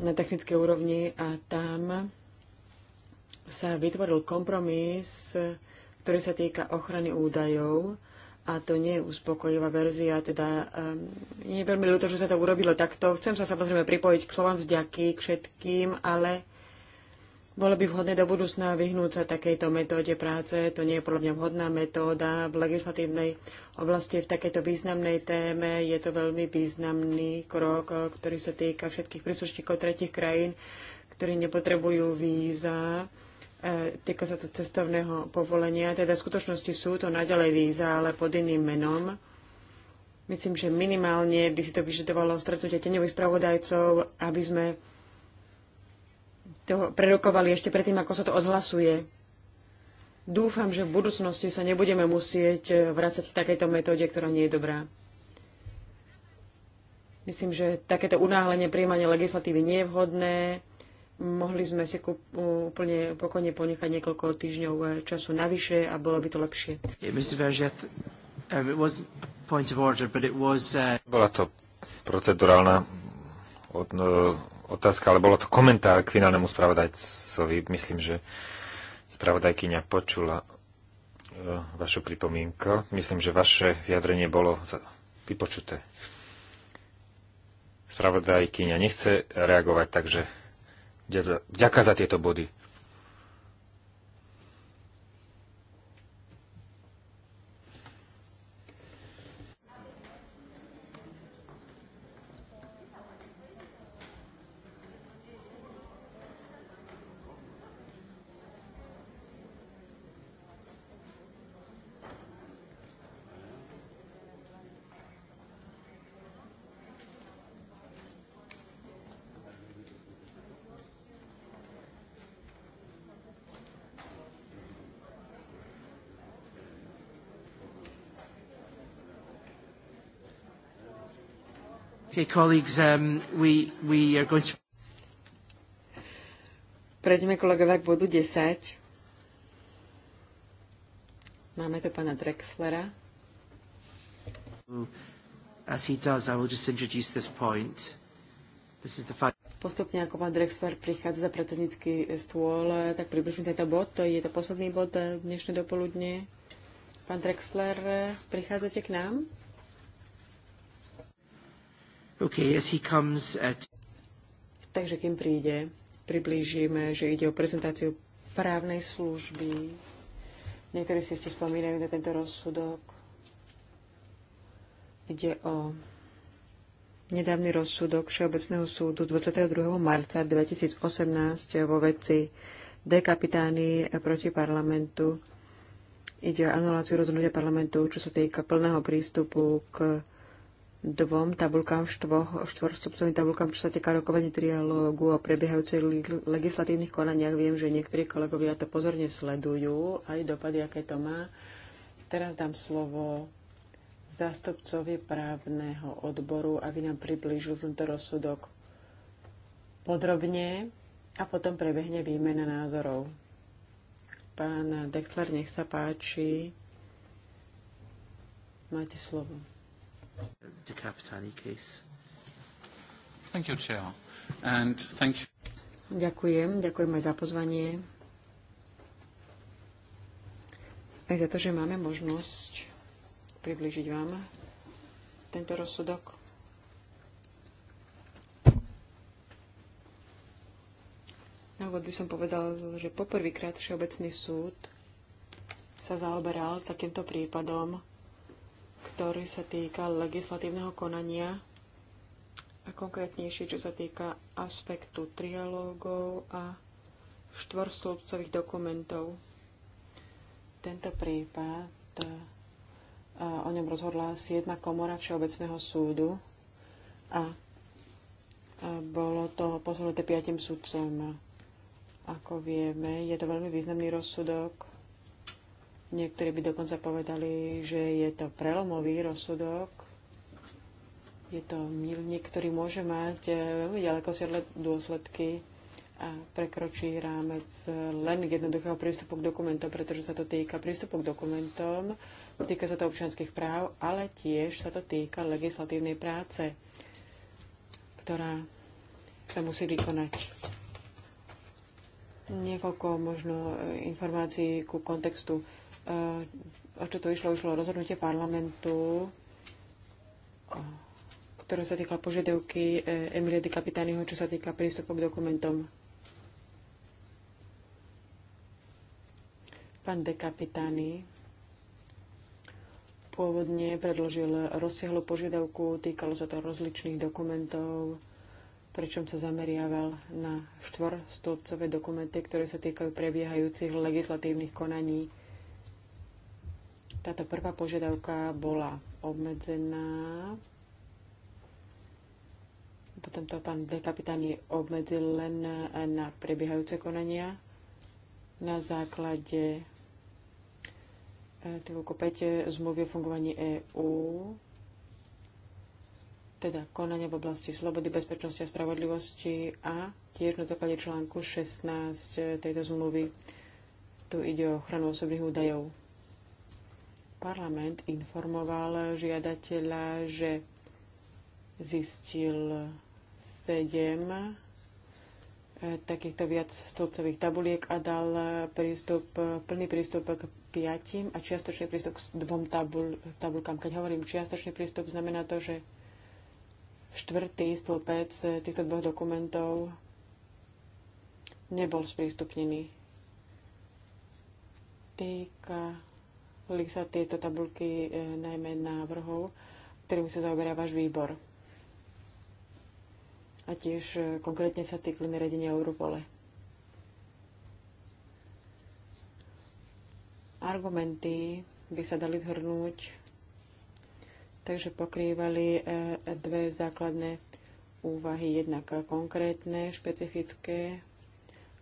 na technickej úrovni a tam sa vytvoril kompromis, ktorý sa týka ochrany údajov a to nie je uspokojivá verzia, teda um, ehm, nie je veľmi ľúto, že sa to urobilo takto. Chcem sa samozrejme pripojiť k slovám vzďaky k všetkým, ale bolo by vhodné do budúcna vyhnúť sa takejto metóde práce. To nie je podľa mňa vhodná metóda v legislatívnej oblasti v takejto významnej téme. Je to veľmi významný krok, eh, ktorý sa týka všetkých príslušníkov tretich krajín, ktorí nepotrebujú víza. Eh, týka sa to cestovného povolenia. Teda v skutočnosti sú to naďalej víza, ale pod iným menom. Myslím, že minimálne by si to vyžadovalo stretnutie teňových spravodajcov, aby sme to prerokovali ešte predtým, ako sa to odhlasuje. Dúfam, že v budúcnosti sa nebudeme musieť eh, vrácať k takejto metóde, ktorá nie je dobrá. Myslím, že takéto unáhlenie príjmania legislatívy nie je vhodné. Mohli sme si eh, úplne pokojne ponechať niekoľko týždňov eh, času navyše a bolo by to lepšie. Um, uh, Bola to procedurálna otázka, ale bolo to komentár k finálnemu spravodajcovi. Myslím, že spravodajkyňa počula e, vašu pripomienku. Myslím, že vaše vyjadrenie bolo vypočuté. Spravodajkyňa nechce reagovať, takže vďaka za tieto body. Okay, colleagues, um, we, we are going to... Prejdeme kolegovia k bodu 10. Máme tu pána Drexlera. As he does, I will just introduce this point. This is the fact... Postupne, ako pán Drexler prichádza za predsednícky stôl, tak približme tento bod. To Je to posledný bod dnešné dopoludne. Pán Drexler, prichádzate k nám? Takže kým príde, priblížime, že ide o prezentáciu právnej služby. Niektorí si ešte spomínajú na tento rozsudok. Ide o nedávny rozsudok Všeobecného súdu 22. marca 2018 vo veci dekapitány proti parlamentu. Ide o anuláciu rozhodnutia parlamentu, čo sa týka plného prístupu k dvom tabulkám, štvoch, štvorstupcovým tabulkám, čo sa týka rokovania trialógu o prebiehajúcich legislatívnych konaniach. Viem, že niektorí kolegovia to pozorne sledujú, aj dopady, aké to má. Teraz dám slovo zástupcovi právneho odboru, aby nám približil tento rozsudok podrobne a potom prebehne výmena názorov. Pán Deklar, nech sa páči. Máte slovo. De Capitani case. Thank you, Chair. And thank you. Ďakujem, ďakujem aj za pozvanie. Aj za to, že máme možnosť približiť vám tento rozsudok. Na úvod by som povedal, že poprvýkrát Všeobecný súd sa zaoberal takýmto prípadom ktorý sa týka legislatívneho konania a konkrétnejšie, čo sa týka aspektu trialógov a štvorstĺpcových dokumentov. Tento prípad, e, o ňom rozhodla 7. komora Všeobecného súdu a e, bolo to posunuté piatim sudcom. Ako vieme, je to veľmi významný rozsudok Niektorí by dokonca povedali, že je to prelomový rozsudok. Je to milník, ktorý môže mať eh, veľmi ďaleko siahle dôsledky a prekročí rámec len jednoduchého prístupu k dokumentom, pretože sa to týka prístupu k dokumentom, týka sa to občianských práv, ale tiež sa to týka legislatívnej práce, ktorá sa musí vykonať. Niekoľko možno eh, informácií ku kontextu Eh, o čo tu išlo? Išlo rozhodnutie parlamentu, eh, ktoré sa týka požiadavky eh, Emilie de Capitaniho, čo sa týka prístupu k dokumentom. Pán De Capitani pôvodne predložil rozsiahlu požiadavku, týkalo sa to rozličných dokumentov, pričom sa zameriaval na štvorstĺpcové dokumenty, ktoré sa týkajú prebiehajúcich legislatívnych konaní táto prvá požiadavka bola obmedzená. Potom to pán dekapitán je obmedzil len na prebiehajúce konania na základe článku 5 zmluvy o fungovaní EÚ, teda konania v oblasti slobody, bezpečnosti a spravodlivosti a tiež na základe článku 16 eh, tejto zmluvy tu ide o ochranu osobných údajov. Parlament informoval žiadateľa, že zistil sedem eh, takýchto viac stĺpcových tabuliek a dal prístup, plný prístup k piatim a čiastočný prístup k dvom tabul, tabulkám. Keď hovorím čiastočný prístup, znamená to, že štvrtý stĺpec eh, týchto dvoch dokumentov nebol sprístupnený. Týka Volili sa tieto tabulky e, najmä návrhov, ktorým sa zaoberá váš výbor. A tiež e, konkrétne sa týkli neredenia Europole. Argumenty by sa dali zhrnúť, takže pokrývali e, dve základné úvahy, jednak konkrétne, špecifické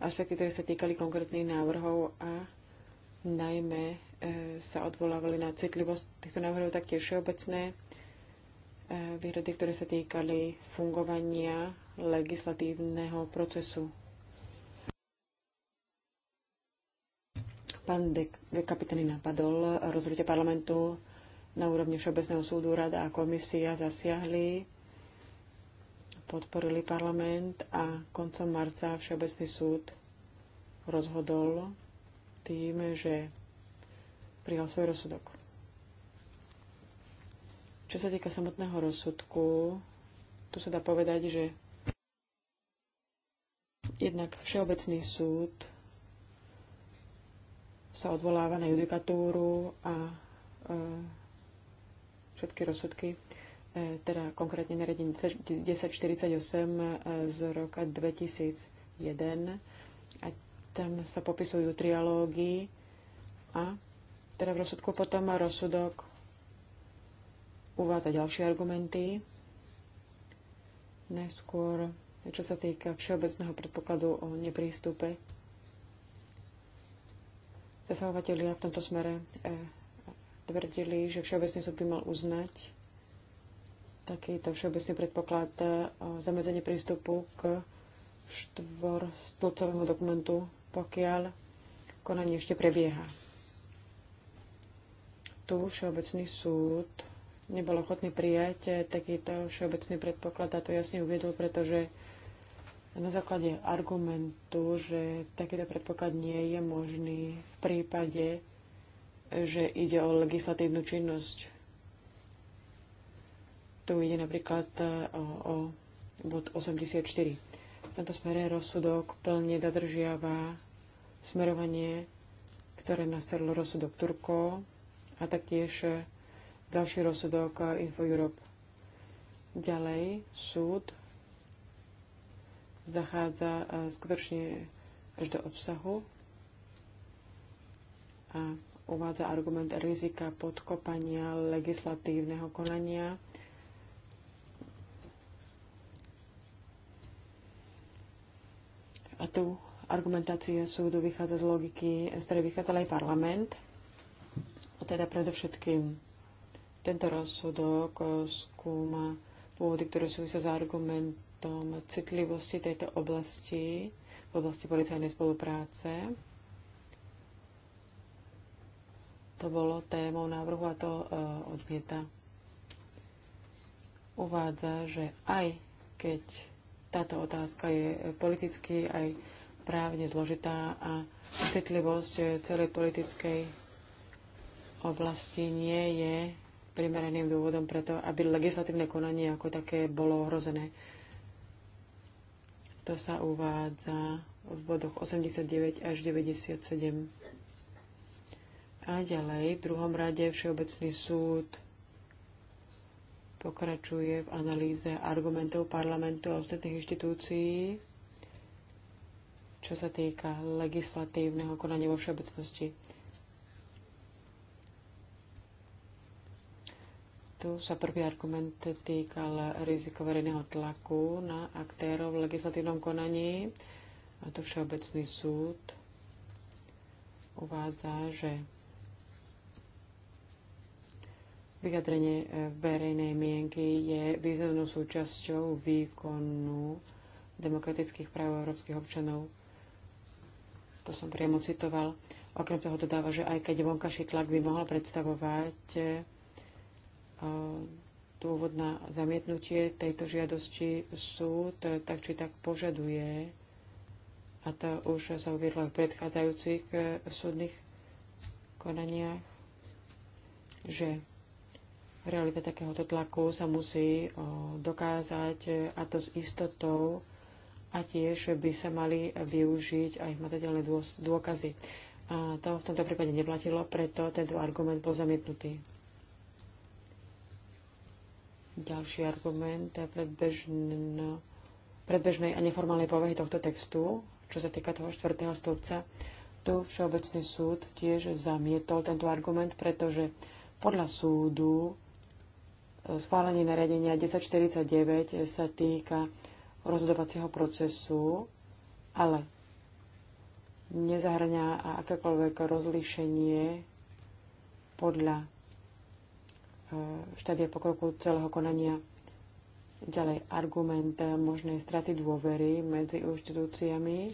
aspekty, ktoré sa týkali konkrétnych návrhov a najmä E, sa odvolávali na citlivosť týchto návrhov, tie všeobecné e, výhrady, ktoré sa týkali fungovania legislatívneho procesu. Pán de kapitány napadol rozhodnutie parlamentu na úrovni Všeobecného súdu, rada a komisia zasiahli, podporili parlament a koncom marca Všeobecný súd rozhodol tým, že prijal svoj rozsudok. Čo sa týka samotného rozsudku, tu sa dá povedať, že jednak Všeobecný súd sa odvoláva na judikatúru a e, všetky rozsudky, e, teda konkrétne nariadenie 1048 e, z roka 2001 a tam sa popisujú trialógy a teda v rozsudku potom rozsudok uvádza ďalšie argumenty. Najskôr, čo sa týka všeobecného predpokladu o neprístupe, zasahovatelia v tomto smere eh, tvrdili, že všeobecný súd by mal uznať takýto všeobecný predpoklad eh, o zamedzenie prístupu k štvorstĺpcovému dokumentu, pokiaľ konanie ešte prebieha tu Všeobecný súd nebol ochotný prijať eh, takýto všeobecný predpoklad a to jasne uviedol, pretože na základe argumentu, že takýto predpoklad nie je možný v prípade, že ide o legislatívnu činnosť. Tu ide napríklad eh, o, o bod 84. V tomto smere rozsudok plne dodržiava smerovanie, ktoré nastavil rozsudok Turkov a taktiež e, ďalší rozsudok e, Info Europe. Ďalej súd zachádza e, skutočne až do obsahu a uvádza argument rizika podkopania legislatívneho konania. A tu argumentácia súdu vychádza z logiky, z ktorej vychádzal aj parlament – teda predovšetkým tento rozsudok eh, skúma pôvody, ktoré súvisia s argumentom citlivosti tejto oblasti, v oblasti policajnej spolupráce. To bolo témou návrhu a to eh, odmieta. Uvádza, že aj keď táto otázka je politicky aj právne zložitá a citlivosť eh, celej politickej oblasti nie je primeraným dôvodom preto, aby legislatívne konanie ako také bolo ohrozené. To sa uvádza v bodoch 89 až 97. A ďalej, v druhom rade Všeobecný súd pokračuje v analýze argumentov parlamentu a ostatných inštitúcií, čo sa týka legislatívneho konania vo všeobecnosti. Tu sa prvý argument týkal riziko verejného tlaku na aktérov v legislatívnom konaní. A to Všeobecný súd uvádza, že vyjadrenie e, verejnej mienky je významnou súčasťou výkonu demokratických práv európskych občanov. To som priamo citoval. Okrem toho dodáva, že aj keď vonkajší tlak by mohol predstavovať e, dôvod na zamietnutie tejto žiadosti súd tak či tak požaduje, a to už sa uviedlo v predchádzajúcich eh, súdnych konaniach, že realita takéhoto tlaku sa musí dokázať a to s istotou a tiež by sa mali využiť aj hmatateľné dôkazy. A to v tomto prípade neplatilo, preto tento argument bol zamietnutý. Ďalší argument predbežnej a neformálnej povahy tohto textu, čo sa týka toho štvrtého stĺpca, tu Všeobecný súd tiež zamietol tento argument, pretože podľa súdu e, schválenie nariadenia 1049 sa týka rozhodovacieho procesu, ale nezahrňa akékoľvek rozlíšenie podľa štádia pokroku celého konania. Ďalej argument možnej straty dôvery medzi inštitúciami.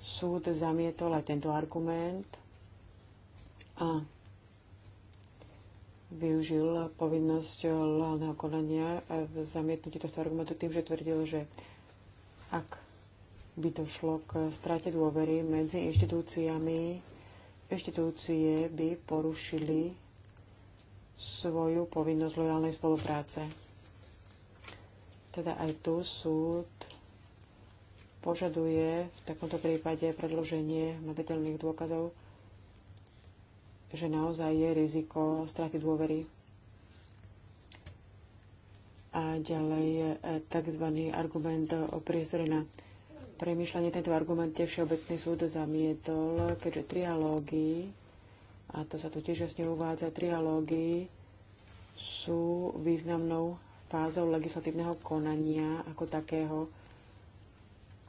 Súd zamietol aj tento argument a využil povinnosť lálneho konania v zamietnutí tohto argumentu tým, že tvrdil, že ak by to šlo k strate dôvery medzi inštitúciami, inštitúcie by porušili svoju povinnosť lojálnej spolupráce. Teda aj tu súd požaduje v takomto prípade predloženie hmatateľných dôkazov, že naozaj je riziko straty dôvery. A ďalej je e, tzv. argument o priestore na premýšľanie. Tento argument je Všeobecný súd zamietol, keďže trialógy a to sa tu tiež jasne uvádza, trialógy sú významnou fázou legislatívneho konania ako takého.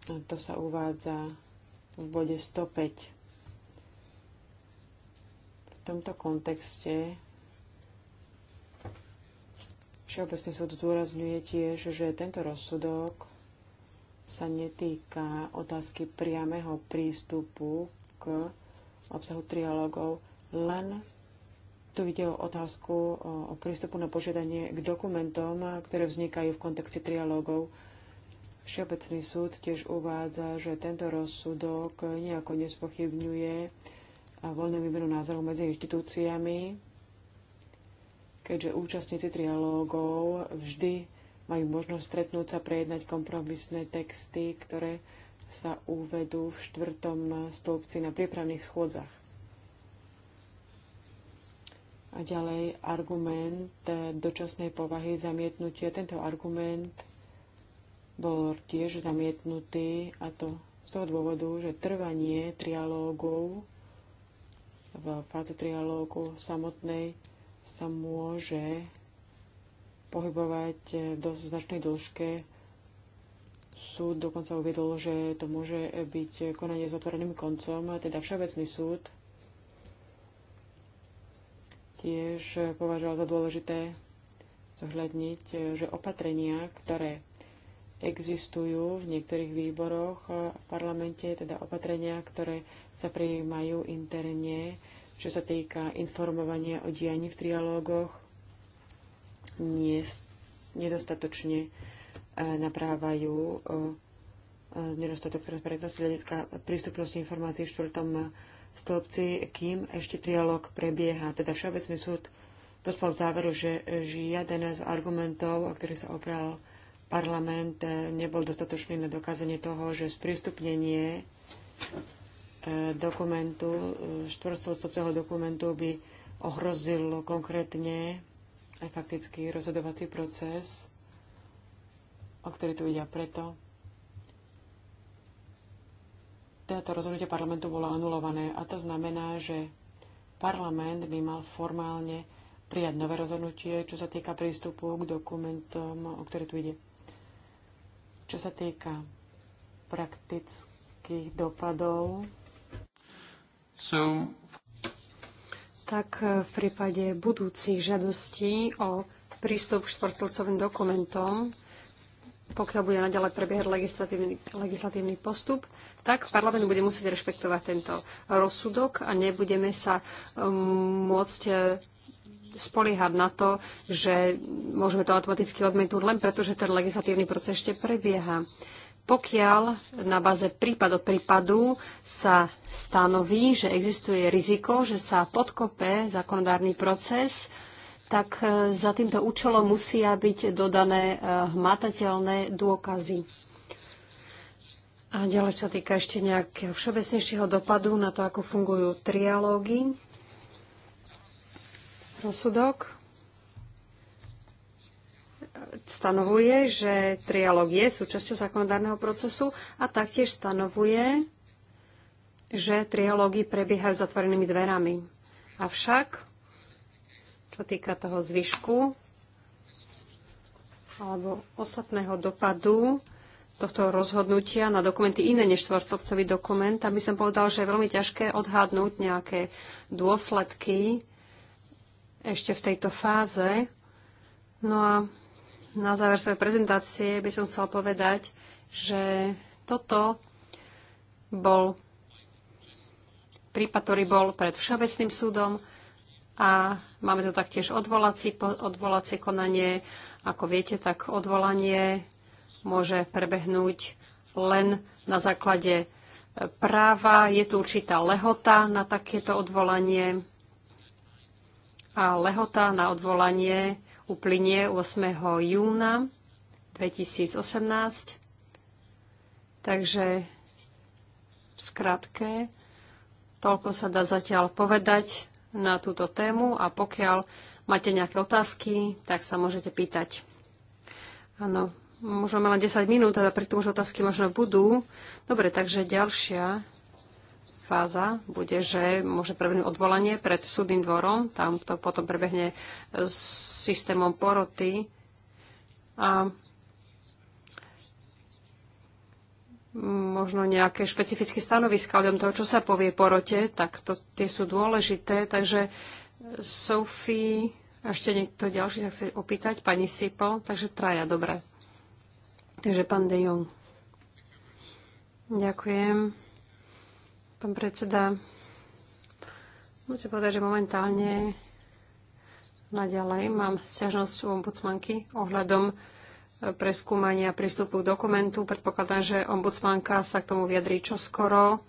A to sa uvádza v bode 105. V tomto kontexte Všeobecný súd zdôrazňuje tiež, že tento rozsudok sa netýka otázky priameho prístupu k obsahu trialogov, len tu ide o otázku o, prístupu na požiadanie k dokumentom, ktoré vznikajú v kontexte trialógov. Všeobecný súd tiež uvádza, že tento rozsudok nejako nespochybňuje voľné výmenu názorov medzi inštitúciami, keďže účastníci trialógov vždy majú možnosť stretnúť sa, prejednať kompromisné texty, ktoré sa uvedú v štvrtom stĺpci na prípravných schôdzach. A ďalej argument dočasnej povahy zamietnutia. Tento argument bol tiež zamietnutý a to z toho dôvodu, že trvanie trialógov v fáze trialógu samotnej sa môže pohybovať v dosť značnej dĺžke. Súd dokonca uviedol, že to môže byť konanie s otvoreným koncom, teda Všeobecný súd tiež považoval za dôležité zohľadniť, eh, že opatrenia, ktoré existujú v niektorých výboroch eh, v parlamente, teda opatrenia, ktoré sa prijímajú interne, čo sa týka informovania o dianí v trialógoch, nie, nedostatočne eh, naprávajú nedostatok transparentnosti hľadiska prístupnosti informácií v štvrtom stĺpci, kým ešte trialog prebieha. Teda Všeobecný súd dospel v záveru, že žiaden z argumentov, o ktorých sa opral parlament, nebol dostatočný na dokázanie toho, že sprístupnenie e, dokumentu, e, štvorstĺpcového dokumentu by ohrozilo konkrétne aj fakticky rozhodovací proces, o ktorý tu ide preto, toto rozhodnutie parlamentu bolo anulované a to znamená, že parlament by mal formálne prijať nové rozhodnutie, čo sa týka prístupu k dokumentom, o ktoré tu ide. Čo sa týka praktických dopadov, so... tak eh, v prípade budúcich žiadostí o prístup k štvrtlcovým dokumentom, pokiaľ bude naďalej prebiehať legislatívny, legislatívny postup, tak parlament bude musieť rešpektovať tento rozsudok a nebudeme sa um, môcť e, spoliehať na to, že môžeme to automaticky odmietnúť len preto, že ten legislatívny proces ešte prebieha pokiaľ na báze prípad od prípadu sa stanoví, že existuje riziko, že sa podkope zákonodárny proces, tak e, za týmto účelom musia byť dodané e, hmatateľné dôkazy. A ďalej sa týka ešte nejakého všeobecnejšieho dopadu na to, ako fungujú trialógy. Rozsudok stanovuje, že trialóg je súčasťou zákonodárneho procesu a taktiež stanovuje, že trialógy prebiehajú zatvorenými dverami. Avšak, čo týka toho zvyšku alebo ostatného dopadu tohto rozhodnutia na dokumenty iné než štvorcovcový dokument, aby som povedal, že je veľmi ťažké odhadnúť nejaké dôsledky ešte v tejto fáze. No a na záver svojej prezentácie by som chcel povedať, že toto bol prípad, ktorý bol pred Všeobecným súdom a máme tu taktiež odvolacie konanie. Ako viete, tak odvolanie môže prebehnúť len na základe e, práva. Je tu určitá lehota na takéto odvolanie a lehota na odvolanie uplynie 8. júna 2018. Takže v skratke, toľko sa dá zatiaľ povedať na túto tému a pokiaľ máte nejaké otázky, tak sa môžete pýtať. Áno, Možno mala 10 minút, ale pri tom už otázky možno budú. Dobre, takže ďalšia fáza bude, že môže prebehnúť odvolanie pred súdnym dvorom. Tam to potom prebehne s systémom poroty. A možno nejaké špecifické stanoviska o toho, čo sa povie porote, tak to, tie sú dôležité. Takže Sophie, ešte niekto ďalší sa chce opýtať, pani Sipo, takže traja, dobre. Takže pán De Jong. Ďakujem. Pán predseda, musím povedať, že momentálne naďalej mám sťažnosť u ombudsmanky ohľadom e, preskúmania prístupu k dokumentu. Predpokladám, že ombudsmanka sa k tomu vyjadrí čoskoro.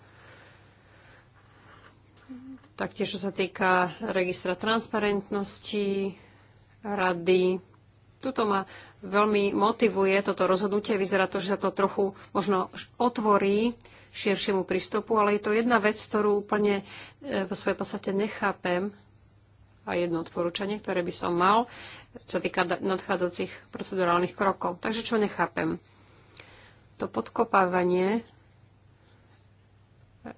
Taktiež, čo sa týka registra transparentnosti, rady Tuto ma veľmi motivuje, toto rozhodnutie. Vyzerá to, že sa to trochu možno otvorí širšiemu prístupu, ale je to jedna vec, ktorú úplne e, vo svojej podstate nechápem a jedno odporúčanie, ktoré by som mal, čo týka nadchádzajúcich procedurálnych krokov. Takže čo nechápem? To podkopávanie e,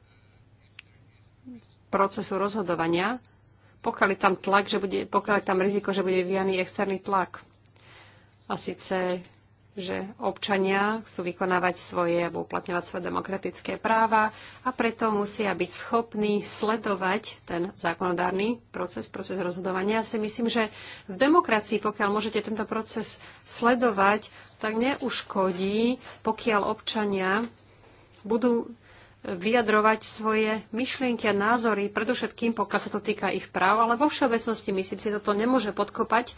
procesu rozhodovania, pokiaľ je tam tlak, že bude, pokiaľ je tam riziko, že bude vyjaný externý tlak a síce, že občania chcú vykonávať svoje alebo uplatňovať svoje demokratické práva a preto musia byť schopní sledovať ten zákonodárny proces, proces rozhodovania. Ja si myslím, že v demokracii, pokiaľ môžete tento proces sledovať, tak neuškodí, pokiaľ občania budú vyjadrovať svoje myšlienky a názory, predovšetkým pokiaľ sa to týka ich práv, ale vo všeobecnosti myslím si, toto nemôže podkopať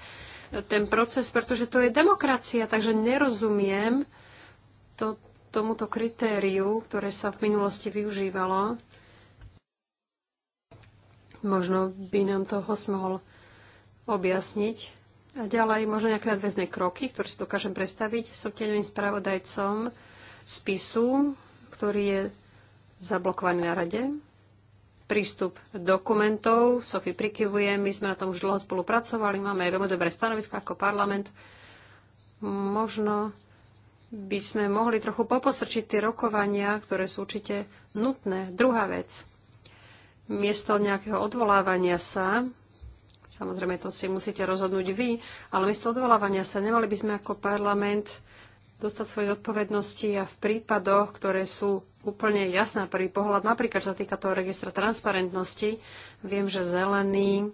ten proces, pretože to je demokracia, takže nerozumiem to, tomuto kritériu, ktoré sa v minulosti využívalo. Možno by nám to host mohol objasniť. A ďalej možno nejaké nadväzné kroky, ktoré si dokážem predstaviť. Som tieňovým spravodajcom spisu, ktorý je zablokovaný na rade prístup dokumentov. Sofie prikyvuje, my sme na tom už dlho spolupracovali, máme aj veľmi dobré stanovisko ako parlament. Možno by sme mohli trochu poposrčiť tie rokovania, ktoré sú určite nutné. Druhá vec, miesto nejakého odvolávania sa, samozrejme to si musíte rozhodnúť vy, ale miesto odvolávania sa nemali by sme ako parlament dostať svoje odpovednosti a v prípadoch, ktoré sú úplne jasná prvý pohľad. Napríklad, čo sa týka toho registra transparentnosti, viem, že zelení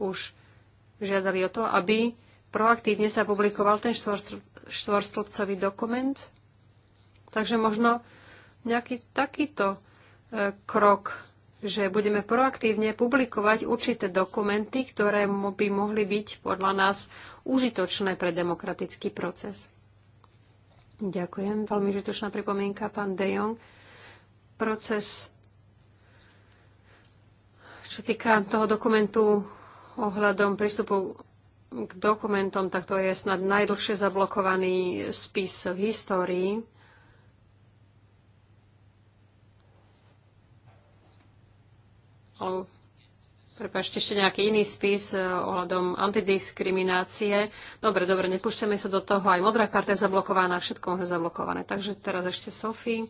už žiadali o to, aby proaktívne sa publikoval ten štvorstĺpcový dokument. Takže možno nejaký takýto e, krok, že budeme proaktívne publikovať určité dokumenty, ktoré by mohli byť podľa nás užitočné pre demokratický proces. Ďakujem. Veľmi žitočná pripomienka, pán De Jong. Proces, čo týka toho dokumentu ohľadom prístupu k dokumentom, tak to je snad najdlhšie zablokovaný spis v histórii. Ale Prepašte, ešte nejaký iný spis eh, ohľadom antidiskriminácie. Dobre, dobre, nepúšťame sa do toho. Aj modrá karta je zablokovaná, všetko možno zablokované. Takže teraz ešte Sofie.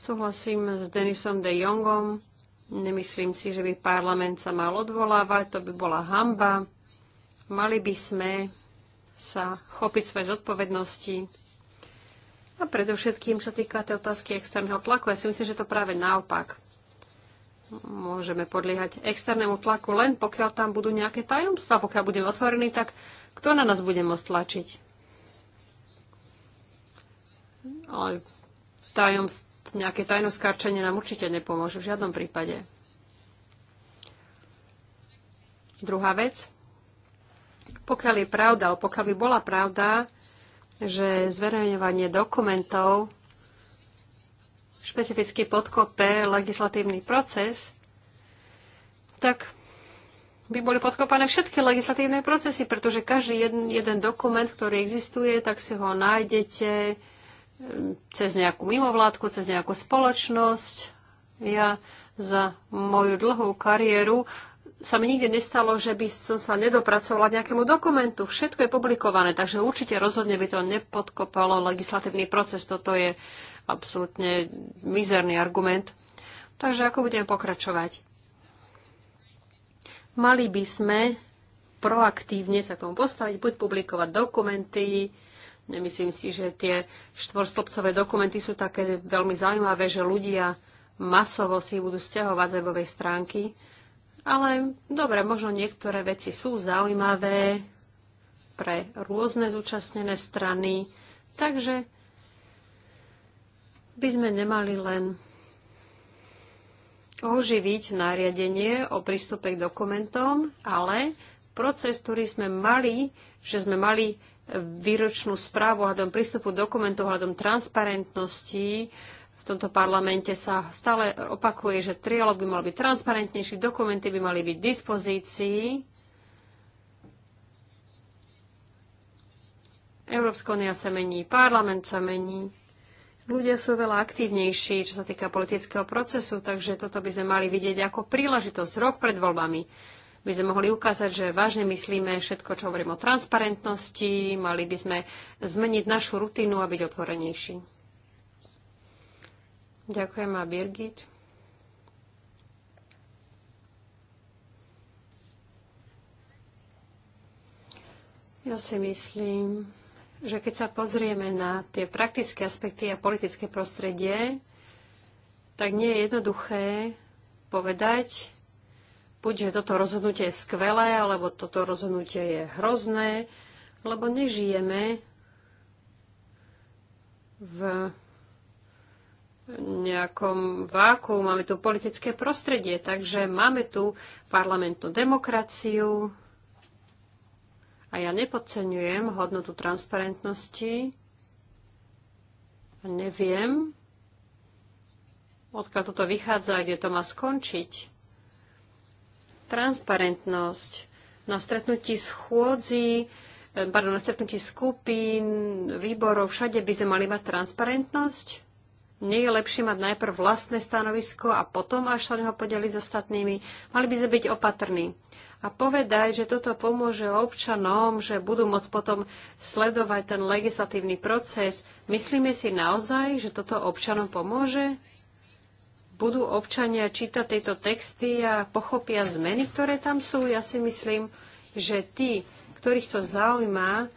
Súhlasím s Denisom de Jongom. Nemyslím si, že by parlament sa mal odvolávať, to by bola hamba. Mali by sme sa chopiť svoje zodpovednosti. A predovšetkým, čo týka tej otázky externého tlaku, ja si myslím, že to práve naopak môžeme podliehať externému tlaku len pokiaľ tam budú nejaké tajomstvá. Pokiaľ budeme otvorení, tak kto na nás bude môcť tlačiť? Ale tajomst, nejaké tajnoskarčenie nám určite nepomôže v žiadnom prípade. Druhá vec. Pokiaľ je pravda, alebo pokiaľ by bola pravda, že zverejňovanie dokumentov špecificky podkope legislatívny proces, tak by boli podkopané všetky legislatívne procesy, pretože každý jeden, jeden dokument, ktorý existuje, tak si ho nájdete ehm, cez nejakú mimovládku, cez nejakú spoločnosť. Ja za moju dlhú kariéru sa mi nikdy nestalo, že by som sa nedopracovala nejakému dokumentu. Všetko je publikované, takže určite rozhodne by to nepodkopalo legislatívny proces. Toto je absolútne mizerný argument. Takže ako budeme pokračovať? Mali by sme proaktívne sa k tomu postaviť, buď publikovať dokumenty, nemyslím si, že tie štvorstopcové dokumenty sú také veľmi zaujímavé, že ľudia masovo si budú stiahovať z webovej stránky, ale dobre, možno niektoré veci sú zaujímavé pre rôzne zúčastnené strany, takže by sme nemali len oživiť nariadenie o prístupe k dokumentom, ale proces, ktorý sme mali, že sme mali výročnú správu hľadom prístupu dokumentov, hľadom transparentnosti, v tomto parlamente sa stále opakuje, že trialog by mal byť transparentnejší, dokumenty by mali byť v dispozícii. Európska unia sa mení, parlament sa mení. Ľudia sú veľa aktívnejší, čo sa týka politického procesu, takže toto by sme mali vidieť ako príležitosť. Rok pred voľbami by sme mohli ukázať, že vážne myslíme všetko, čo hovorím o transparentnosti, mali by sme zmeniť našu rutinu a byť otvorenejší. Ďakujem a Birgit. Ja si myslím, že keď sa pozrieme na tie praktické aspekty a politické prostredie, tak nie je jednoduché povedať, buď, že toto rozhodnutie je skvelé, alebo toto rozhodnutie je hrozné, lebo nežijeme v nejakom váku, máme tu politické prostredie, takže máme tu parlamentnú demokraciu a ja nepodceňujem hodnotu transparentnosti a neviem, odkiaľ toto vychádza kde to má skončiť. Transparentnosť na stretnutí schôdzi eh, pardon, na stretnutí skupín, výborov, všade by sme mali mať transparentnosť. Nie je lepšie mať najprv vlastné stanovisko a potom až sa neho podeliť s ostatnými. Mali by sme byť opatrní. A povedať, že toto pomôže občanom, že budú môcť potom sledovať ten legislatívny proces, myslíme si naozaj, že toto občanom pomôže? Budú občania čítať tieto texty a pochopia zmeny, ktoré tam sú? Ja si myslím, že tí, ktorých to zaujíma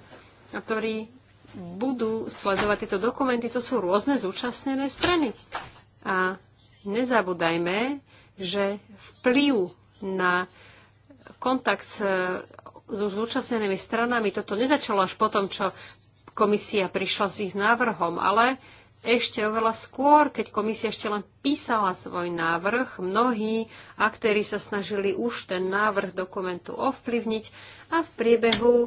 a ktorí budú sledovať tieto dokumenty, to sú rôzne zúčastnené strany. A nezabúdajme, že vplyv na kontakt s, so zúčastnenými stranami, toto nezačalo až potom, čo komisia prišla s ich návrhom, ale ešte oveľa skôr, keď komisia ešte len písala svoj návrh, mnohí aktéry sa snažili už ten návrh dokumentu ovplyvniť a v priebehu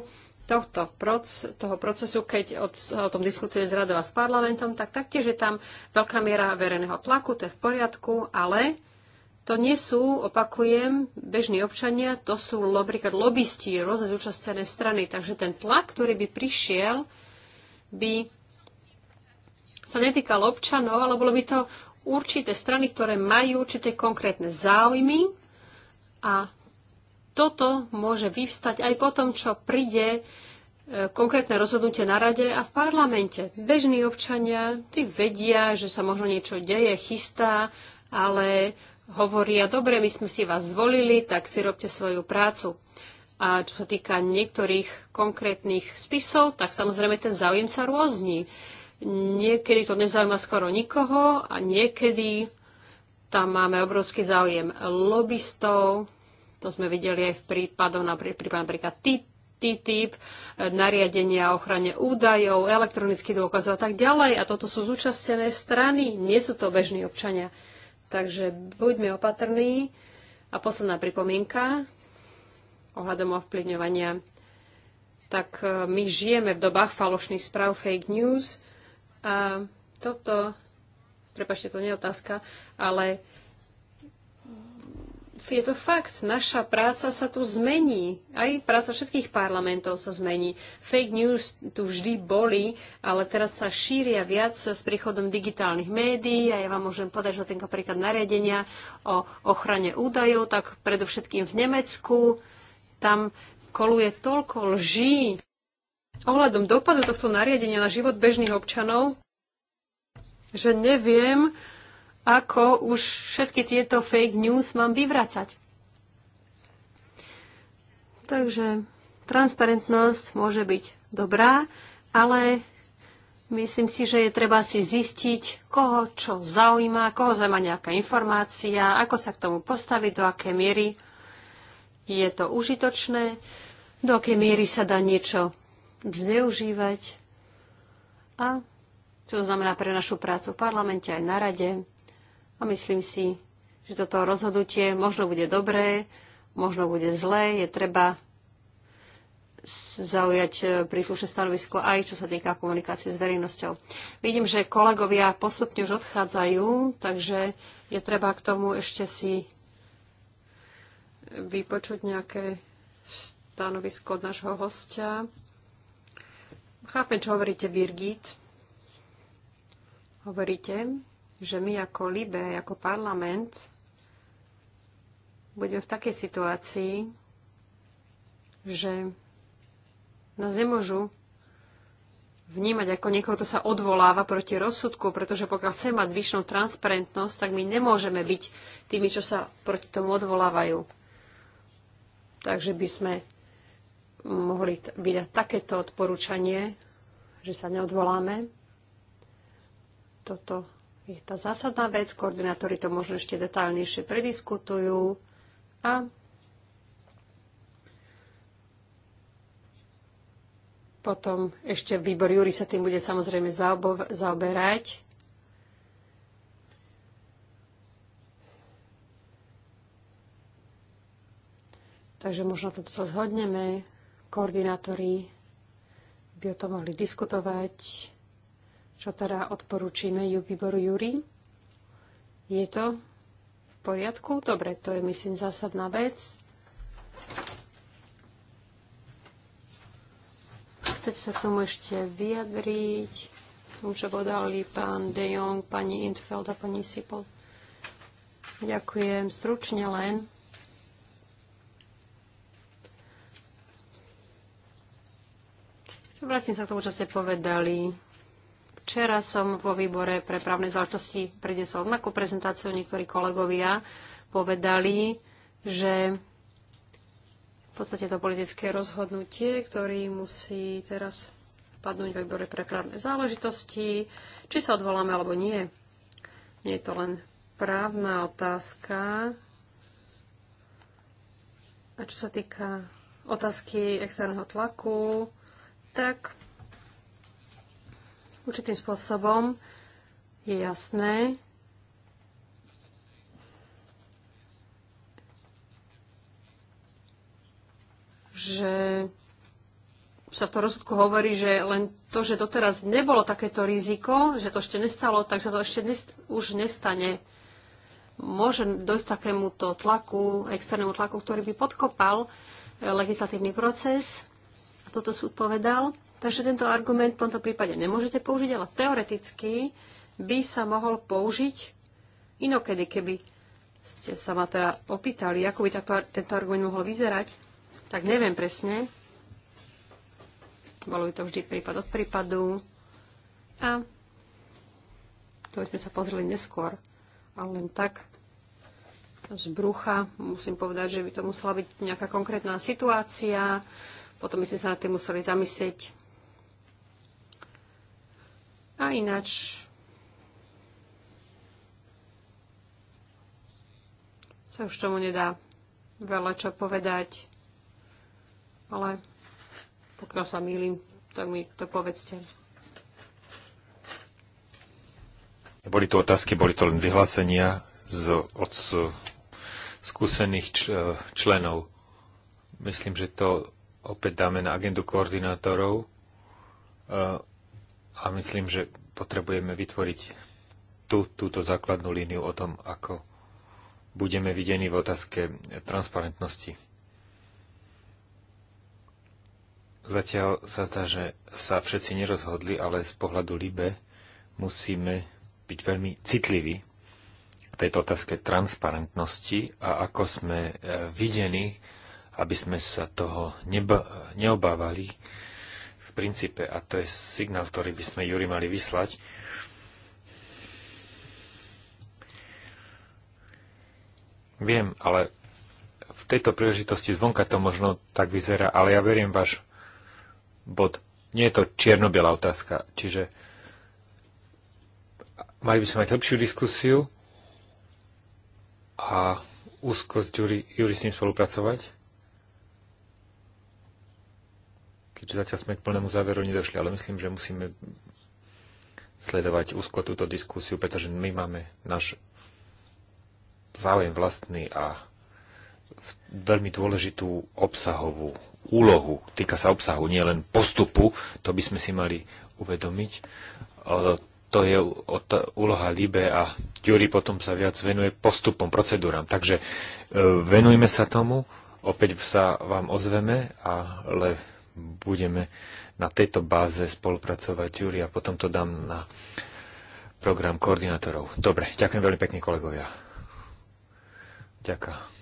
tohto proc, toho procesu, keď od, o tom diskutuje s radou a s parlamentom, tak taktiež je tam veľká miera verejného tlaku, to je v poriadku, ale to nie sú, opakujem, bežní občania, to sú napríklad lobbysti, rôzne zúčastnené strany, takže ten tlak, ktorý by prišiel, by sa netýkal občanov, ale bolo by to určité strany, ktoré majú určité konkrétne záujmy a toto môže vyvstať aj po tom, čo príde e, konkrétne rozhodnutie na rade a v parlamente. Bežní občania, tí vedia, že sa možno niečo deje, chystá, ale hovoria, dobre, my sme si vás zvolili, tak si robte svoju prácu. A čo sa týka niektorých konkrétnych spisov, tak samozrejme ten záujem sa rôzni. Niekedy to nezaujíma skoro nikoho a niekedy tam máme obrovský záujem lobbystov, to sme videli aj v prípadoch, napríklad, napríklad TTIP, e, nariadenia o ochrane údajov, elektronických dôkazov a tak ďalej. A toto sú zúčastnené strany, nie sú to bežní občania. Takže buďme opatrní. A posledná pripomienka ohľadom ovplyvňovania. Tak e, my žijeme v dobách falošných správ, fake news. A toto, prepačte, to nie je otázka, ale je to fakt. Naša práca sa tu zmení. Aj práca všetkých parlamentov sa zmení. Fake news tu vždy boli, ale teraz sa šíria viac s príchodom digitálnych médií. A ja vám môžem povedať, že ten príklad nariadenia o ochrane údajov, tak predovšetkým v Nemecku, tam koluje toľko lží ohľadom dopadu tohto nariadenia na život bežných občanov, že neviem, ako už všetky tieto fake news mám vyvracať. Takže transparentnosť môže byť dobrá, ale myslím si, že je treba si zistiť, koho čo zaujíma, koho zaujíma nejaká informácia, ako sa k tomu postaviť, do aké miery je to užitočné, do aké miery sa dá niečo zneužívať a čo to znamená pre našu prácu v parlamente aj na rade. A myslím si, že toto rozhodnutie možno bude dobré, možno bude zlé. Je treba zaujať e, príslušné stanovisko aj čo sa týka komunikácie s verejnosťou. Vidím, že kolegovia postupne už odchádzajú, takže je treba k tomu ešte si vypočuť nejaké stanovisko od nášho hostia. Chápem, čo hovoríte, Birgit. Hovoríte, že my ako Libe, ako parlament, budeme v takej situácii, že nás nemôžu vnímať ako niekoho, kto sa odvoláva proti rozsudku, pretože pokiaľ chce mať zvyšnú transparentnosť, tak my nemôžeme byť tými, čo sa proti tomu odvolávajú. Takže by sme mohli vydať takéto odporúčanie, že sa neodvoláme. Toto je to zásadná vec, koordinátori to možno ešte detaľnejšie prediskutujú a potom ešte výbor Júri sa tým bude samozrejme zaoberať. Takže možno toto sa zhodneme, koordinátori by o tom mohli diskutovať čo teda odporúčime ju výboru Júri. Je to v poriadku? Dobre, to je myslím zásadná vec. Chcete sa k tomu ešte vyjadriť? tomu, čo podali pán De Jong, pani Intfeld a pani Sipol. Ďakujem. Stručne len. Vrátim sa k tomu, čo ste povedali Včera som vo výbore pre právne záležitosti prednesol rovnakú prezentáciu. Niektorí kolegovia povedali, že v podstate to politické rozhodnutie, ktorý musí teraz padnúť vo výbore pre právne záležitosti, či sa odvoláme alebo nie. Nie je to len právna otázka. A čo sa týka otázky externého tlaku, tak Určitým spôsobom je jasné, že sa v tom rozsudku hovorí, že len to, že doteraz nebolo takéto riziko, že to ešte nestalo, tak sa to ešte nest- už nestane. Môže dojsť takémuto tlaku, externému tlaku, ktorý by podkopal legislatívny proces. A toto súd povedal. Takže tento argument v tomto prípade nemôžete použiť, ale teoreticky by sa mohol použiť inokedy, keby ste sa ma teda opýtali, ako by tato, tento argument mohol vyzerať, tak neviem presne. Bolo by to vždy prípad od prípadu. A to by sme sa pozreli neskôr. Ale len tak z brucha musím povedať, že by to musela byť nejaká konkrétna situácia, potom by sme sa na tým museli zamyslieť. A ináč sa už tomu nedá veľa čo povedať, ale pokiaľ sa mýlim, tak mi to povedzte. Boli to otázky, boli to len vyhlásenia z, od z, skúsených č, e, členov. Myslím, že to opäť dáme na agendu koordinátorov. E, a myslím, že potrebujeme vytvoriť tú, túto základnú líniu o tom, ako budeme videní v otázke transparentnosti. Zatiaľ sa zdá, že sa všetci nerozhodli, ale z pohľadu Libe musíme byť veľmi citliví k tejto otázke transparentnosti a ako sme eh, videní, aby sme sa toho neobávali, princípe a to je signál, ktorý by sme Juri mali vyslať. Viem, ale v tejto príležitosti zvonka to možno tak vyzerá, ale ja verím váš bod. Nie je to čierno otázka, čiže mali by sme mať lepšiu diskusiu a úzko s Juri, Juri s ním spolupracovať. keďže zatiaľ sme k plnému záveru nedošli, ale myslím, že musíme sledovať úzko túto diskusiu, pretože my máme náš záujem vlastný a veľmi dôležitú obsahovú úlohu. Týka sa obsahu, nie len postupu, to by sme si mali uvedomiť. To je úloha Libe a Jury potom sa viac venuje postupom, procedúram. Takže e, venujme sa tomu, opäť sa vám ozveme, ale budeme na tejto báze spolupracovať, Júri, a potom to dám na program koordinátorov. Dobre, ďakujem veľmi pekne kolegovia. Ďakujem.